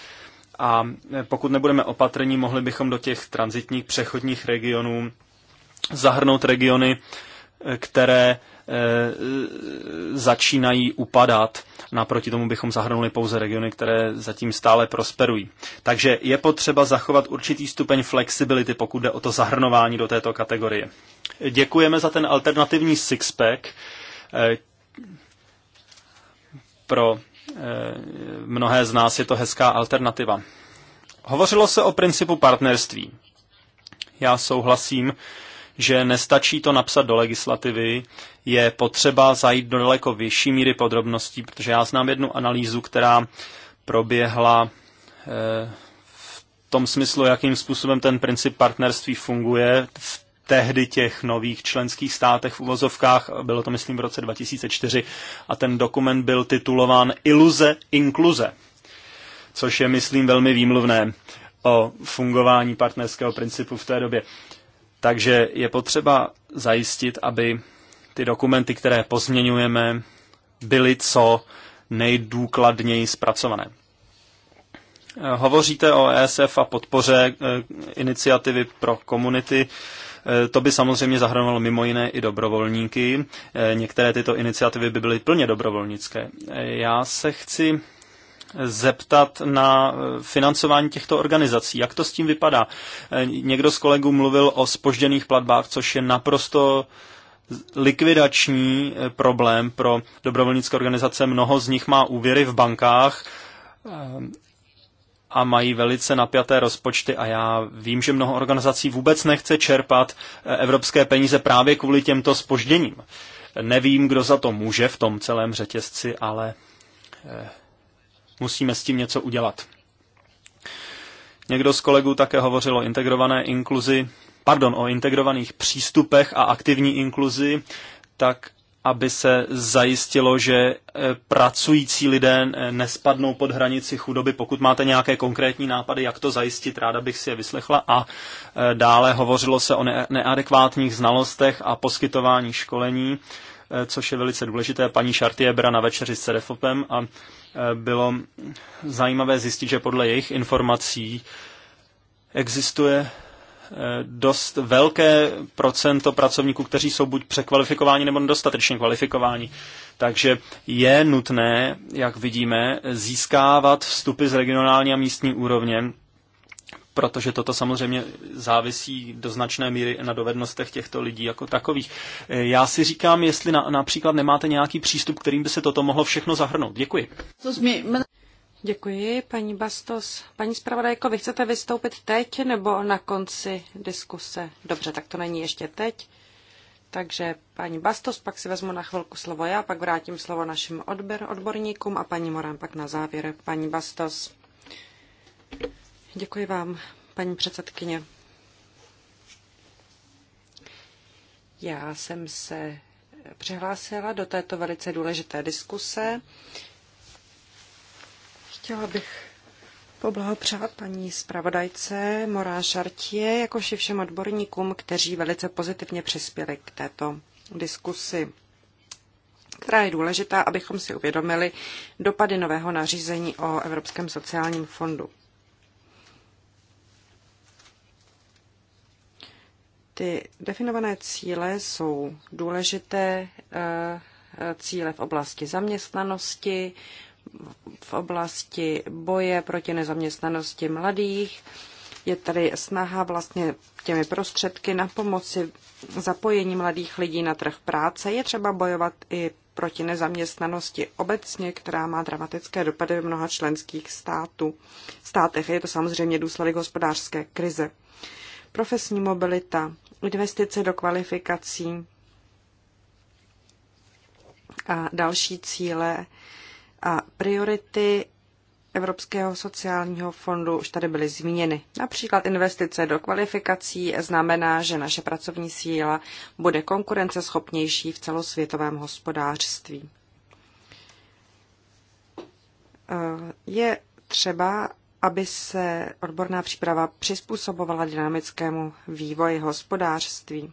A pokud nebudeme opatrní, mohli bychom do těch transitních přechodních regionů zahrnout regiony, které Eh, začínají upadat. Naproti tomu bychom zahrnuli pouze regiony, které zatím stále prosperují. Takže je potřeba zachovat určitý stupeň flexibility, pokud jde o to zahrnování do této kategorie. Děkujeme za ten alternativní sixpack eh, pro eh, mnohé z nás je to hezká alternativa. Hovořilo se o principu partnerství. Já souhlasím že nestačí to napsat do legislativy, je potřeba zajít do daleko vyšší míry podrobností, protože já znám jednu analýzu, která proběhla eh, v tom smyslu, jakým způsobem ten princip partnerství funguje v tehdy těch nových členských státech v uvozovkách, bylo to myslím v roce 2004, a ten dokument byl titulován Iluze inkluze, což je myslím velmi výmluvné o fungování partnerského principu v té době. Takže je potřeba zajistit, aby ty dokumenty, které pozměňujeme, byly co nejdůkladněji zpracované. Hovoříte o ESF a podpoře eh, iniciativy pro komunity. Eh, to by samozřejmě zahrnovalo mimo jiné i dobrovolníky. Eh, některé tyto iniciativy by byly plně dobrovolnické. Já se chci zeptat na eh, financování těchto organizací. Jak to s tím vypadá? Eh, někdo z kolegů mluvil o spožděných platbách, což je naprosto likvidační eh, problém pro dobrovolnické organizace. Mnoho z nich má úvěry v bankách a mají velice napjaté rozpočty a já vím, že mnoho organizací vůbec nechce čerpat evropské peníze právě kvůli těmto spožděním. Nevím, kdo za to může v tom celém řetězci, ale Musíme s tím něco udělat. Někdo z kolegů také hovořil o integrované inkluzi, pardon, o integrovaných přístupech a aktivní inkluzi, tak aby se zajistilo, že eh, pracující lidé eh, nespadnou pod hranici chudoby. Pokud máte nějaké konkrétní nápady, jak to zajistit, ráda bych si je vyslechla. A eh, dále hovořilo se o neadekvátních znalostech a poskytování školení. Eh, což je velice důležité. Paní je na večeři s CDFOPem a eh, bylo zajímavé zjistit, že podle jejich informací existuje eh, dost velké procento pracovníků, kteří jsou buď překvalifikováni nebo nedostatečně kvalifikováni. Takže je nutné, jak vidíme, získávat vstupy z regionální a místní úrovně, protože toto samozřejmě závisí do značné míry na dovednostech těchto lidí jako takových. Já si říkám, jestli na, například nemáte nějaký přístup, kterým by se toto mohlo všechno zahrnout. Děkuji. Děkuji, paní Bastos. Paní zpravodajko, vy chcete vystoupit teď nebo na konci diskuse? Dobře, tak to není ještě teď. Takže paní Bastos, pak si vezmu na chvilku slovo já, pak vrátím slovo našim odbor, odborníkům a paní Morán pak na závěr. Paní Bastos. Děkuji vám, paní předsedkyně. Já jsem se přihlásila do této velice důležité diskuse. Chtěla bych poblahopřát paní zpravodajce Morá Šartě, jakož i všem odborníkům, kteří velice pozitivně přispěli k této diskusi která je důležitá, abychom si uvědomili dopady nového nařízení o Evropském sociálním fondu. Ty definované cíle jsou důležité eh, cíle v oblasti zaměstnanosti, v oblasti boje proti nezaměstnanosti mladých. Je tady snaha vlastně těmi prostředky na pomoci zapojení mladých lidí na trh práce. Je třeba bojovat i proti nezaměstnanosti obecně, která má dramatické dopady v mnoha členských států. státech. Je to samozřejmě důsledek hospodářské krize. Profesní mobilita investice do kvalifikací a další cíle a priority Evropského sociálního fondu už tady byly zmíněny. Například investice do kvalifikací znamená, že naše pracovní síla bude konkurenceschopnější v celosvětovém hospodářství. Eh, je třeba, aby se odborná příprava přizpůsobovala dynamickému vývoji hospodářství.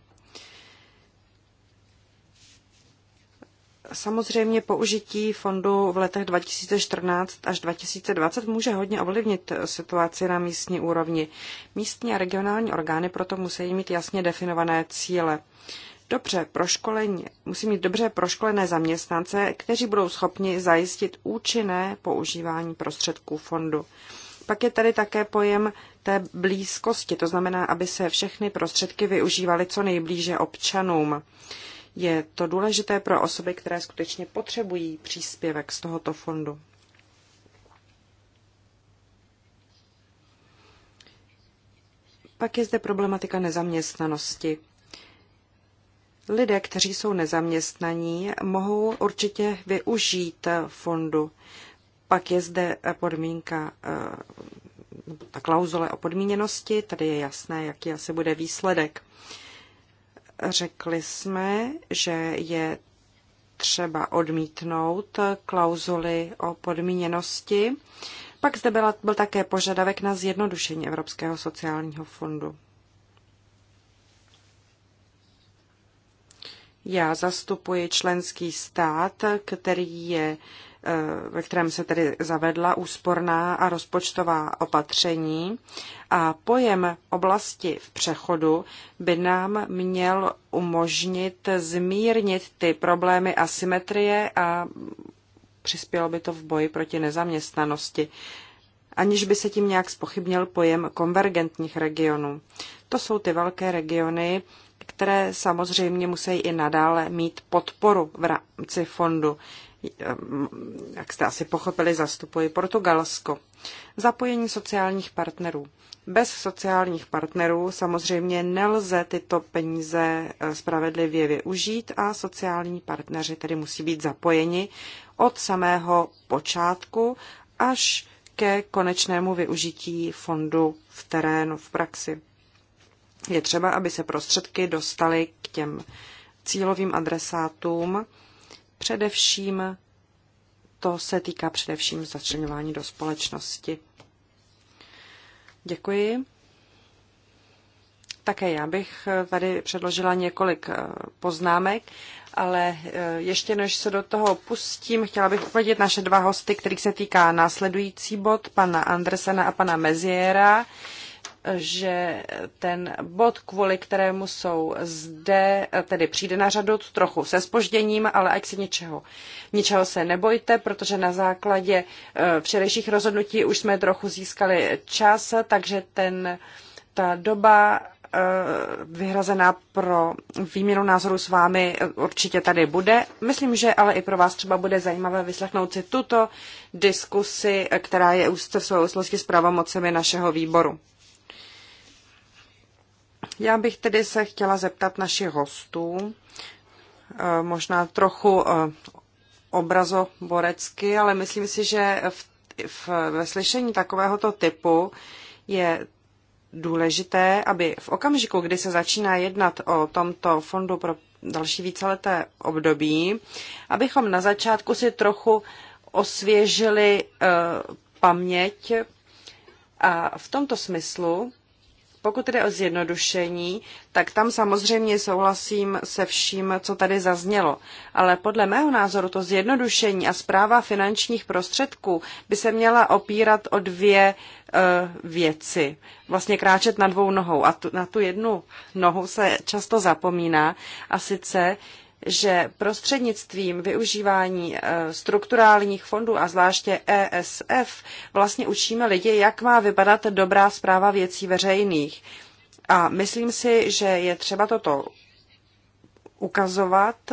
Samozřejmě použití fondu v letech 2014 až 2020 může hodně ovlivnit situaci na místní úrovni. Místní a regionální orgány proto musí mít jasně definované cíle. Dobře proškolení, musí mít dobře proškolené zaměstnance, kteří budou schopni zajistit účinné používání prostředků fondu. Pak je tady také pojem té blízkosti, to znamená, aby se všechny prostředky využívaly co nejblíže občanům. Je to důležité pro osoby, které skutečně potřebují příspěvek z tohoto fondu. Pak je zde problematika nezaměstnanosti. Lidé, kteří jsou nezaměstnaní, mohou určitě využít fondu. Pak je zde eh, podmínka, eh, ta klauzule o podmíněnosti, tady je jasné, jaký asi bude výsledek. Řekli jsme, že je třeba odmítnout eh, klauzuly o podmíněnosti. Pak zde byla, byl také požadavek na zjednodušení Evropského sociálního fondu. Já zastupuji členský stát, který je uh, Eh, ve kterém se tedy zavedla úsporná a rozpočtová opatření. A pojem oblasti v přechodu by nám měl umožnit zmírnit ty problémy asymetrie a přispělo by to v boji proti nezaměstnanosti, aniž by se tím nějak spochybnil pojem konvergentních regionů. To jsou ty velké regiony, které samozřejmě musí i nadále mít podporu v rámci fondu jak jste asi pochopili, zastupuji Portugalsko. Zapojení sociálních partnerů. Bez sociálních partnerů samozřejmě nelze tyto peníze eh, spravedlivě využít a sociální partneři tedy musí být zapojeni od samého počátku až ke konečnému využití fondu v terénu, v praxi. Je třeba, aby se prostředky dostaly k těm cílovým adresátům, Především to se týká především začlenování do společnosti. Děkuji. Také já bych tady předložila několik eh, poznámek, ale eh, ještě než se do toho pustím, chtěla bych uvedit naše dva hosty, kterých se týká následující bod, pana Andresena a pana Meziera že ten bod, kvůli kterému jsou zde, tedy přijde na řadu trochu se spožděním, ale ať se ničeho, ničeho se nebojte, protože na základě včerejších eh, rozhodnutí už jsme trochu získali čas, takže ten, ta doba eh, vyhrazená pro výměnu názorů s vámi eh, určitě tady bude. Myslím, že ale i pro vás třeba bude zajímavé vyslechnout si tuto diskusi, která je úzce v souvislosti s pravomocemi našeho výboru. Já bych tedy se chtěla zeptat našich hostů, eh, možná trochu eh, obrazoborecky, ale myslím si, že v, v, ve slyšení takovéhoto typu je důležité, aby v okamžiku, kdy se začíná jednat o tomto fondu pro další víceleté období, abychom na začátku si trochu osvěžili e, paměť. A v tomto smyslu pokud jde o zjednodušení, tak tam samozřejmě souhlasím se vším, co tady zaznělo. Ale podle mého názoru to zjednodušení a zpráva finančních prostředků by se měla opírat o dvě e, věci. Vlastně kráčet na dvou nohou. A tu, na tu jednu nohu se často zapomíná. A sice, že prostřednictvím využívání eh, strukturálních fondů a zvláště ESF vlastně učíme lidi, jak má vypadat dobrá zpráva věcí veřejných. A myslím si, že je třeba toto ukazovat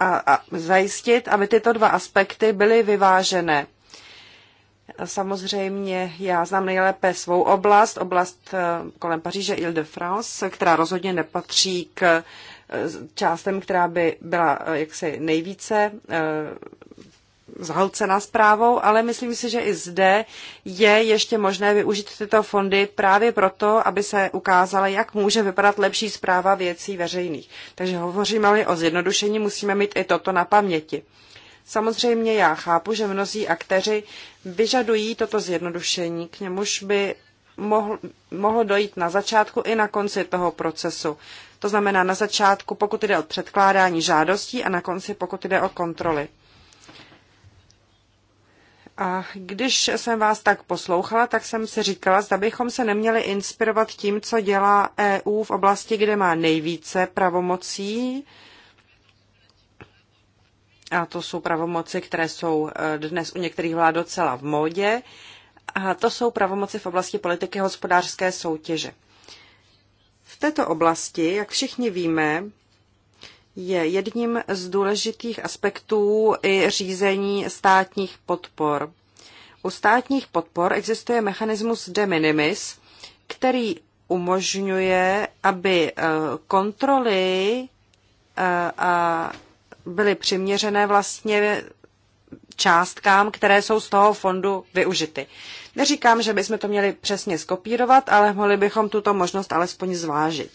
a, a zajistit, aby tyto dva aspekty byly vyvážené. Samozřejmě já znám nejlépe svou oblast, oblast eh, kolem Paříže Ile-de-France, která rozhodně nepatří k částem, která by byla eh, jaksi nejvíce eh, zhalcená zprávou, ale myslím si, že i zde je ještě možné využít tyto fondy právě proto, aby se ukázala, jak může vypadat lepší zpráva věcí veřejných. Takže hovoříme-li o zjednodušení, musíme mít i toto na paměti. Samozřejmě já chápu, že mnozí akteři vyžadují toto zjednodušení, k němuž by mohl, mohlo dojít na začátku i na konci toho procesu. To znamená na začátku, pokud jde o předkládání žádostí a na konci, pokud jde o kontroly. A když jsem vás tak poslouchala, tak jsem si říkala, zda bychom se neměli inspirovat tím, co dělá EU v oblasti, kde má nejvíce pravomocí. A to jsou pravomoci, které jsou eh, dnes u některých vlád docela v módě. A to jsou pravomoci v oblasti politiky hospodářské soutěže této oblasti, jak všichni víme, je jedním z důležitých aspektů i řízení státních podpor. U státních podpor existuje mechanismus de minimis, který umožňuje, aby eh, kontroly eh, byly přiměřené vlastně částkám, které jsou z toho fondu využity. Neříkám, že bychom to měli přesně skopírovat, ale mohli bychom tuto možnost alespoň zvážit.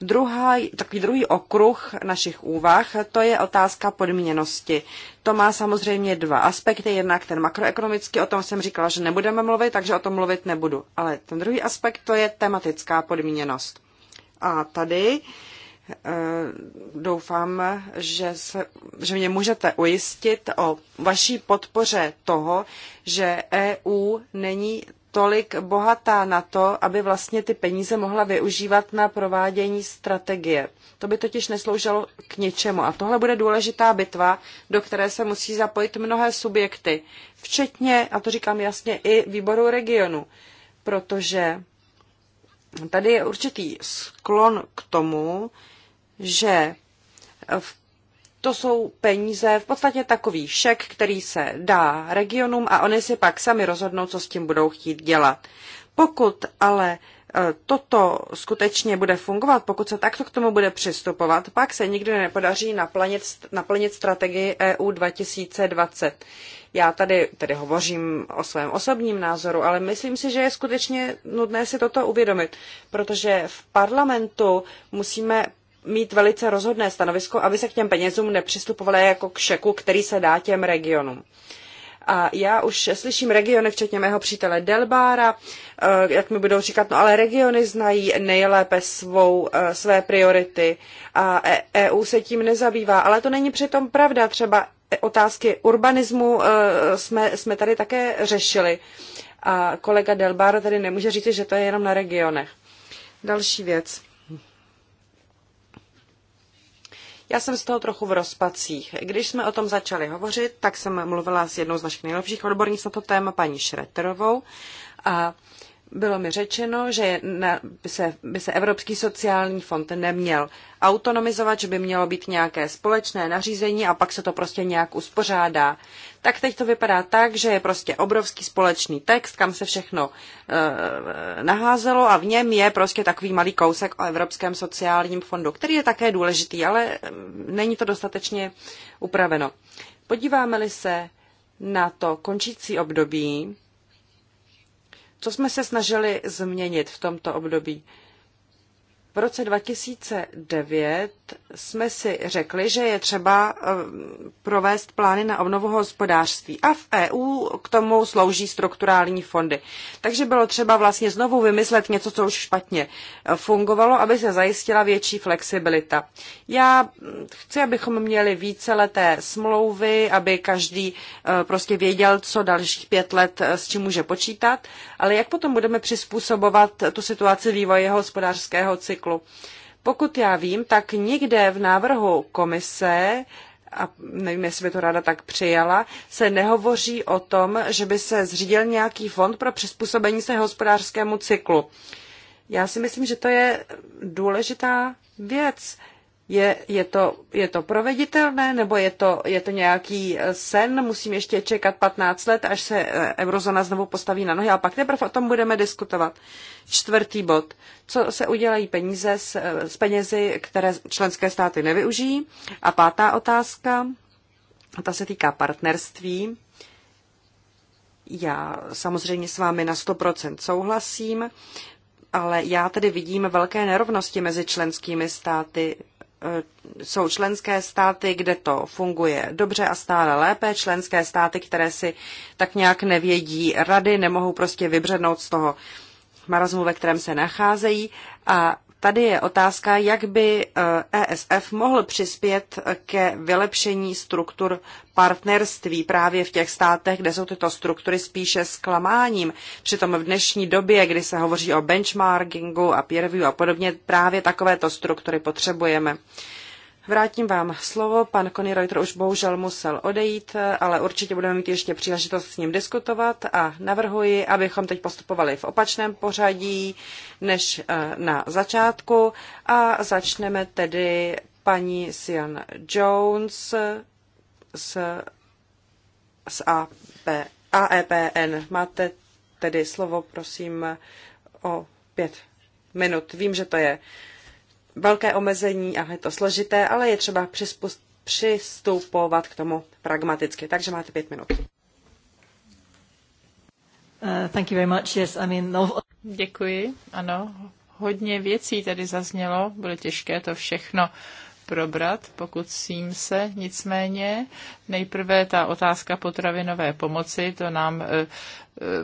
Druhá, takový druhý okruh našich úvah, to je otázka podmíněnosti. To má samozřejmě dva aspekty. Jednak ten makroekonomický, o tom jsem říkala, že nebudeme mluvit, takže o tom mluvit nebudu. Ale ten druhý aspekt, to je tematická podmíněnost. A tady uh, Eh, doufám, že, se, že mě můžete ujistit o vaší podpoře toho, že EU není tolik bohatá na to, aby vlastně ty peníze mohla využívat na provádění strategie. To by totiž nesloužilo k ničemu. A tohle bude důležitá bitva, do které se musí zapojit mnohé subjekty, včetně, a to říkám jasně, i výboru regionu, protože tady je určitý sklon k tomu, že to jsou peníze, v podstatě takový šek, který se dá regionům a oni si pak sami rozhodnou, co s tím budou chtít dělat. Pokud ale e, toto skutečně bude fungovat, pokud se takto k tomu bude přistupovat, pak se nikdy nepodaří naplnit, naplnit strategii EU 2020. Já tady, tady hovořím o svém osobním názoru, ale myslím si, že je skutečně nutné si toto uvědomit, protože v parlamentu musíme mít velice rozhodné stanovisko, aby se k těm penězům nepřistupovalo jako k šeku, který se dá těm regionům. A já už slyším regiony, včetně mého přítele Delbára, eh, jak mi budou říkat, no ale regiony znají nejlépe svou, eh, své priority a EU e se tím nezabývá. Ale to není přitom pravda. Třeba otázky urbanismu eh, jsme, jsme tady také řešili. A kolega Delbára tady nemůže říct, že to je jenom na regionech. Další věc. Já jsem z toho trochu v rozpacích. Když jsme o tom začali hovořit, tak jsem mluvila s jednou z našich nejlepších odborníků na to téma, paní Šreterovou, a bylo mi řečeno, že by, se, by se Evropský sociální fond neměl autonomizovat, že by mělo být nějaké společné nařízení a pak se to prostě nějak uspořádá. Tak teď to vypadá tak, že je prostě obrovský společný text, kam se všechno e, naházelo a v něm je prostě takový malý kousek o Evropském sociálním fondu, který je také důležitý, ale eh, není to dostatečně upraveno. Podíváme-li se na to končící období, co jsme se snažili změnit v tomto období? V roce 2009 jsme si řekli, že je třeba eh, provést plány na obnovu hospodářství. A v EU k tomu slouží strukturální fondy. Takže bylo třeba vlastně znovu vymyslet něco, co už špatně eh, fungovalo, aby se zajistila větší flexibilita. Já hm, chci, abychom měli více leté smlouvy, aby každý eh, prostě věděl, co dalších pět let s čím může počítat, ale jak potom budeme přizpůsobovat tu situaci vývoje hospodářského cyklu. Pokud já vím, tak nikde v návrhu komise a nevím, jestli by to ráda tak přijala, se nehovoří o tom, že by se zřídil nějaký fond pro přizpůsobení se hospodářskému cyklu. Já si myslím, že to je důležitá věc. Je, je, to, je to proveditelné, nebo je to, je to nějaký eh, sen? Musím ještě čekat 15 let, až se eh, eurozona znovu postaví na nohy a pak teprve o tom budeme diskutovat. Čtvrtý bod. Co se udělají peníze s, eh, s penězi, které členské státy nevyužijí? A pátá otázka, ta se týká partnerství. Já samozřejmě s vámi na 100% souhlasím ale já tedy vidím velké nerovnosti mezi členskými státy E, jsou členské státy, kde to funguje dobře a stále lépe, členské státy, které si tak nějak nevědí rady, nemohou prostě vybřednout z toho marazmu, ve kterém se nacházejí a Tady je otázka, jak by ESF eh, e mohl přispět eh, ke vylepšení struktur partnerství právě v těch státech, kde jsou tyto struktury spíše zklamáním. Přitom v dnešní době, kdy se hovoří o benchmarkingu a peer review a podobně, právě takovéto struktury potřebujeme. Vrátím vám slovo. Pan Conny Reuter už bohužel musel odejít, ale určitě budeme mít ještě příležitost s ním diskutovat a navrhuji, abychom teď postupovali v opačném pořadí než eh, na začátku a začneme tedy paní Sian Jones z, e AP, AEPN. Máte tedy slovo, prosím, o pět minut. Vím, že to je uh, velké omezení a je to složité, ale je třeba přistupovat k tomu pragmaticky. Takže máte pět minut. Uh, thank you very much. Yes, I mean, no- Děkuji, ano. Hodně věcí tady zaznělo, bude těžké to všechno probrat, pokud sím se. Nicméně nejprve ta otázka potravinové pomoci, to nám, eh, eh,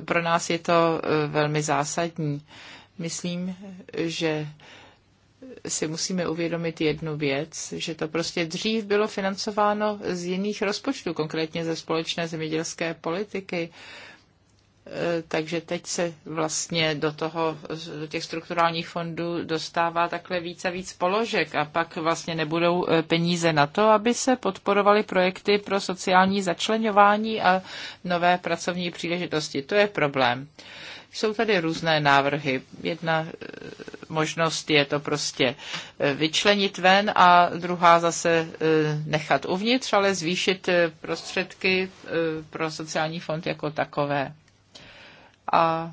pro nás je to eh, velmi zásadní. Myslím, že si musíme uvědomit jednu věc, že to prostě dřív bylo financováno z jiných rozpočtů, konkrétně ze společné zemědělské politiky. Uh, Eh, takže teď se vlastně do, toho, do těch strukturálních fondů dostává takhle víc a víc položek a pak vlastně nebudou eh, peníze na to, aby se podporovaly projekty pro sociální začlenování a nové pracovní příležitosti. To je problém. Jsou tady různé návrhy. Jedna eh, možnost je to prostě vyčlenit ven a druhá zase nechat uvnitř, ale zvýšit prostředky pro sociální fond jako takové a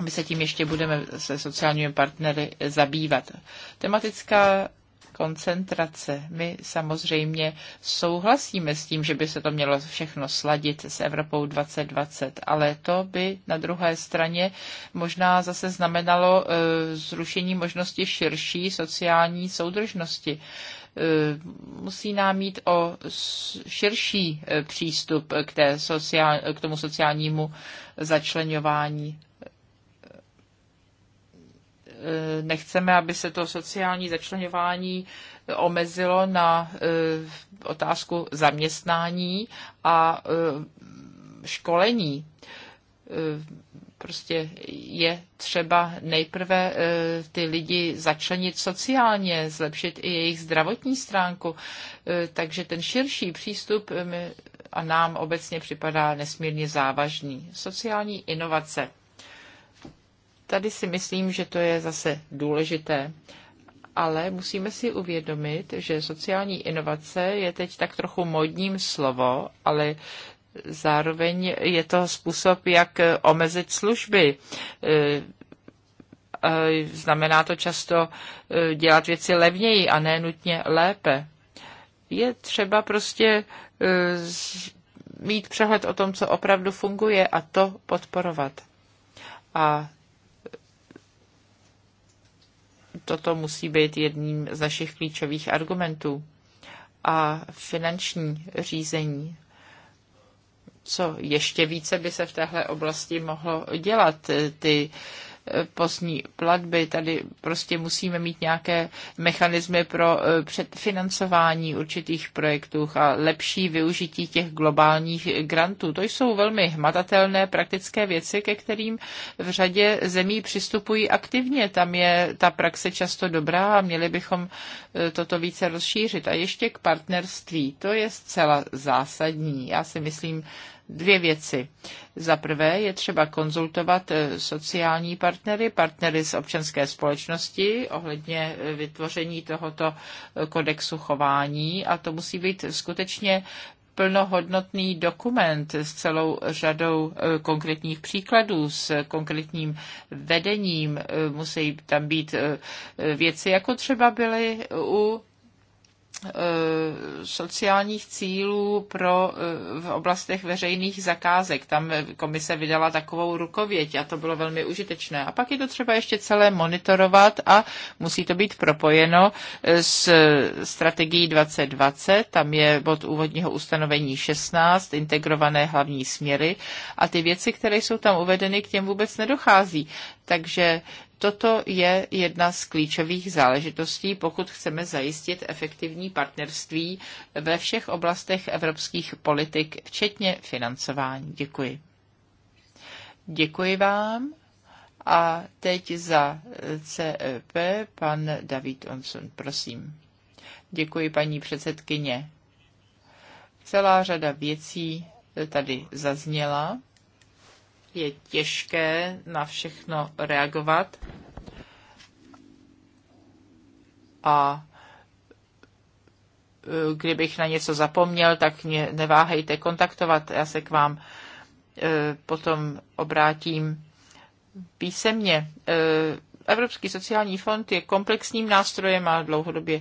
my se tím ještě budeme se sociálními partnery zabývat. Tematická koncentrace. My samozřejmě souhlasíme s tím, že by se to mělo všechno sladit s Evropou 2020, ale to by na druhé straně možná zase znamenalo eh, zrušení možnosti širší sociální soudržnosti. E, musí nám mít o širší e, přístup k, té sociál, k tomu sociálnímu začlenování e, nechceme, aby se to sociální začlenování omezilo na otázku zaměstnání a školení. Prostě je třeba nejprve e, ty lidi začlenit sociálně, zlepšit i jejich zdravotní stránku. E, takže ten širší přístup e, a nám obecně připadá nesmírně závažný. Sociální inovace. Tady si myslím, že to je zase důležité ale musíme si uvědomit, že sociální inovace je teď tak trochu modním slovo, ale Zároveň je to způsob, jak eh, omezit služby. Eh, znamená to často eh, dělat věci levněji a ne nutně lépe. Je třeba prostě mít přehled o tom, co opravdu funguje a to podporovat. A toto musí být jedním z našich klíčových argumentů. A finanční řízení co ještě více by se v téhle oblasti mohlo dělat. Ty postní platby. Tady prostě musíme mít nějaké mechanismy pro eh, předfinancování určitých projektů a lepší využití těch globálních grantů. To jsou velmi hmatatelné praktické věci, ke kterým v řadě zemí přistupují aktivně. Tam je ta praxe často dobrá a měli bychom eh, toto více rozšířit. A ještě k partnerství. To je zcela zásadní. Já si myslím, dvě věci. Za prvé je třeba konzultovat eh, sociální partnery, partnery z občanské společnosti ohledně eh, vytvoření tohoto eh, kodexu chování a to musí být skutečně plnohodnotný dokument s celou řadou konkrétních příkladů, s konkrétním vedením. Musí tam být věci, jako třeba byly u Eh, sociálních cílů pro, eh, v oblastech veřejných zakázek. Tam eh, komise vydala takovou rukověť a to bylo velmi užitečné. A pak je to třeba ještě celé monitorovat a musí to být propojeno s strategií 2020. Tam je bod úvodního ustanovení 16, integrované hlavní směry a ty věci, které jsou tam uvedeny, k těm vůbec nedochází. Takže Toto je jedna z klíčových záležitostí, pokud chceme zajistit efektivní partnerství ve všech oblastech evropských politik, včetně financování. Děkuji. Děkuji vám. A teď za CEP pan David Onson, prosím. Děkuji, paní předsedkyně. Celá řada věcí tady zazněla je těžké na všechno reagovat a e, kdybych na něco zapomněl, tak mě neváhejte kontaktovat, já se k vám e, potom obrátím písemně. E, Evropský sociální fond je komplexním nástrojem a dlouhodobě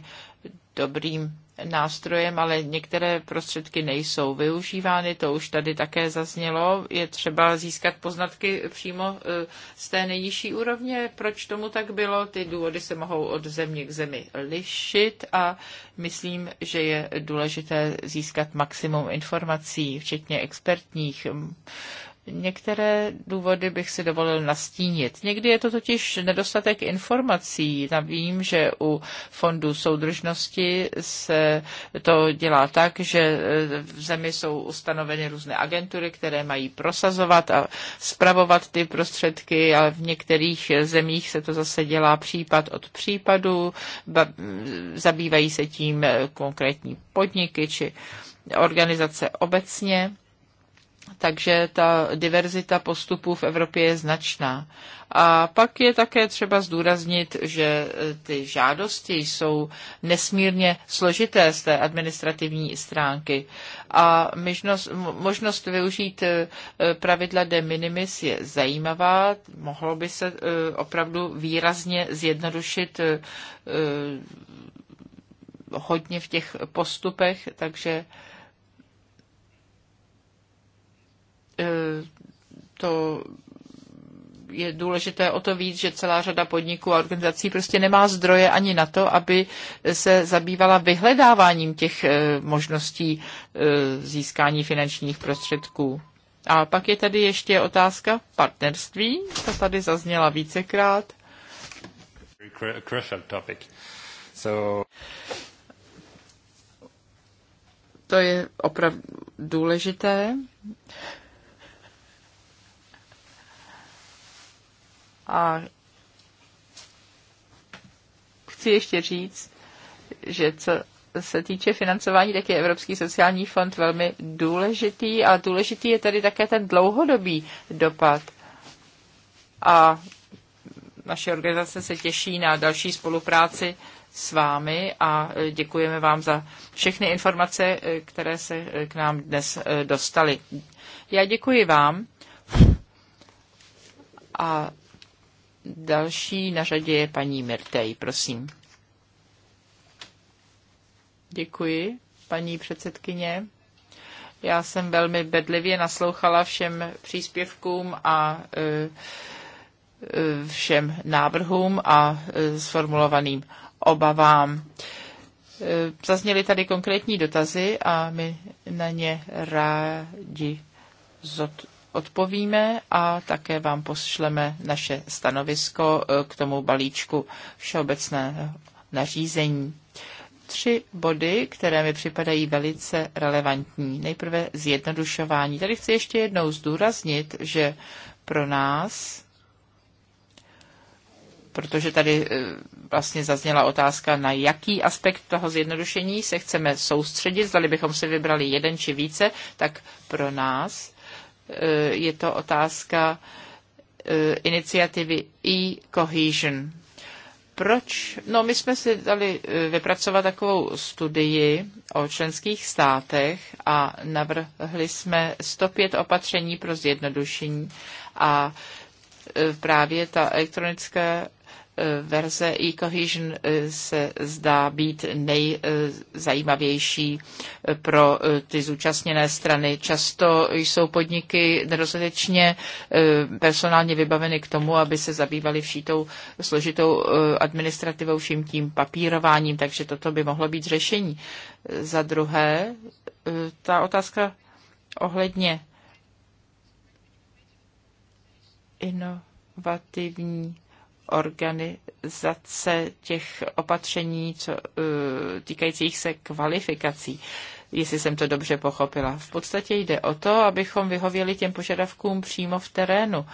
dobrým nástrojem, ale některé prostředky nejsou využívány, to už tady také zaznělo. Je třeba získat poznatky přímo e, z té nejnižší úrovně, proč tomu tak bylo. Ty důvody se mohou od země k zemi lišit a myslím, že je důležité získat maximum informací, včetně expertních. Některé důvody bych si dovolil nastínit. Někdy je to totiž nedostatek informací. Já vím, že u fondů soudržnosti se to dělá tak, že e, v zemi jsou ustanoveny různé agentury, které mají prosazovat a spravovat ty prostředky, ale v některých zemích se to zase dělá případ od případu, zabývají se tím e, konkrétní podniky či organizace obecně takže ta diverzita postupů v Evropě je značná. A pak je také třeba zdůraznit, že e, ty žádosti jsou nesmírně složité z té administrativní stránky a možnost, možnost využít e, pravidla de minimis je zajímavá. Mohlo by se e, opravdu výrazně zjednodušit hodně v těch postupech, takže E, to je důležité o to víc, že celá řada podniků a organizací prostě nemá zdroje ani na to, aby se zabývala vyhledáváním těch e, možností e, získání finančních prostředků. A pak je tady ještě otázka partnerství, ta tady zazněla vícekrát. To je opravdu důležité. A chci ještě říct, že co se týče financování, tak je Evropský sociální fond velmi důležitý a důležitý je tady také ten dlouhodobý dopad. A naše organizace se těší na další spolupráci s vámi a děkujeme vám za všechny informace, které se k nám dnes eh, dostaly. Já děkuji vám a Další na řadě je paní Mirtej, prosím. Děkuji, paní předsedkyně. Já jsem velmi bedlivě naslouchala všem příspěvkům a e, e, všem návrhům a e, sformulovaným obavám. Zazněly tady konkrétní dotazy a my na ně rádi zodpovídáme odpovíme a také vám pošleme naše stanovisko e, k tomu balíčku všeobecného nařízení. Tři body, které mi připadají velice relevantní. Nejprve zjednodušování. Tady chci ještě jednou zdůraznit, že pro nás protože tady e, vlastně zazněla otázka, na jaký aspekt toho zjednodušení se chceme soustředit, zdali bychom si vybrali jeden či více, tak pro nás Eh, je to otázka eh, iniciativy e-cohesion. Proč? No, my jsme si dali eh, vypracovat takovou studii o členských státech a navrhli jsme 105 opatření pro zjednodušení a právě ta elektronická verze e-cohesion eh, se zdá být nejzajímavější eh, pro eh, ty zúčastněné strany. Často jsou podniky nedostatečně personálně vybaveny k tomu, aby se zabývaly všítou složitou administrativou, vším tím papírováním, takže toto by mohlo být řešení. Za druhé, ta otázka ohledně inovativní organizace těch opatření co, eh, týkajících se kvalifikací jestli jsem to dobře pochopila. V podstatě jde o to, abychom vyhověli těm požadavkům přímo v terénu,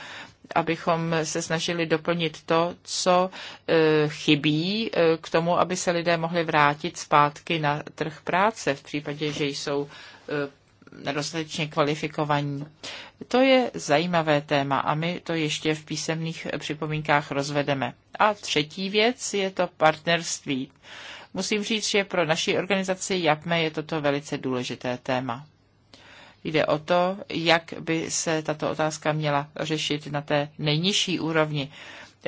abychom se snažili doplnit to, co eh, chybí eh, k tomu, aby se lidé mohli vrátit zpátky na trh práce v případě, že jsou nedostatečně kvalifikovaní. To je zajímavé téma a my to ještě v písemných připomínkách rozvedeme. A třetí věc je to partnerství. Musím říct, že pro naší organizaci JAPME je toto velice důležité téma. Jde o to, jak by se tato otázka měla řešit na té nejnižší úrovni.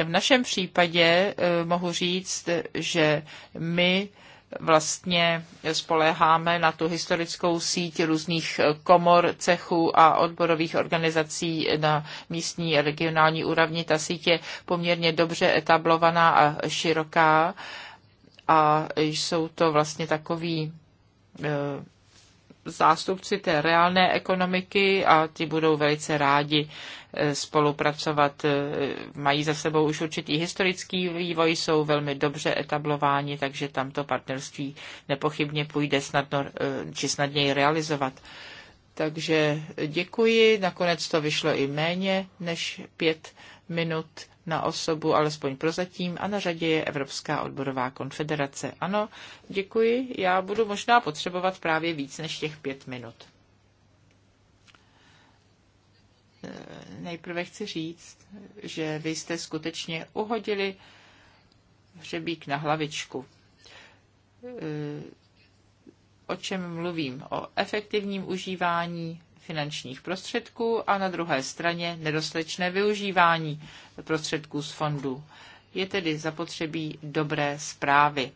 V našem případě eh, mohu říct, že my vlastně spoléháme na tu historickou síť různých komor, cechů a odborových organizací na místní a regionální úrovni. Ta síť je poměrně dobře etablovaná a široká a jsou to vlastně takový eh, zástupci té reálné ekonomiky a ti budou velice rádi Eh, spolupracovat. Eh, mají za sebou už určitý historický vývoj, jsou velmi dobře etablováni, takže tam to partnerství nepochybně půjde snadno, eh, či snadněji realizovat. Takže děkuji. Nakonec to vyšlo i méně než pět minut na osobu, alespoň prozatím, a na řadě je Evropská odborová konfederace. Ano, děkuji. Já budu možná potřebovat právě víc než těch pět minut. nejprve chci říct, že vy jste skutečně uhodili hřebík na hlavičku. O čem mluvím? O efektivním užívání finančních prostředků a na druhé straně nedostatečné využívání prostředků z fondu. Je tedy zapotřebí dobré zprávy.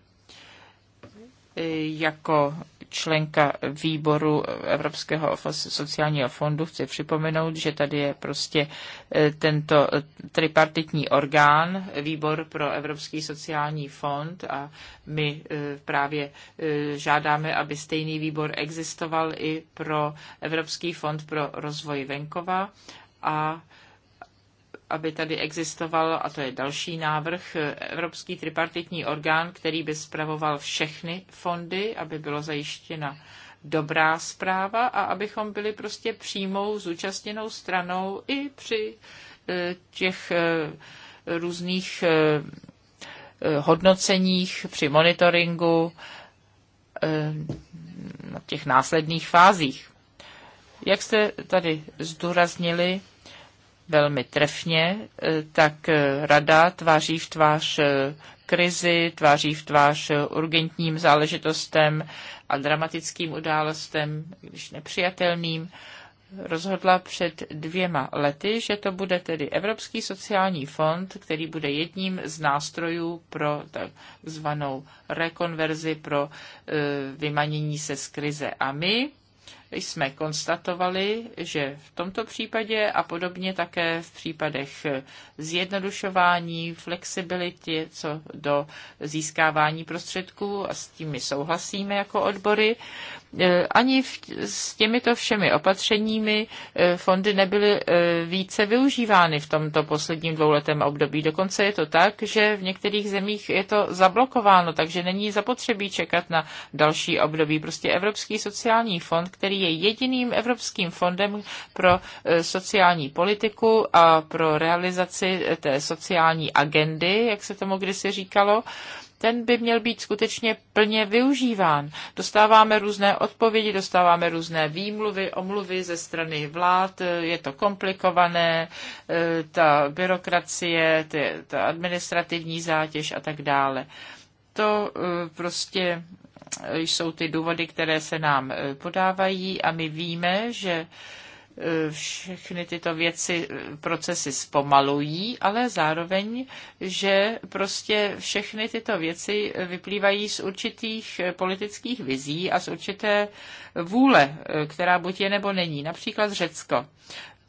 Jako členka výboru Evropského sociálního fondu, chci připomenout, že tady je prostě e, tento e, tripartitní orgán, výbor pro Evropský sociální fond a my e, právě žádáme, aby stejný výbor existoval i pro Evropský fond pro rozvoj venkova a aby tady existoval, a to je další návrh, Evropský tripartitní orgán, který by spravoval všechny fondy, aby bylo zajištěna dobrá zpráva a abychom byli prostě přímou zúčastněnou stranou i při eh, těch eh, různých eh, hodnoceních, při monitoringu, na těch následných fázích. Jak jste tady zdůraznili, velmi trefně, eh, tak eh, rada tváří v tvář eh, krizi, tváří v tvář urgentním záležitostem a dramatickým událostem, když nepřijatelným, rozhodla před dvěma lety, že to bude tedy Evropský sociální fond, který bude jedním z nástrojů pro takzvanou rekonverzi, pro vymanění se z krize. A my jsme konstatovali, že v tomto případě a podobně také v případech zjednodušování, flexibility, co do získávání prostředků, a s tím my souhlasíme jako odbory, eh, ani v, s těmito všemi opatřeními eh, fondy nebyly eh, více využívány v tomto posledním dvouletém období. Dokonce je to tak, že v některých zemích je to zablokováno, takže není zapotřebí čekat na další období. Prostě Evropský sociální fond, který je jediným evropským fondem pro e, sociální politiku a pro realizaci e, té sociální agendy, jak se tomu kdysi říkalo ten by měl být skutečně plně využíván. Dostáváme různé odpovědi, dostáváme různé výmluvy, omluvy ze strany vlád, je to komplikované, e, ta byrokracie, ta administrativní zátěž a tak dále. To prostě jsou ty důvody, které se nám e, podávají a my víme, že e, všechny tyto věci, e, procesy zpomalují, ale zároveň, že prostě všechny tyto věci vyplývají z určitých politických vizí a z určité vůle, která buď je nebo není. Například Řecko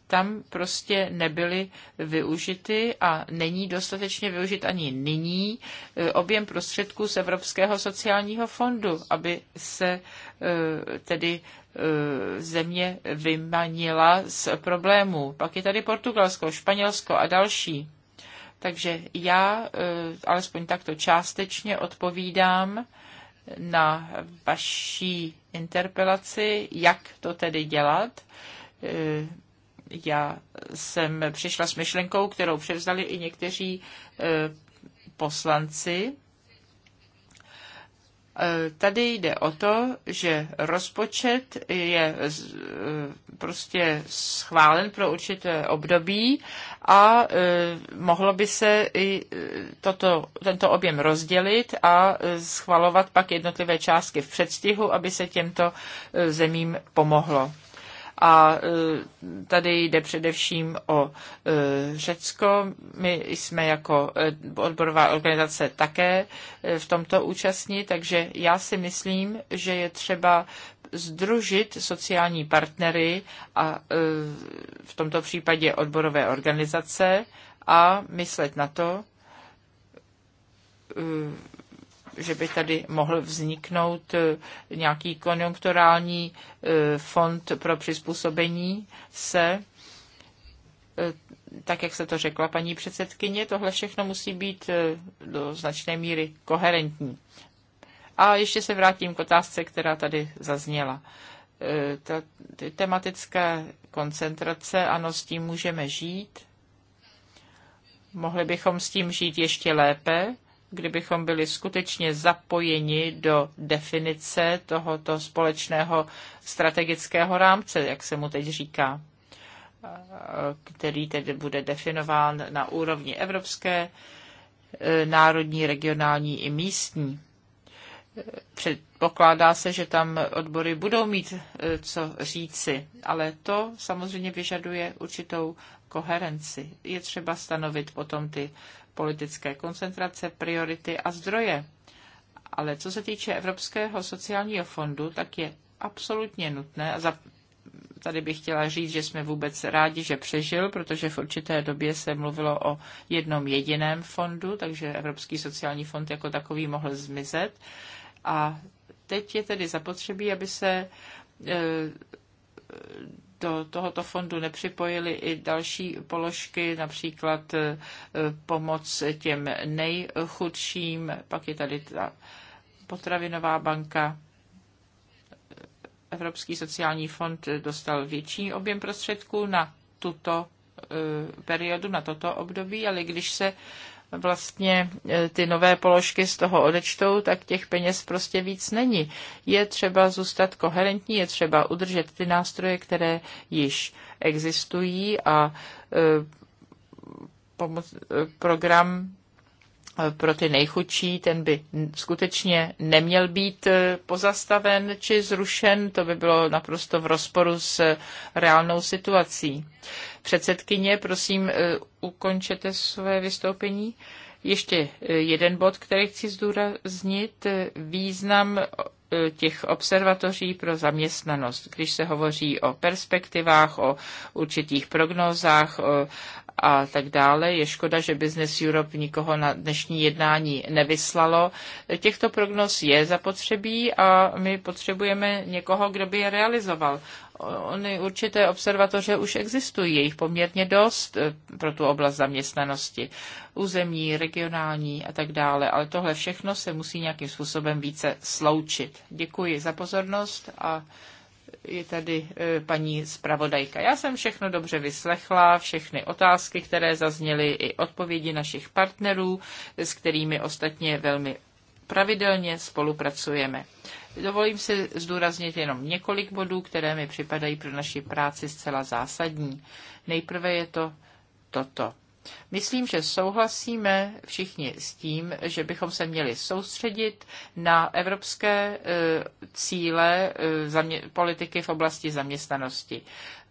tam prostě nebyly využity a není dostatečně využit ani nyní eh, objem prostředků z Evropského sociálního fondu, aby se eh, tedy eh, země vymanila z problémů. Pak je tady Portugalsko, Španělsko a další. Takže já alespoň takto částečně odpovídám na vaší interpelaci, jak to tedy dělat já jsem přišla s myšlenkou, kterou převzali i někteří eh, poslanci. Eh, tady jde o to, že rozpočet je eh, prostě schválen pro určité období a mohlo by se i toto, tento objem rozdělit a schvalovat pak jednotlivé částky v předstihu, aby se těmto zemím pomohlo a e, tady jde především o e, Řecko. My jsme jako e, odborová organizace také v tomto účastní, takže já si myslím, že je třeba združit sociální partnery a v tomto případě odborové organizace a myslet na to, že by tady mohl vzniknout e, nějaký konjunkturální e, fond pro přizpůsobení se, e, tak jak se to řekla paní předsedkyně, tohle všechno musí být do značné míry koherentní. A ještě se vrátím k otázce, která tady zazněla. Ta, ty tematické koncentrace, ano, s tím můžeme žít. Mohli bychom s tím žít ještě lépe, kdybychom byli skutečně zapojeni do definice tohoto společného strategického rámce, jak se mu teď říká, který tedy bude definován na úrovni evropské, eh, národní, regionální i místní. Předpokládá se, že tam odbory budou mít eh, co říci, ale to samozřejmě vyžaduje určitou koherenci. Je třeba stanovit potom ty politické koncentrace, priority a zdroje. Ale co se týče Evropského sociálního fondu, tak je absolutně nutné, a za, tady bych chtěla říct, že jsme vůbec rádi, že přežil, protože v určité době se mluvilo o jednom jediném fondu, takže Evropský sociální fond jako takový mohl zmizet. A teď je tedy zapotřebí, aby se eh, do tohoto fondu nepřipojili i další položky, například e, pomoc těm nejchudším, pak je tady ta potravinová banka. Evropský sociální fond dostal větší objem prostředků na tuto e, periodu, na toto období, ale když se vlastně e, ty nové položky z toho odečtou, tak těch peněz prostě víc není. Je třeba zůstat koherentní, je třeba udržet ty nástroje, které již existují a e, e, program pro ty nejchudší, ten by skutečně neměl být eh, pozastaven či zrušen, to by bylo naprosto v rozporu s eh, reálnou situací. Předsedkyně, prosím, eh, ukončete své vystoupení. Ještě jeden bod, který chci zdůraznit, význam těch observatoří pro zaměstnanost, když se hovoří o perspektivách, o určitých prognózách, o a tak dále. Je škoda, že Business Europe nikoho na dnešní jednání nevyslalo. Těchto prognoz je zapotřebí a my potřebujeme někoho, kdo by je realizoval. Ony určité observatoře už existují, je jich poměrně dost eh, pro tu oblast zaměstnanosti, územní, regionální a tak dále, ale tohle všechno se musí nějakým způsobem více sloučit. Děkuji za pozornost a je tady e, paní zpravodajka. Já jsem všechno dobře vyslechla, všechny otázky, které zazněly, i odpovědi našich partnerů, s kterými ostatně velmi pravidelně spolupracujeme. Dovolím si zdůraznit jenom několik bodů, které mi připadají pro naši práci zcela zásadní. Nejprve je to toto. Myslím, že souhlasíme všichni s tím, že bychom se měli soustředit na evropské e, cíle e, politiky v oblasti zaměstnanosti.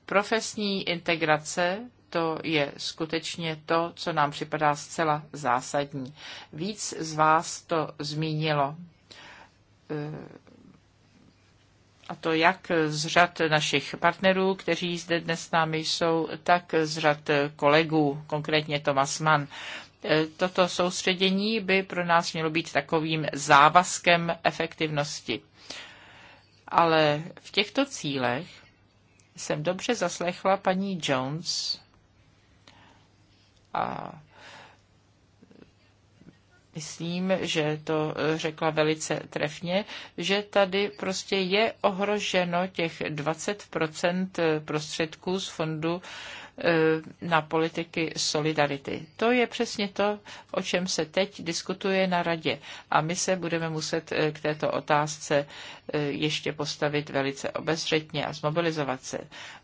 Profesní integrace to je skutečně to, co nám připadá zcela zásadní. Víc z vás to zmínilo e, a to jak z řad našich partnerů, kteří zde dnes s námi jsou, tak z řad kolegů, konkrétně Tomas Mann. E, toto soustředění by pro nás mělo být takovým závazkem efektivnosti. Ale v těchto cílech jsem dobře zaslechla paní Jones a myslím, že to eh, řekla velice trefně, že tady prostě je ohroženo těch 20 eh, prostředků z fondu eh, na politiky solidarity. To je přesně to, o čem se teď diskutuje na radě. A my se budeme muset k této otázce ještě postavit velice obezřetně a zmobilizovat se.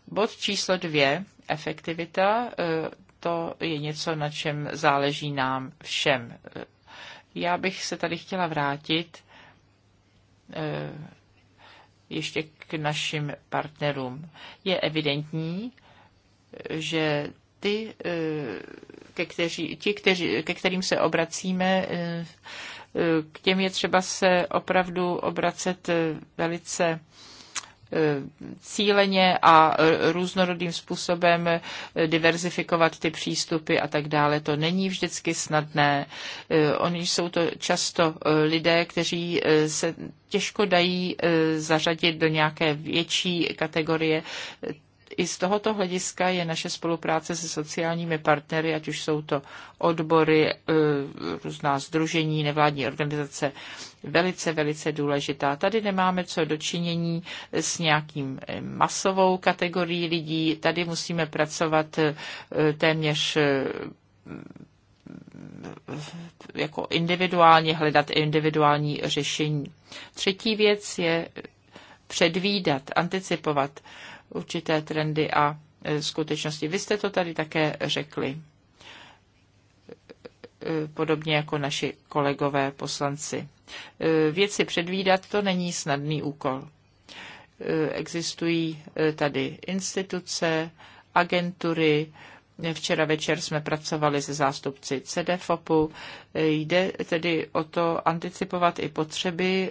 Bod číslo dvě, efektivita, to je něco, na čem záleží nám všem já bych se tady chtěla vrátit eh, ještě k našim partnerům. Je evidentní, že ty, eh, ke, kteří, ti, kteří, ke kterým se obracíme, eh, k těm je třeba se opravdu obracet velice Eh, cíleně a eh, různorodým způsobem eh, diverzifikovat ty přístupy a tak dále. To není vždycky snadné. Oni jsou to často lidé, kteří se těžko dají zařadit do nějaké větší kategorie i z tohoto hlediska je naše spolupráce se sociálními partnery, ať už jsou to odbory, e, různá združení, nevládní organizace, velice, velice důležitá. Tady nemáme co dočinění s nějakým e, masovou kategorií lidí. Tady musíme pracovat e, téměř jako individuálně hledat individuální řešení. Třetí věc je předvídat, anticipovat určité trendy a e, skutečnosti. Vy jste to tady také řekli, e, podobně jako naši kolegové poslanci. E, věci předvídat to není snadný úkol. Existují tady instituce, agentury, Včera večer jsme pracovali se zástupci CDFOPu. Jde tedy o to anticipovat i potřeby e,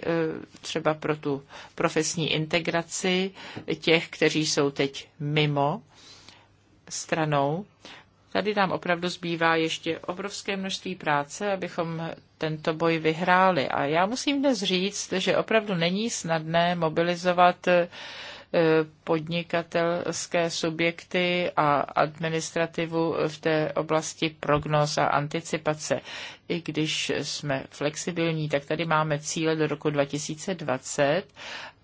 třeba pro tu profesní integraci těch, kteří jsou teď mimo stranou. Tady nám opravdu zbývá ještě obrovské množství práce, abychom tento boj vyhráli. A já musím dnes říct, že opravdu není snadné mobilizovat Eh, podnikatelské subjekty a administrativu v té oblasti prognóz a anticipace. I když jsme flexibilní, tak tady máme cíle do roku 2020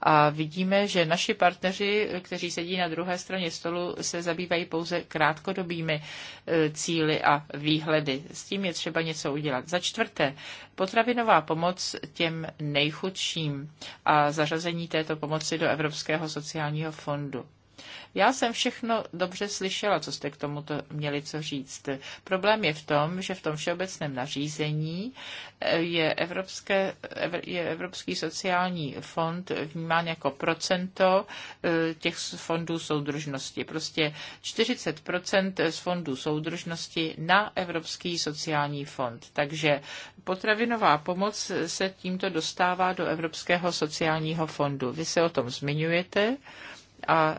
a vidíme, že naši partneři, kteří sedí na druhé straně stolu, se zabývají pouze krátkodobými e, cíly a výhledy. S tím je třeba něco udělat. Za čtvrté, potravinová pomoc těm nejchudším a zařazení této pomoci do Evropského sociálního fondu. Já jsem všechno dobře slyšela, co jste k tomuto měli co říct. Problém je v tom, že v tom všeobecném nařízení eh, je, Evropské, je Evropský sociální fond vnímán jako procento eh, těch fondů soudržnosti. Prostě 40 z fondů soudržnosti na Evropský sociální fond. Takže potravinová pomoc se tímto dostává do Evropského sociálního fondu. Vy se o tom zmiňujete a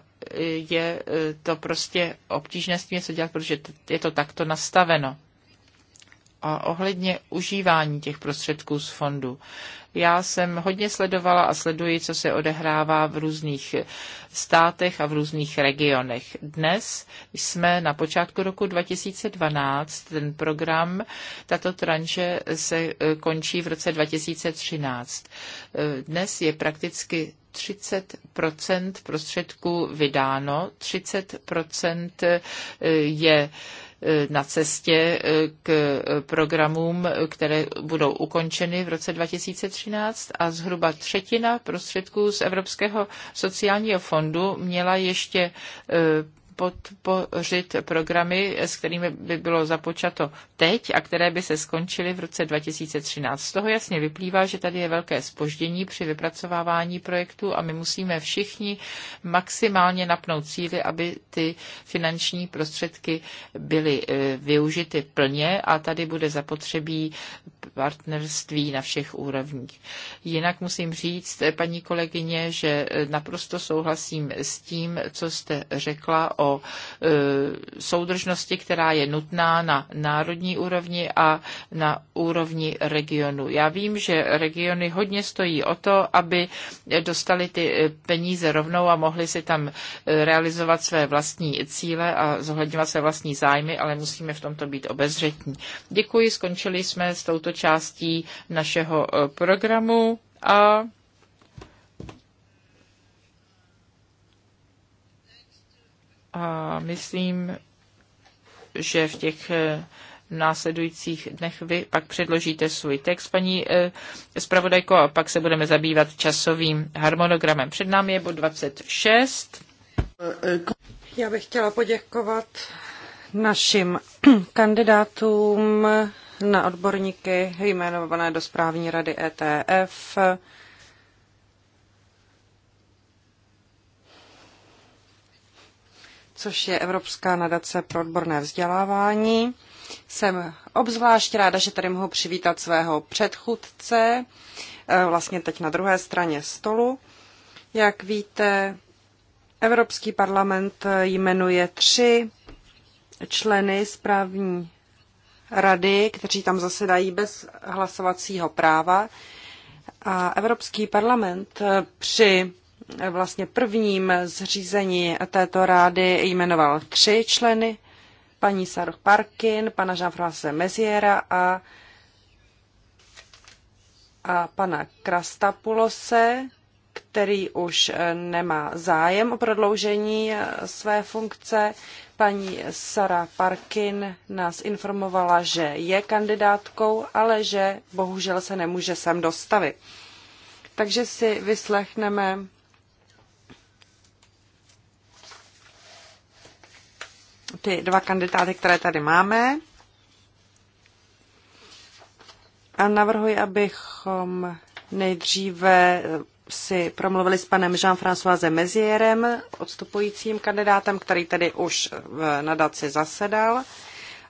je e, to prostě obtížné s tím něco dělat, protože je to takto nastaveno. A ohledně užívání těch prostředků z fondu. Já jsem hodně sledovala a sleduji, co se odehrává v různých státech a v různých regionech. Dnes jsme na počátku roku 2012, ten program, tato tranže se e, končí v roce 2013. E, dnes je prakticky 30 prostředků vydáno, 30 eh, je eh, na cestě eh, k programům, které budou ukončeny v roce 2013 a zhruba třetina prostředků z Evropského sociálního fondu měla ještě podpořit programy, s kterými by bylo započato teď a které by se skončily v roce 2013. Z toho jasně vyplývá, že tady je velké spoždění při vypracovávání projektu a my musíme všichni maximálně napnout cíly, aby ty finanční prostředky byly e, využity plně a tady bude zapotřebí partnerství na všech úrovních. Jinak musím říct, e, paní kolegyně, že e, naprosto souhlasím s tím, co jste řekla o o e, soudržnosti, která je nutná na národní úrovni a na úrovni regionu. Já vím, že regiony hodně stojí o to, aby dostali ty e, peníze rovnou a mohli si tam e, realizovat své vlastní cíle a zohledňovat své vlastní zájmy, ale musíme v tomto být obezřetní. Děkuji, skončili jsme s touto částí našeho programu a a myslím, že v těch eh, následujících dnech vy pak předložíte svůj text, paní eh, zpravodajko, a pak se budeme zabývat časovým harmonogramem. Před námi je bod 26. Já bych chtěla poděkovat našim kandidátům na odborníky jmenované do správní rady ETF, což je Evropská nadace pro odborné vzdělávání. Jsem obzvlášť ráda, že tady mohu přivítat svého předchůdce, eh, vlastně teď na druhé straně stolu. Jak víte, Evropský parlament jmenuje tři členy správní rady, kteří tam zasedají bez hlasovacího práva. A Evropský parlament eh, při vlastně prvním zřízení této rády jmenoval tři členy, paní Saruch Parkin, pana Jean-François Meziera a, a pana Krastapulose, který už nemá zájem o prodloužení své funkce. Paní Sara Parkin nás informovala, že je kandidátkou, ale že bohužel se nemůže sem dostavit. Takže si vyslechneme ty dva kandidáty, které tady máme. A navrhuji, abychom nejdříve si promluvili s panem Jean-François Mezierem, odstupujícím kandidátem, který tady už v nadaci zasedal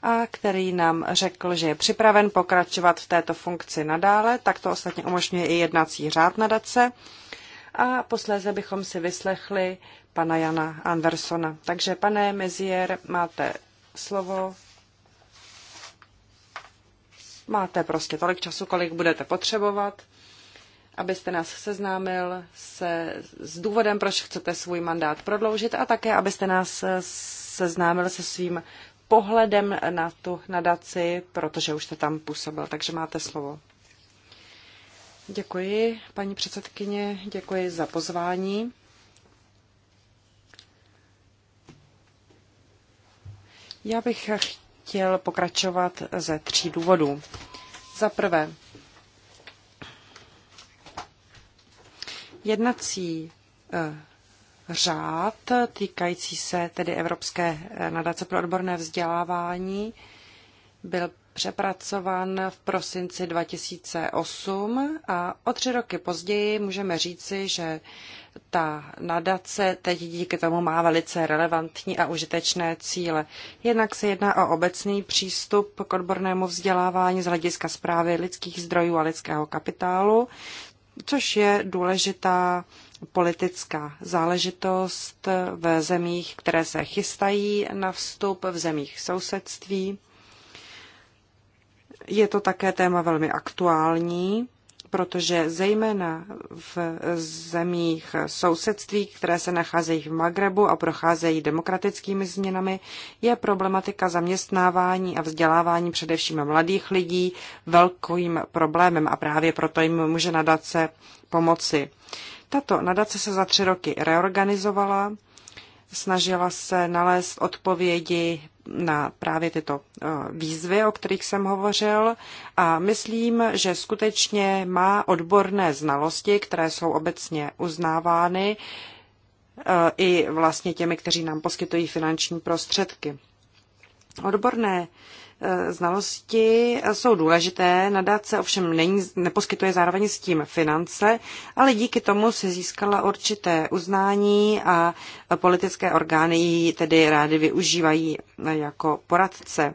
a který nám řekl, že je připraven pokračovat v této funkci nadále. Tak to ostatně umožňuje i jednací řád nadace. A posléze bychom si vyslechli pana Jana Andersona. Takže, pane Mezier, máte slovo. Máte prostě tolik času, kolik budete potřebovat, abyste nás seznámil se s důvodem, proč chcete svůj mandát prodloužit a také, abyste nás seznámil se svým pohledem na tu nadaci, protože už jste tam působil, takže máte slovo. Děkuji, paní předsedkyně, děkuji za pozvání. Já bych chtěl pokračovat ze tří důvodů. Za prvé, jednací eh, řád týkající se tedy Evropské eh, nadace pro odborné vzdělávání byl přepracovan v prosinci 2008 a o tři roky později můžeme říci, že ta nadace teď díky tomu má velice relevantní a užitečné cíle. Jednak se jedná o obecný přístup k odbornému vzdělávání z hlediska zprávy lidských zdrojů a lidského kapitálu, což je důležitá politická záležitost v zemích, které se chystají na vstup, v zemích sousedství. Je to také téma velmi aktuální protože zejména v zemích sousedství, které se nacházejí v Magrebu a procházejí demokratickými změnami, je problematika zaměstnávání a vzdělávání především mladých lidí velkým problémem a právě proto jim může nadace pomoci. Tato nadace se za tři roky reorganizovala, snažila se nalézt odpovědi na právě tyto eh, výzvy, o kterých jsem hovořil. A myslím, že skutečně má odborné znalosti, které jsou obecně uznávány eh, i vlastně těmi, kteří nám poskytují finanční prostředky. Odborné Eh, znalosti eh, jsou důležité, nadace ovšem není, neposkytuje zároveň s tím finance, ale díky tomu se získala určité uznání a politické orgány ji tedy rády využívají eh, jako poradce.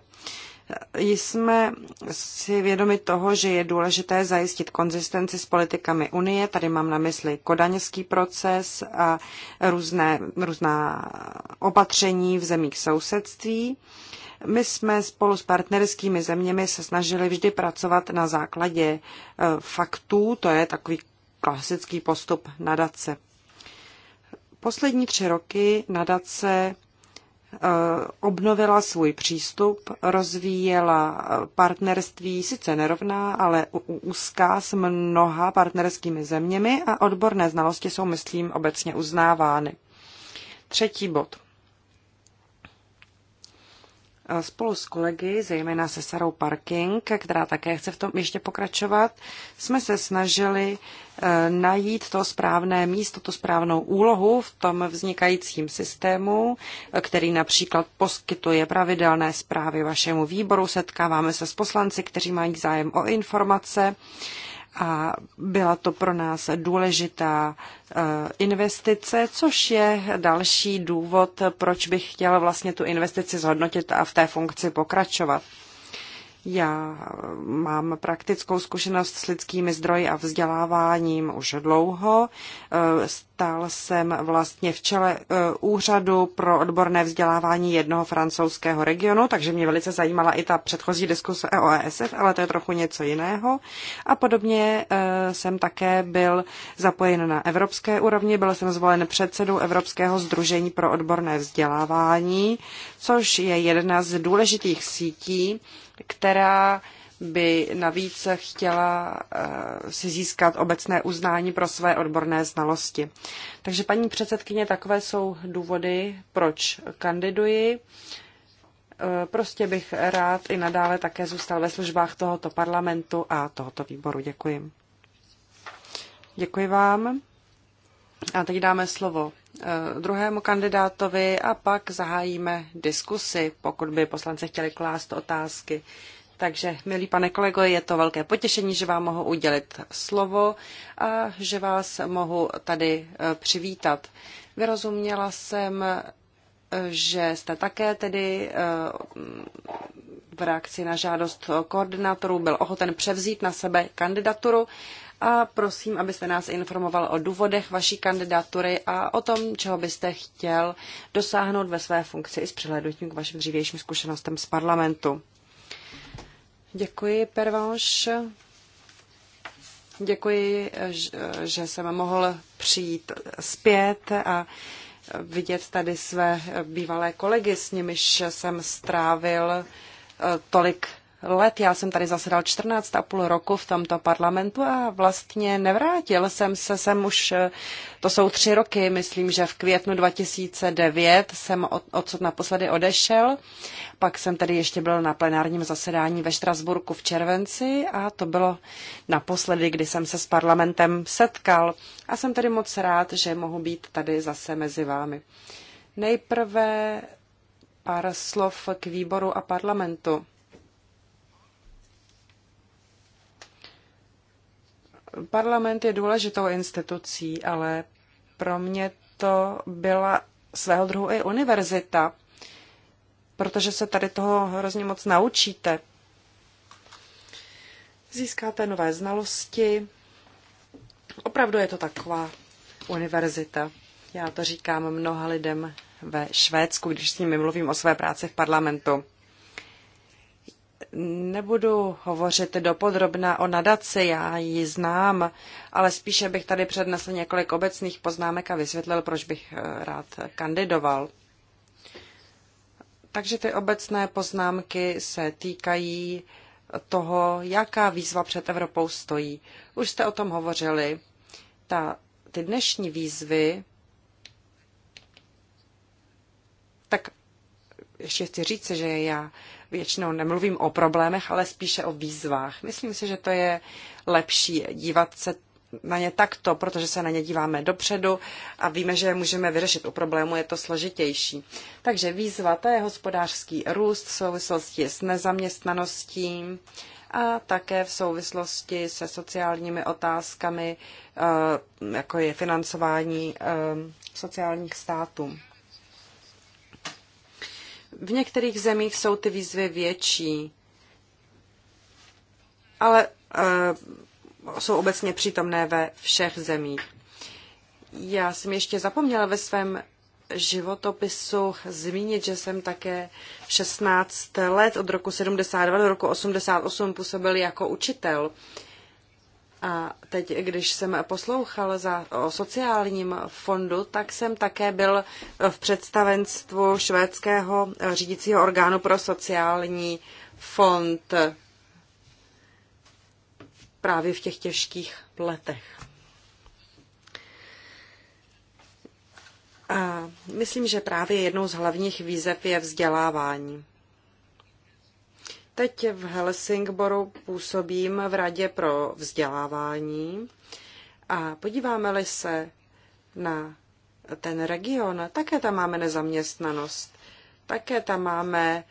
Jsme si vědomi toho, že je důležité zajistit konzistenci s politikami Unie. Tady mám na mysli kodaňský proces a různé, různá opatření v zemích sousedství. Uh, my jsme spolu s partnerskými zeměmi se snažili vždy pracovat na základě e, faktů, to je takový klasický postup nadace. Poslední tři roky nadace e, obnovila svůj přístup, rozvíjela e, partnerství, sice nerovná, ale úzká s mnoha partnerskými zeměmi a odborné znalosti jsou, myslím, obecně uznávány. Třetí bod. Spolu s kolegy, zejména se Sarou Parking, která také chce v tom ještě pokračovat, jsme se snažili eh, najít to správné místo, to správnou úlohu v tom vznikajícím systému, eh, který například poskytuje pravidelné zprávy vašemu výboru. Setkáváme se s poslanci, kteří mají zájem o informace a byla to pro nás důležitá eh, investice, což je další důvod, proč bych chtěla vlastně tu investici zhodnotit a v té funkci pokračovat. Já mám praktickou zkušenost s lidskými zdroji a vzděláváním už dlouho. Eh, Stál jsem vlastně v čele eh, úřadu pro odborné vzdělávání jednoho francouzského regionu, takže mě velice zajímala i ta předchozí diskuse o ESF, ale to je trochu něco jiného. A podobně eh, jsem také byl zapojen na evropské úrovni, byl jsem zvolen předsedou Evropského združení pro odborné vzdělávání, což je jedna z důležitých sítí, která by navíc chtěla eh, si získat obecné uznání pro své odborné znalosti. Takže paní předsedkyně, takové jsou důvody, proč kandiduji. Eh, prostě bych rád i nadále také zůstal ve službách tohoto parlamentu a tohoto výboru. Děkuji. Děkuji vám. A teď dáme slovo Eh, druhému kandidátovi a pak zahájíme diskusy, pokud by poslanci chtěli klást otázky. Takže, milí pane kolego, je to velké potěšení, že vám mohu udělit slovo a že vás mohu tady eh, přivítat. Vyrozuměla jsem, že jste také tedy eh, v reakci na žádost koordinátorů byl ochoten převzít na sebe kandidaturu a prosím, abyste nás informoval o důvodech vaší kandidatury a o tom, čeho byste chtěl dosáhnout ve své funkci i s přihlédnutím k vašim dřívějším zkušenostem z parlamentu. Děkuji, Pervanš. Děkuji, že jsem mohl přijít zpět a vidět tady své bývalé kolegy, s nimiž jsem strávil eh, tolik let. Já jsem tady zasedal 14,5 roku v tomto parlamentu a vlastně nevrátil jsem se sem už, to jsou tři roky, myslím, že v květnu 2009 jsem od, odsud naposledy odešel. Pak jsem tady ještě byl na plenárním zasedání ve Štrasburku v červenci a to bylo naposledy, kdy jsem se s parlamentem setkal. A jsem tady moc rád, že mohu být tady zase mezi vámi. Nejprve pár slov k výboru a parlamentu. Parlament je důležitou institucí, ale pro mě to byla svého druhu i univerzita, protože se tady toho hrozně moc naučíte. Získáte nové znalosti. Opravdu je to taková univerzita. Já to říkám mnoha lidem ve Švédsku, když s nimi mluvím o své práci v parlamentu nebudu hovořit dopodrobna o nadaci, já ji znám, ale spíše bych tady přednesl několik obecných poznámek a vysvětlil, proč bych eh, rád kandidoval. Takže ty obecné poznámky se týkají toho, jaká výzva před Evropou stojí. Už jste o tom hovořili. Ta, ty dnešní výzvy, tak ještě chci říct, že já většinou nemluvím o problémech, ale spíše o výzvách. Myslím si, že to je lepší dívat se na ně takto, protože se na ně díváme dopředu a víme, že je můžeme vyřešit. U problému je to složitější. Takže výzva to je hospodářský růst v souvislosti s nezaměstnaností a také v souvislosti se sociálními otázkami, eh, jako je financování eh, sociálních států. V některých zemích jsou ty výzvy větší, ale uh, jsou obecně přítomné ve všech zemích. Já jsem ještě zapomněla ve svém životopisu zmínit, že jsem také 16 let od roku 72 do roku 88 působil jako učitel. Uh, a teď, když jsem poslouchal za, o sociálním fondu, tak jsem také byl v představenstvu švédského řídícího orgánu pro sociální fond právě v těch těžkých letech. A myslím, že právě jednou z hlavních výzev je vzdělávání. Teď v Helsingboru působím v Radě pro vzdělávání a podíváme-li se na ten region, také tam máme nezaměstnanost, také tam máme e,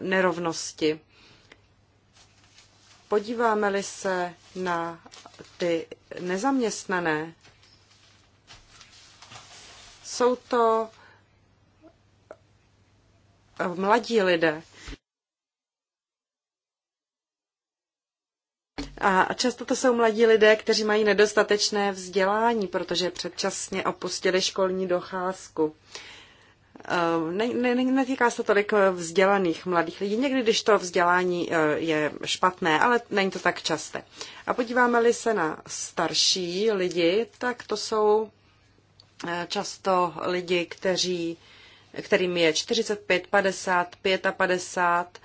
nerovnosti. Podíváme-li se na ty nezaměstnané, jsou to e, mladí lidé, A často to jsou mladí lidé, kteří mají nedostatečné vzdělání, protože předčasně opustili školní docházku. Eh, netýká se tolik eh, vzdělaných mladých lidí. Někdy, když to vzdělání eh, je špatné, ale není to tak časté. A podíváme-li se na starší lidi, tak to jsou často lidi, kteří, kterým je 45, 50, 55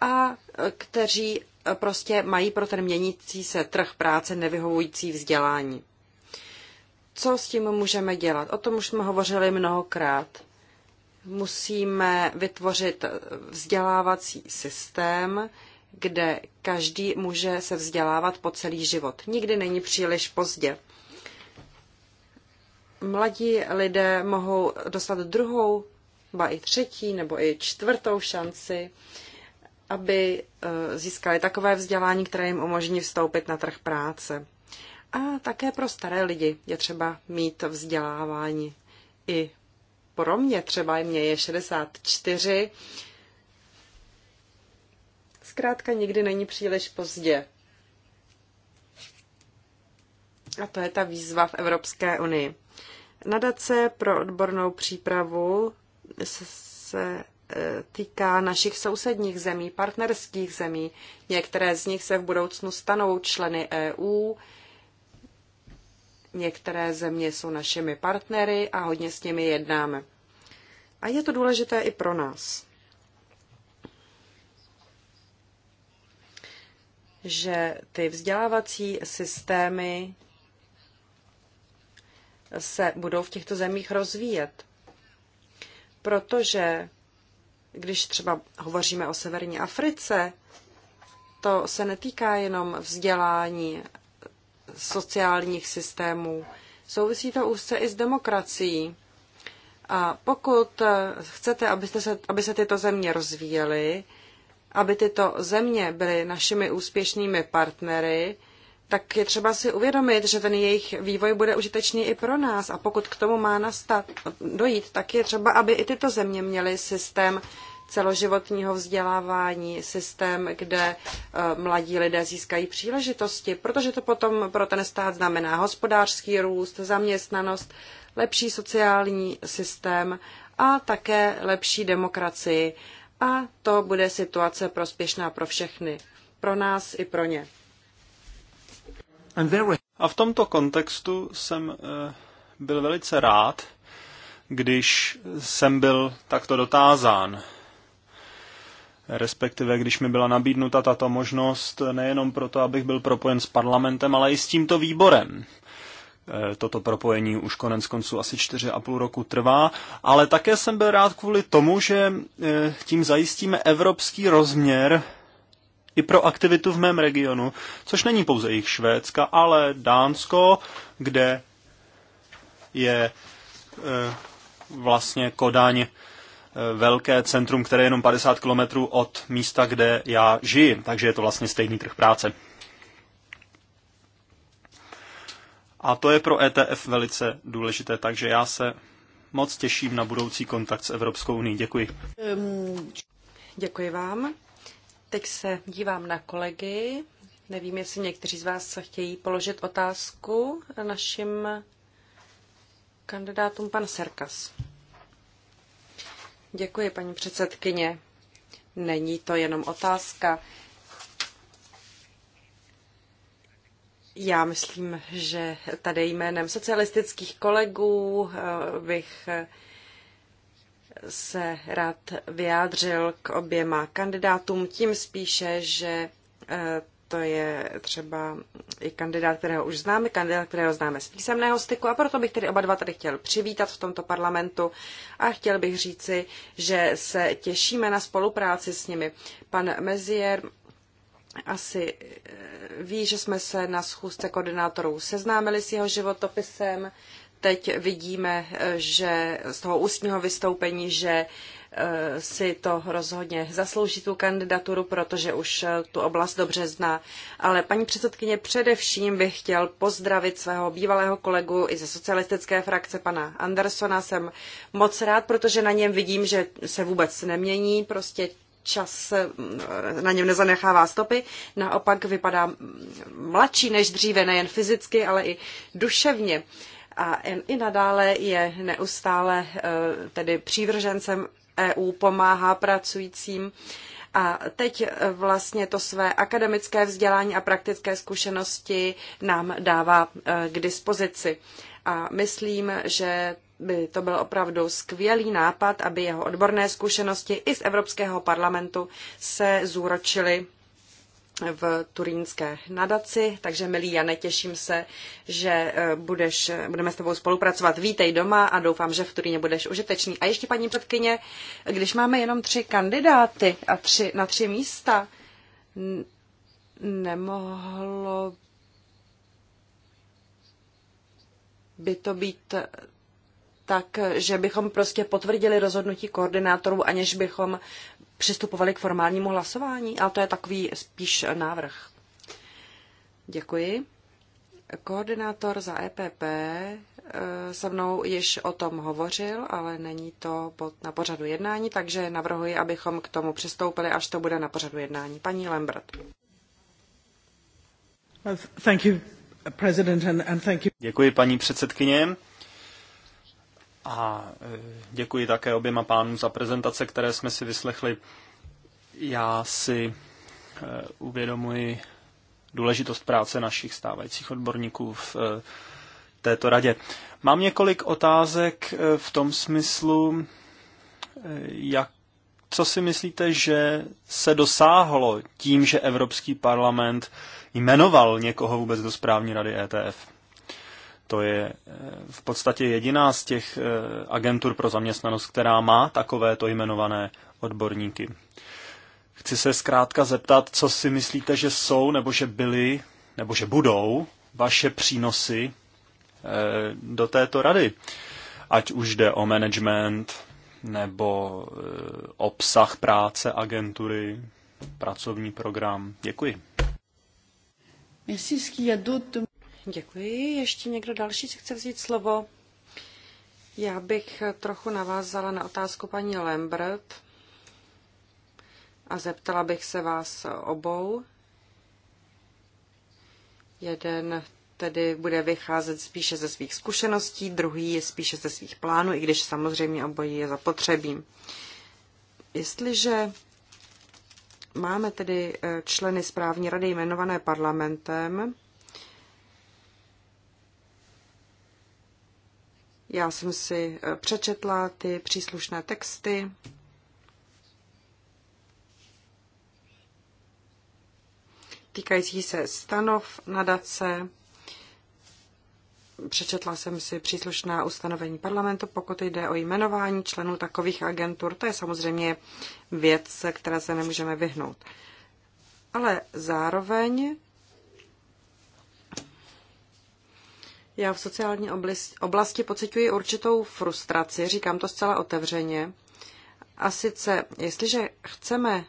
a kteří prostě mají pro ten měnící se trh práce nevyhovující vzdělání. Co s tím můžeme dělat? O tom už jsme hovořili mnohokrát. Musíme vytvořit vzdělávací systém, kde každý může se vzdělávat po celý život. Nikdy není příliš pozdě. Mladí lidé mohou dostat druhou, ba i třetí, nebo i čtvrtou šanci aby eh, získali takové vzdělání, které jim umožní vstoupit na trh práce. A také pro staré lidi je třeba mít vzdělávání. I pro mě třeba, mě je 64. Zkrátka nikdy není příliš pozdě. A to je ta výzva v Evropské unii. Nadace pro odbornou přípravu se týká našich sousedních zemí, partnerských zemí. Některé z nich se v budoucnu stanou členy EU, některé země jsou našimi partnery a hodně s nimi jednáme. A je to důležité i pro nás. že ty vzdělávací systémy se budou v těchto zemích rozvíjet, protože když třeba hovoříme o severní Africe, to se netýká jenom vzdělání sociálních systémů. Souvisí to úzce i s demokracií. A pokud chcete, abyste se, aby se tyto země rozvíjely, aby tyto země byly našimi úspěšnými partnery, tak je třeba si uvědomit, že ten jejich vývoj bude užitečný i pro nás. A pokud k tomu má nastat, dojít, tak je třeba, aby i tyto země měly systém celoživotního vzdělávání, systém, kde eh, mladí lidé získají příležitosti, protože to potom pro ten stát znamená hospodářský růst, zaměstnanost, lepší sociální systém a také lepší demokracii. A to bude situace prospěšná pro všechny, pro nás i pro ně. A v tomto kontextu jsem eh, byl velice rád, když jsem byl takto dotázán. Respektive, když mi byla nabídnuta tato možnost nejenom proto, abych byl propojen s parlamentem, ale i s tímto výborem. Eh, toto propojení už konec konců asi 4,5 roku trvá, ale také jsem byl rád kvůli tomu, že eh, tím zajistíme evropský rozměr i pro aktivitu v mém regionu, což není pouze jich Švédska, ale Dánsko, kde je e, vlastně Kodaň e, velké centrum, které je jenom 50 kilometrů od místa, kde já žiji, takže je to vlastně stejný trh práce. A to je pro ETF velice důležité, takže já se moc těším na budoucí kontakt s Evropskou unii. Děkuji. Děkuji vám. Teď se dívám na kolegy. Nevím, jestli někteří z vás chtějí položit otázku našim kandidátům. Pan Serkas. Děkuji, paní předsedkyně. Není to jenom otázka. Já myslím, že tady jménem socialistických kolegů eh, bych eh, se rád vyjádřil k oběma kandidátům, tím spíše, že eh, to je třeba i kandidát, kterého už známe, kandidát, kterého známe z písemného styku a proto bych tedy oba dva tady chtěl přivítat v tomto parlamentu a chtěl bych říci, že se těšíme na spolupráci s nimi. Pan Mezier asi eh, ví, že jsme se na schůzce koordinátorů seznámili s jeho životopisem, teď vidíme, že z toho ústního vystoupení, že e, si to rozhodně zaslouží tu kandidaturu, protože už e, tu oblast dobře zná. Ale paní předsedkyně, především bych chtěl pozdravit svého bývalého kolegu i ze socialistické frakce, pana Andersona. Jsem moc rád, protože na něm vidím, že se vůbec nemění, prostě čas e, na něm nezanechává stopy, naopak vypadá mladší než dříve, nejen fyzicky, ale i duševně. Uh, a i nadále je neustále eh, tedy přívržencem EU, pomáhá pracujícím. A teď eh, vlastně to své akademické vzdělání a praktické zkušenosti nám dává eh, k dispozici. A myslím, že by to byl opravdu skvělý nápad, aby jeho odborné zkušenosti i z Evropského parlamentu se zúročily v turínské nadaci, takže milý Jane, těším se, že eh, budeš, budeme s tebou spolupracovat. Vítej doma a doufám, že v Turíně budeš užitečný. A ještě, paní předkyně, když máme jenom tři kandidáty a tři, na tři místa, nemohlo by to být tak, že bychom prostě potvrdili rozhodnutí koordinátorů, aniž bychom přistupovali k formálnímu hlasování, ale to je takový spíš návrh. Děkuji. Koordinátor za EPP eh, se mnou již o tom hovořil, ale není to na pořadu jednání, takže navrhuji, abychom k tomu přistoupili, až to bude na pořadu jednání. Paní Lambert. Děkuji, paní předsedkyně. A e, děkuji také oběma pánům za prezentace, které jsme si vyslechli. Já si e, uvědomuji důležitost práce našich stávajících odborníků v e, této radě. Mám několik otázek v tom smyslu, jak, co si myslíte, že se dosáhlo tím, že Evropský parlament jmenoval někoho vůbec do správní rady ETF? To je eh, v podstatě jediná z těch eh, agentur pro zaměstnanost, která má takovéto jmenované odborníky. Chci se zkrátka zeptat, co si myslíte, že jsou, nebo že byly, nebo že budou vaše přínosy eh, do této rady. Ať už jde o management, nebo obsah práce agentury, pracovní program. Děkuji. a Děkuji. Ještě někdo další si chce vzít slovo? Já bych trochu navázala na otázku paní Lambert a zeptala bych se vás obou. Jeden tedy bude vycházet spíše ze svých zkušeností, druhý je spíše ze svých plánů, i když samozřejmě obojí je zapotřebím. Jestliže máme tedy eh, členy správní rady jmenované parlamentem, Já jsem si eh, přečetla ty příslušné texty. týkající se stanov nadace. Přečetla jsem si příslušná ustanovení parlamentu, pokud jde o jmenování členů takových agentur. To je samozřejmě věc, které se nemůžeme vyhnout. Ale zároveň Já v sociální oblasti pociťuji určitou frustraci, říkám to zcela otevřeně. A sice, jestliže chceme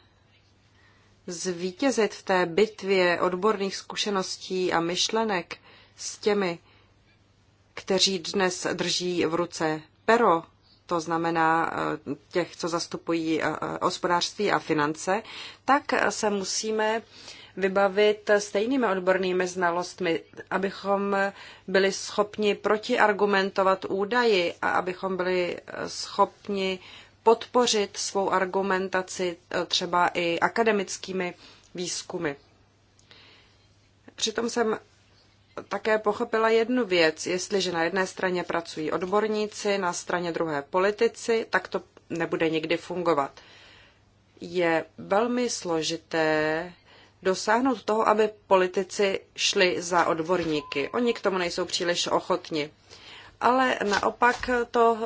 zvítězit v té bitvě odborných zkušeností a myšlenek s těmi, kteří dnes drží v ruce pero, to znamená eh, těch, co zastupují eh, eh, hospodářství a finance, tak se musíme vybavit stejnými odbornými znalostmi, abychom byli schopni protiargumentovat údaji a abychom byli eh, schopni podpořit svou argumentaci eh, třeba i akademickými výzkumy. Přitom jsem také pochopila jednu věc, jestliže na jedné straně pracují odborníci, na straně druhé politici, tak to nebude nikdy fungovat. Je velmi složité dosáhnout toho, aby politici šli za odborníky. Oni k tomu nejsou příliš ochotni. Ale naopak to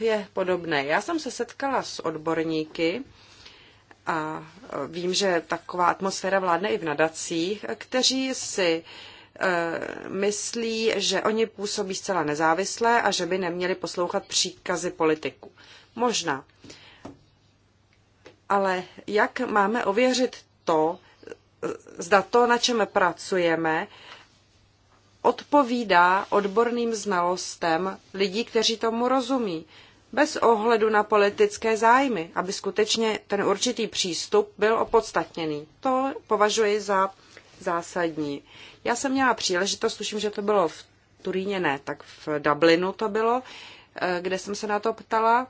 je podobné. Já jsem se setkala s odborníky a vím, že taková atmosféra vládne i v nadacích, kteří si e, myslí, že oni působí zcela nezávisle a že by neměli poslouchat příkazy politiku. Možná. Ale jak máme ověřit to, zda to, na čem pracujeme, odpovídá odborným znalostem lidí, kteří tomu rozumí, bez ohledu na politické zájmy, aby skutečně ten určitý přístup byl opodstatněný. To považuji za zásadní. Já jsem měla příležitost, tuším, že to bylo v Turíně, ne, tak v Dublinu to bylo, eh, kde jsem se na to ptala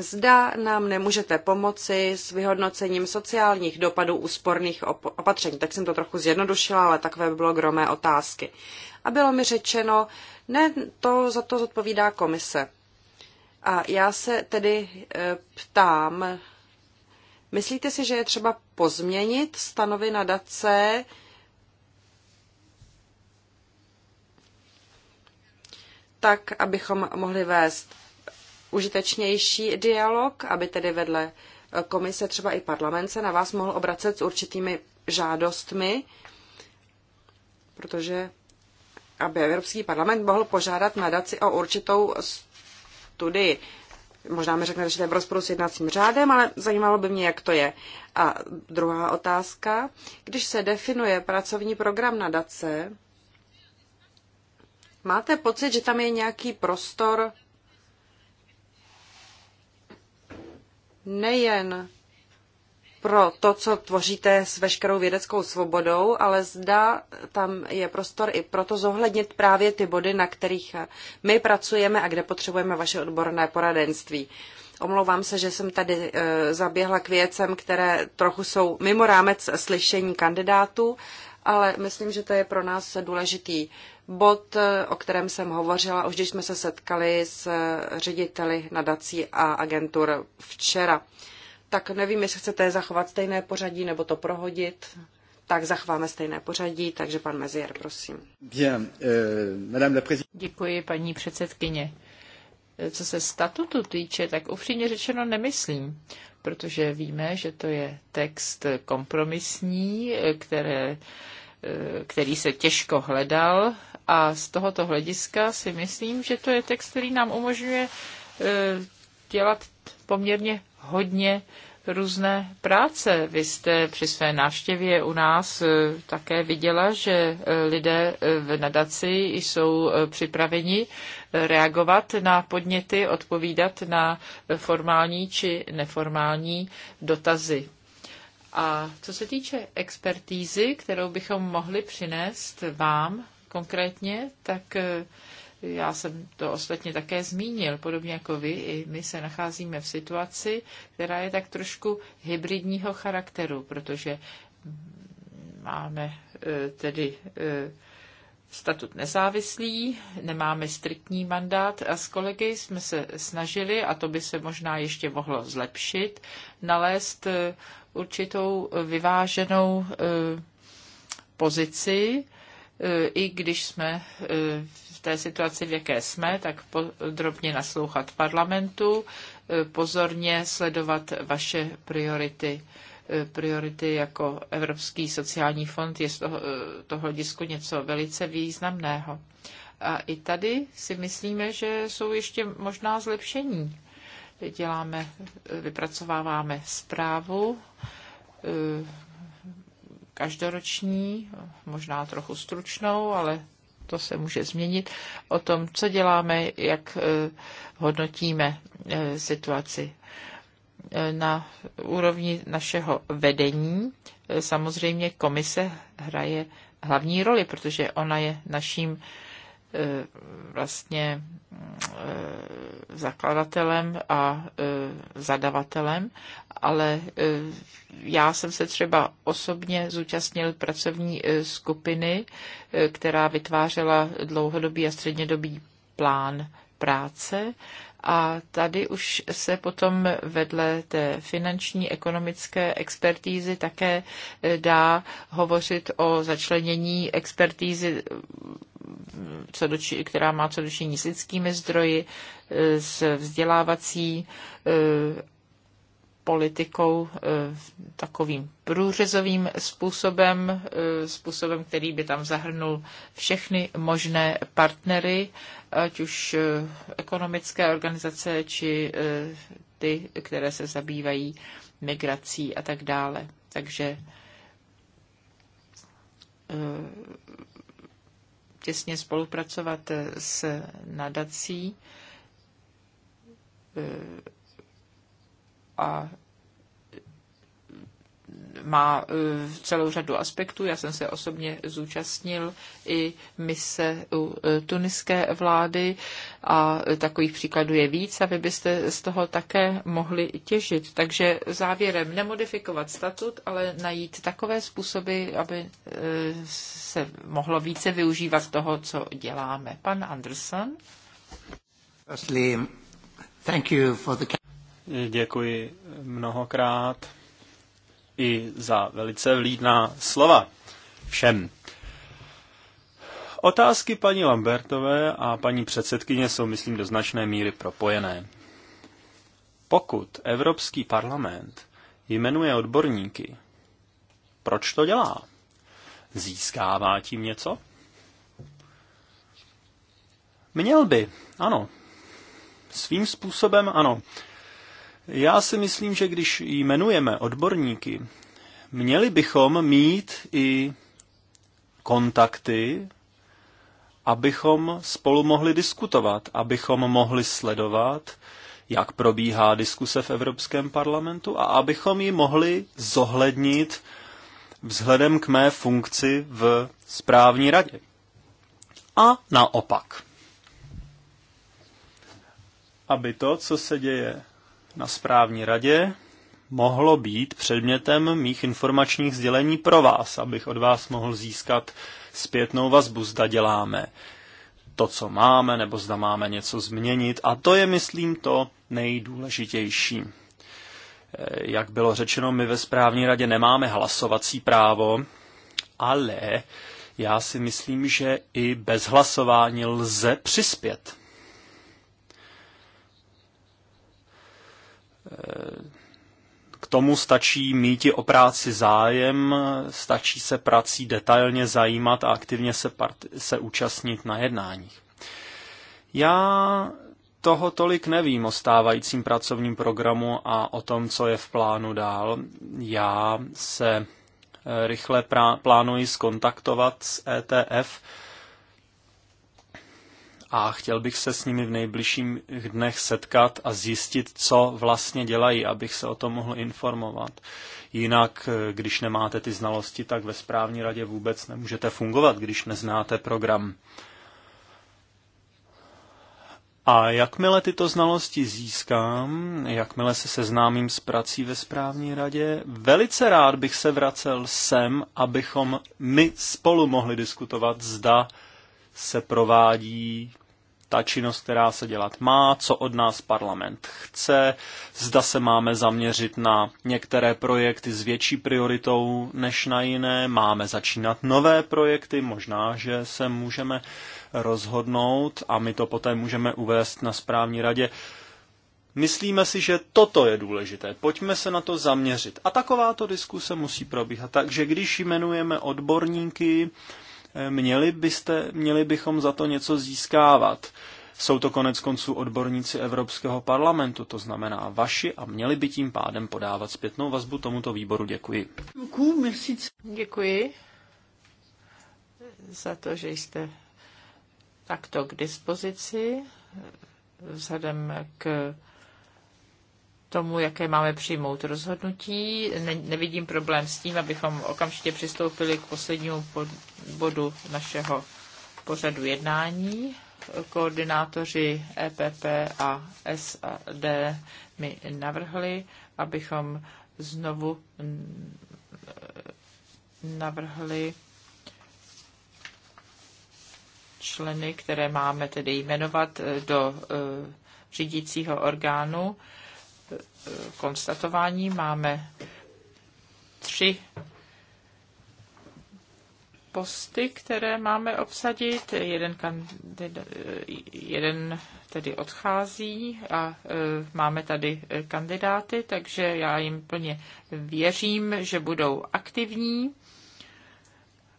Zda nám nemůžete pomoci s vyhodnocením sociálních dopadů úsporných opatření. Tak jsem to trochu zjednodušila, ale takové by bylo gromé otázky. A bylo mi řečeno, ne, to za to zodpovídá komise. A já se tedy e, ptám, myslíte si, že je třeba pozměnit stanovy nadace tak, abychom mohli vést užitečnější dialog, aby tedy vedle eh, komise, třeba i parlament se na vás mohl obracet s určitými žádostmi, protože aby Evropský parlament mohl požádat nadaci o určitou studii. Možná mi řeknete, že to je v rozporu s jednacím řádem, ale zajímalo by mě, jak to je. A druhá otázka. Když se definuje pracovní program nadace, máte pocit, že tam je nějaký prostor nejen pro to, co tvoříte s veškerou vědeckou svobodou, ale zda tam je prostor i proto zohlednit právě ty body, na kterých my pracujeme a kde potřebujeme vaše odborné poradenství. Omlouvám se, že jsem tady eh, zaběhla k věcem, které trochu jsou mimo rámec slyšení kandidátů, ale myslím, že to je pro nás důležitý bod, eh, o kterém jsem hovořila, už když jsme se setkali s eh, řediteli nadací a agentur včera. Tak nevím, jestli chcete zachovat stejné pořadí nebo to prohodit. Tak zachováme stejné pořadí, takže pan Mezier, prosím. Eh, Děkuji, paní předsedkyně co se statutu týče, tak upřímně řečeno nemyslím, protože víme, že to je text kompromisní, které, eh, který se těžko hledal a z tohoto hlediska si myslím, že to je text, který nám umožňuje eh, dělat poměrně hodně různé práce. Vy jste při své návštěvě u nás eh, také viděla, že lidé v nadaci jsou připraveni reagovat na podněty, odpovídat na formální či neformální dotazy. A co se týče expertízy, kterou bychom mohli přinést vám konkrétně, tak eh, já jsem to ostatně také zmínil, podobně jako vy, i my se nacházíme v situaci, která je tak trošku hybridního charakteru, protože máme eh, tedy eh, statut nezávislý, nemáme striktní mandát a s kolegy jsme se snažili, a to by se možná ještě mohlo zlepšit, nalézt eh, určitou vyváženou eh, pozici, eh, i když jsme v té situaci, v jaké jsme, tak podrobně naslouchat parlamentu, pozorně sledovat vaše priority priority jako Evropský sociální fond je z toho, eh, toho disku něco velice významného. A i tady si myslíme, že jsou ještě možná zlepšení. Děláme, vypracováváme zprávu eh, každoroční, možná trochu stručnou, ale to se může změnit, o tom, co děláme, jak eh, hodnotíme situaci na úrovni našeho vedení. Samozřejmě komise hraje hlavní roli, protože ona je naším eh, vlastně eh, zakladatelem a eh, zadavatelem, ale já jsem se třeba osobně zúčastnil pracovní skupiny, která vytvářela dlouhodobý a střednědobý plán práce a tady už se potom vedle té finanční, ekonomické expertízy také eh, dá hovořit o začlenění expertízy, eh, co doči, která má co dočinění s lidskými zdroji, eh, s vzdělávací politikou eh, takovým průřezovým způsobem, eh, způsobem, který by tam zahrnul všechny možné partnery, ať už eh, ekonomické organizace, či ty, které se zabývají migrací a tak dále. Takže těsně spolupracovat s nadací a má e, celou řadu aspektů. Já jsem se osobně zúčastnil i mise u e, tuniské vlády a takových příkladů je víc a vy byste z toho také mohli těžit. Takže závěrem nemodifikovat statut, ale najít takové způsoby, aby e, se mohlo více využívat toho, co děláme. Pan Anderson. Firstly, thank you for the... Děkuji mnohokrát i za velice vlídná slova všem. Otázky paní Lambertové a paní předsedkyně jsou, myslím, do značné míry propojené. Pokud Evropský parlament jmenuje odborníky, proč to dělá? Získává tím něco? Měl by, ano. Svým způsobem ano. Já si myslím, že když jmenujeme odborníky, měli bychom mít i kontakty, abychom spolu mohli diskutovat, abychom mohli sledovat, jak probíhá diskuse v Evropském parlamentu a abychom ji mohli zohlednit vzhledem k mé funkci v správní radě. A naopak. Aby to, co se děje na správní radě mohlo být předmětem mých informačních sdělení pro vás, abych od vás mohl získat zpětnou vazbu, zda děláme to, co máme, nebo zda máme něco změnit. A to je, myslím, to nejdůležitější. Eh, jak bylo řečeno, my ve správní radě nemáme hlasovací právo, ale já si myslím, že i bez hlasování lze přispět k tomu stačí mít o práci zájem, stačí se prací detailně zajímat a aktivně se, part- se účastnit na jednáních. Já toho tolik nevím o stávajícím pracovním programu a o tom, co je v plánu dál. Já se eh, rychle plánuji skontaktovat s ETF a chtěl bych se s nimi v nejbližších dnech setkat a zjistit, co vlastně dělají, abych se o tom mohl informovat. Jinak, eh, když nemáte ty znalosti, tak ve správní radě vůbec nemůžete fungovat, když neznáte program. A jakmile tyto znalosti získám, jakmile se seznámím s prací ve správní radě, velice rád bych se vracel sem, abychom my spolu mohli diskutovat, zda se provádí ta činnost, která se dělat má, co od nás parlament chce, zda se máme zaměřit na některé projekty s větší prioritou než na jiné, máme začínat nové projekty, možná, že se můžeme rozhodnout a my to poté můžeme uvést na správní radě. Myslíme si, že toto je důležité. Pojďme se na to zaměřit. A takováto diskuse musí probíhat. Takže když jmenujeme odborníky, měli, byste, měli bychom za to něco získávat. Jsou to konec konců odborníci Evropského parlamentu, to znamená vaši a měli by tím pádem podávat zpětnou vazbu tomuto výboru. Děkuji. Děkuji za to, že jste takto k dispozici vzhledem k tomu, jaké máme přijmout rozhodnutí. Ne, nevidím problém s tím, abychom okamžitě přistoupili k poslednímu bodu našeho pořadu jednání. Koordinátoři EPP a SAD mi navrhli, abychom znovu navrhli členy, které máme tedy jmenovat do e, řídícího orgánu konstatování. Máme tři posty, které máme obsadit. Jeden, kandida, jeden tedy odchází a e, máme tady e, kandidáty, takže já jim plně věřím, že budou aktivní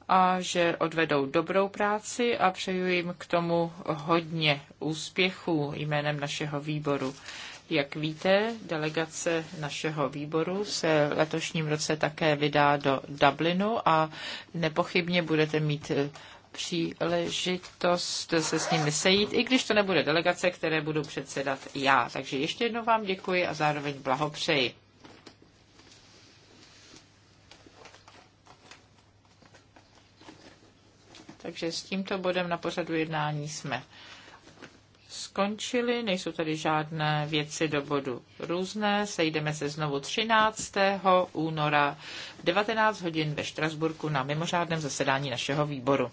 a že odvedou dobrou práci a přeju jim k tomu hodně úspěchů jménem našeho výboru. Jak víte, delegace našeho výboru se letošním roce také vydá do Dublinu a nepochybně budete mít eh, příležitost se s nimi sejít, i když to nebude delegace, které budu předsedat já. Takže ještě jednou vám děkuji a zároveň blahopřeji. Takže s tímto bodem na pořadu jednání jsme skončili, nejsou tady žádné věci do bodu různé. Sejdeme se znovu 13. února 19 hodin ve Štrasburku na mimořádném zasedání našeho výboru.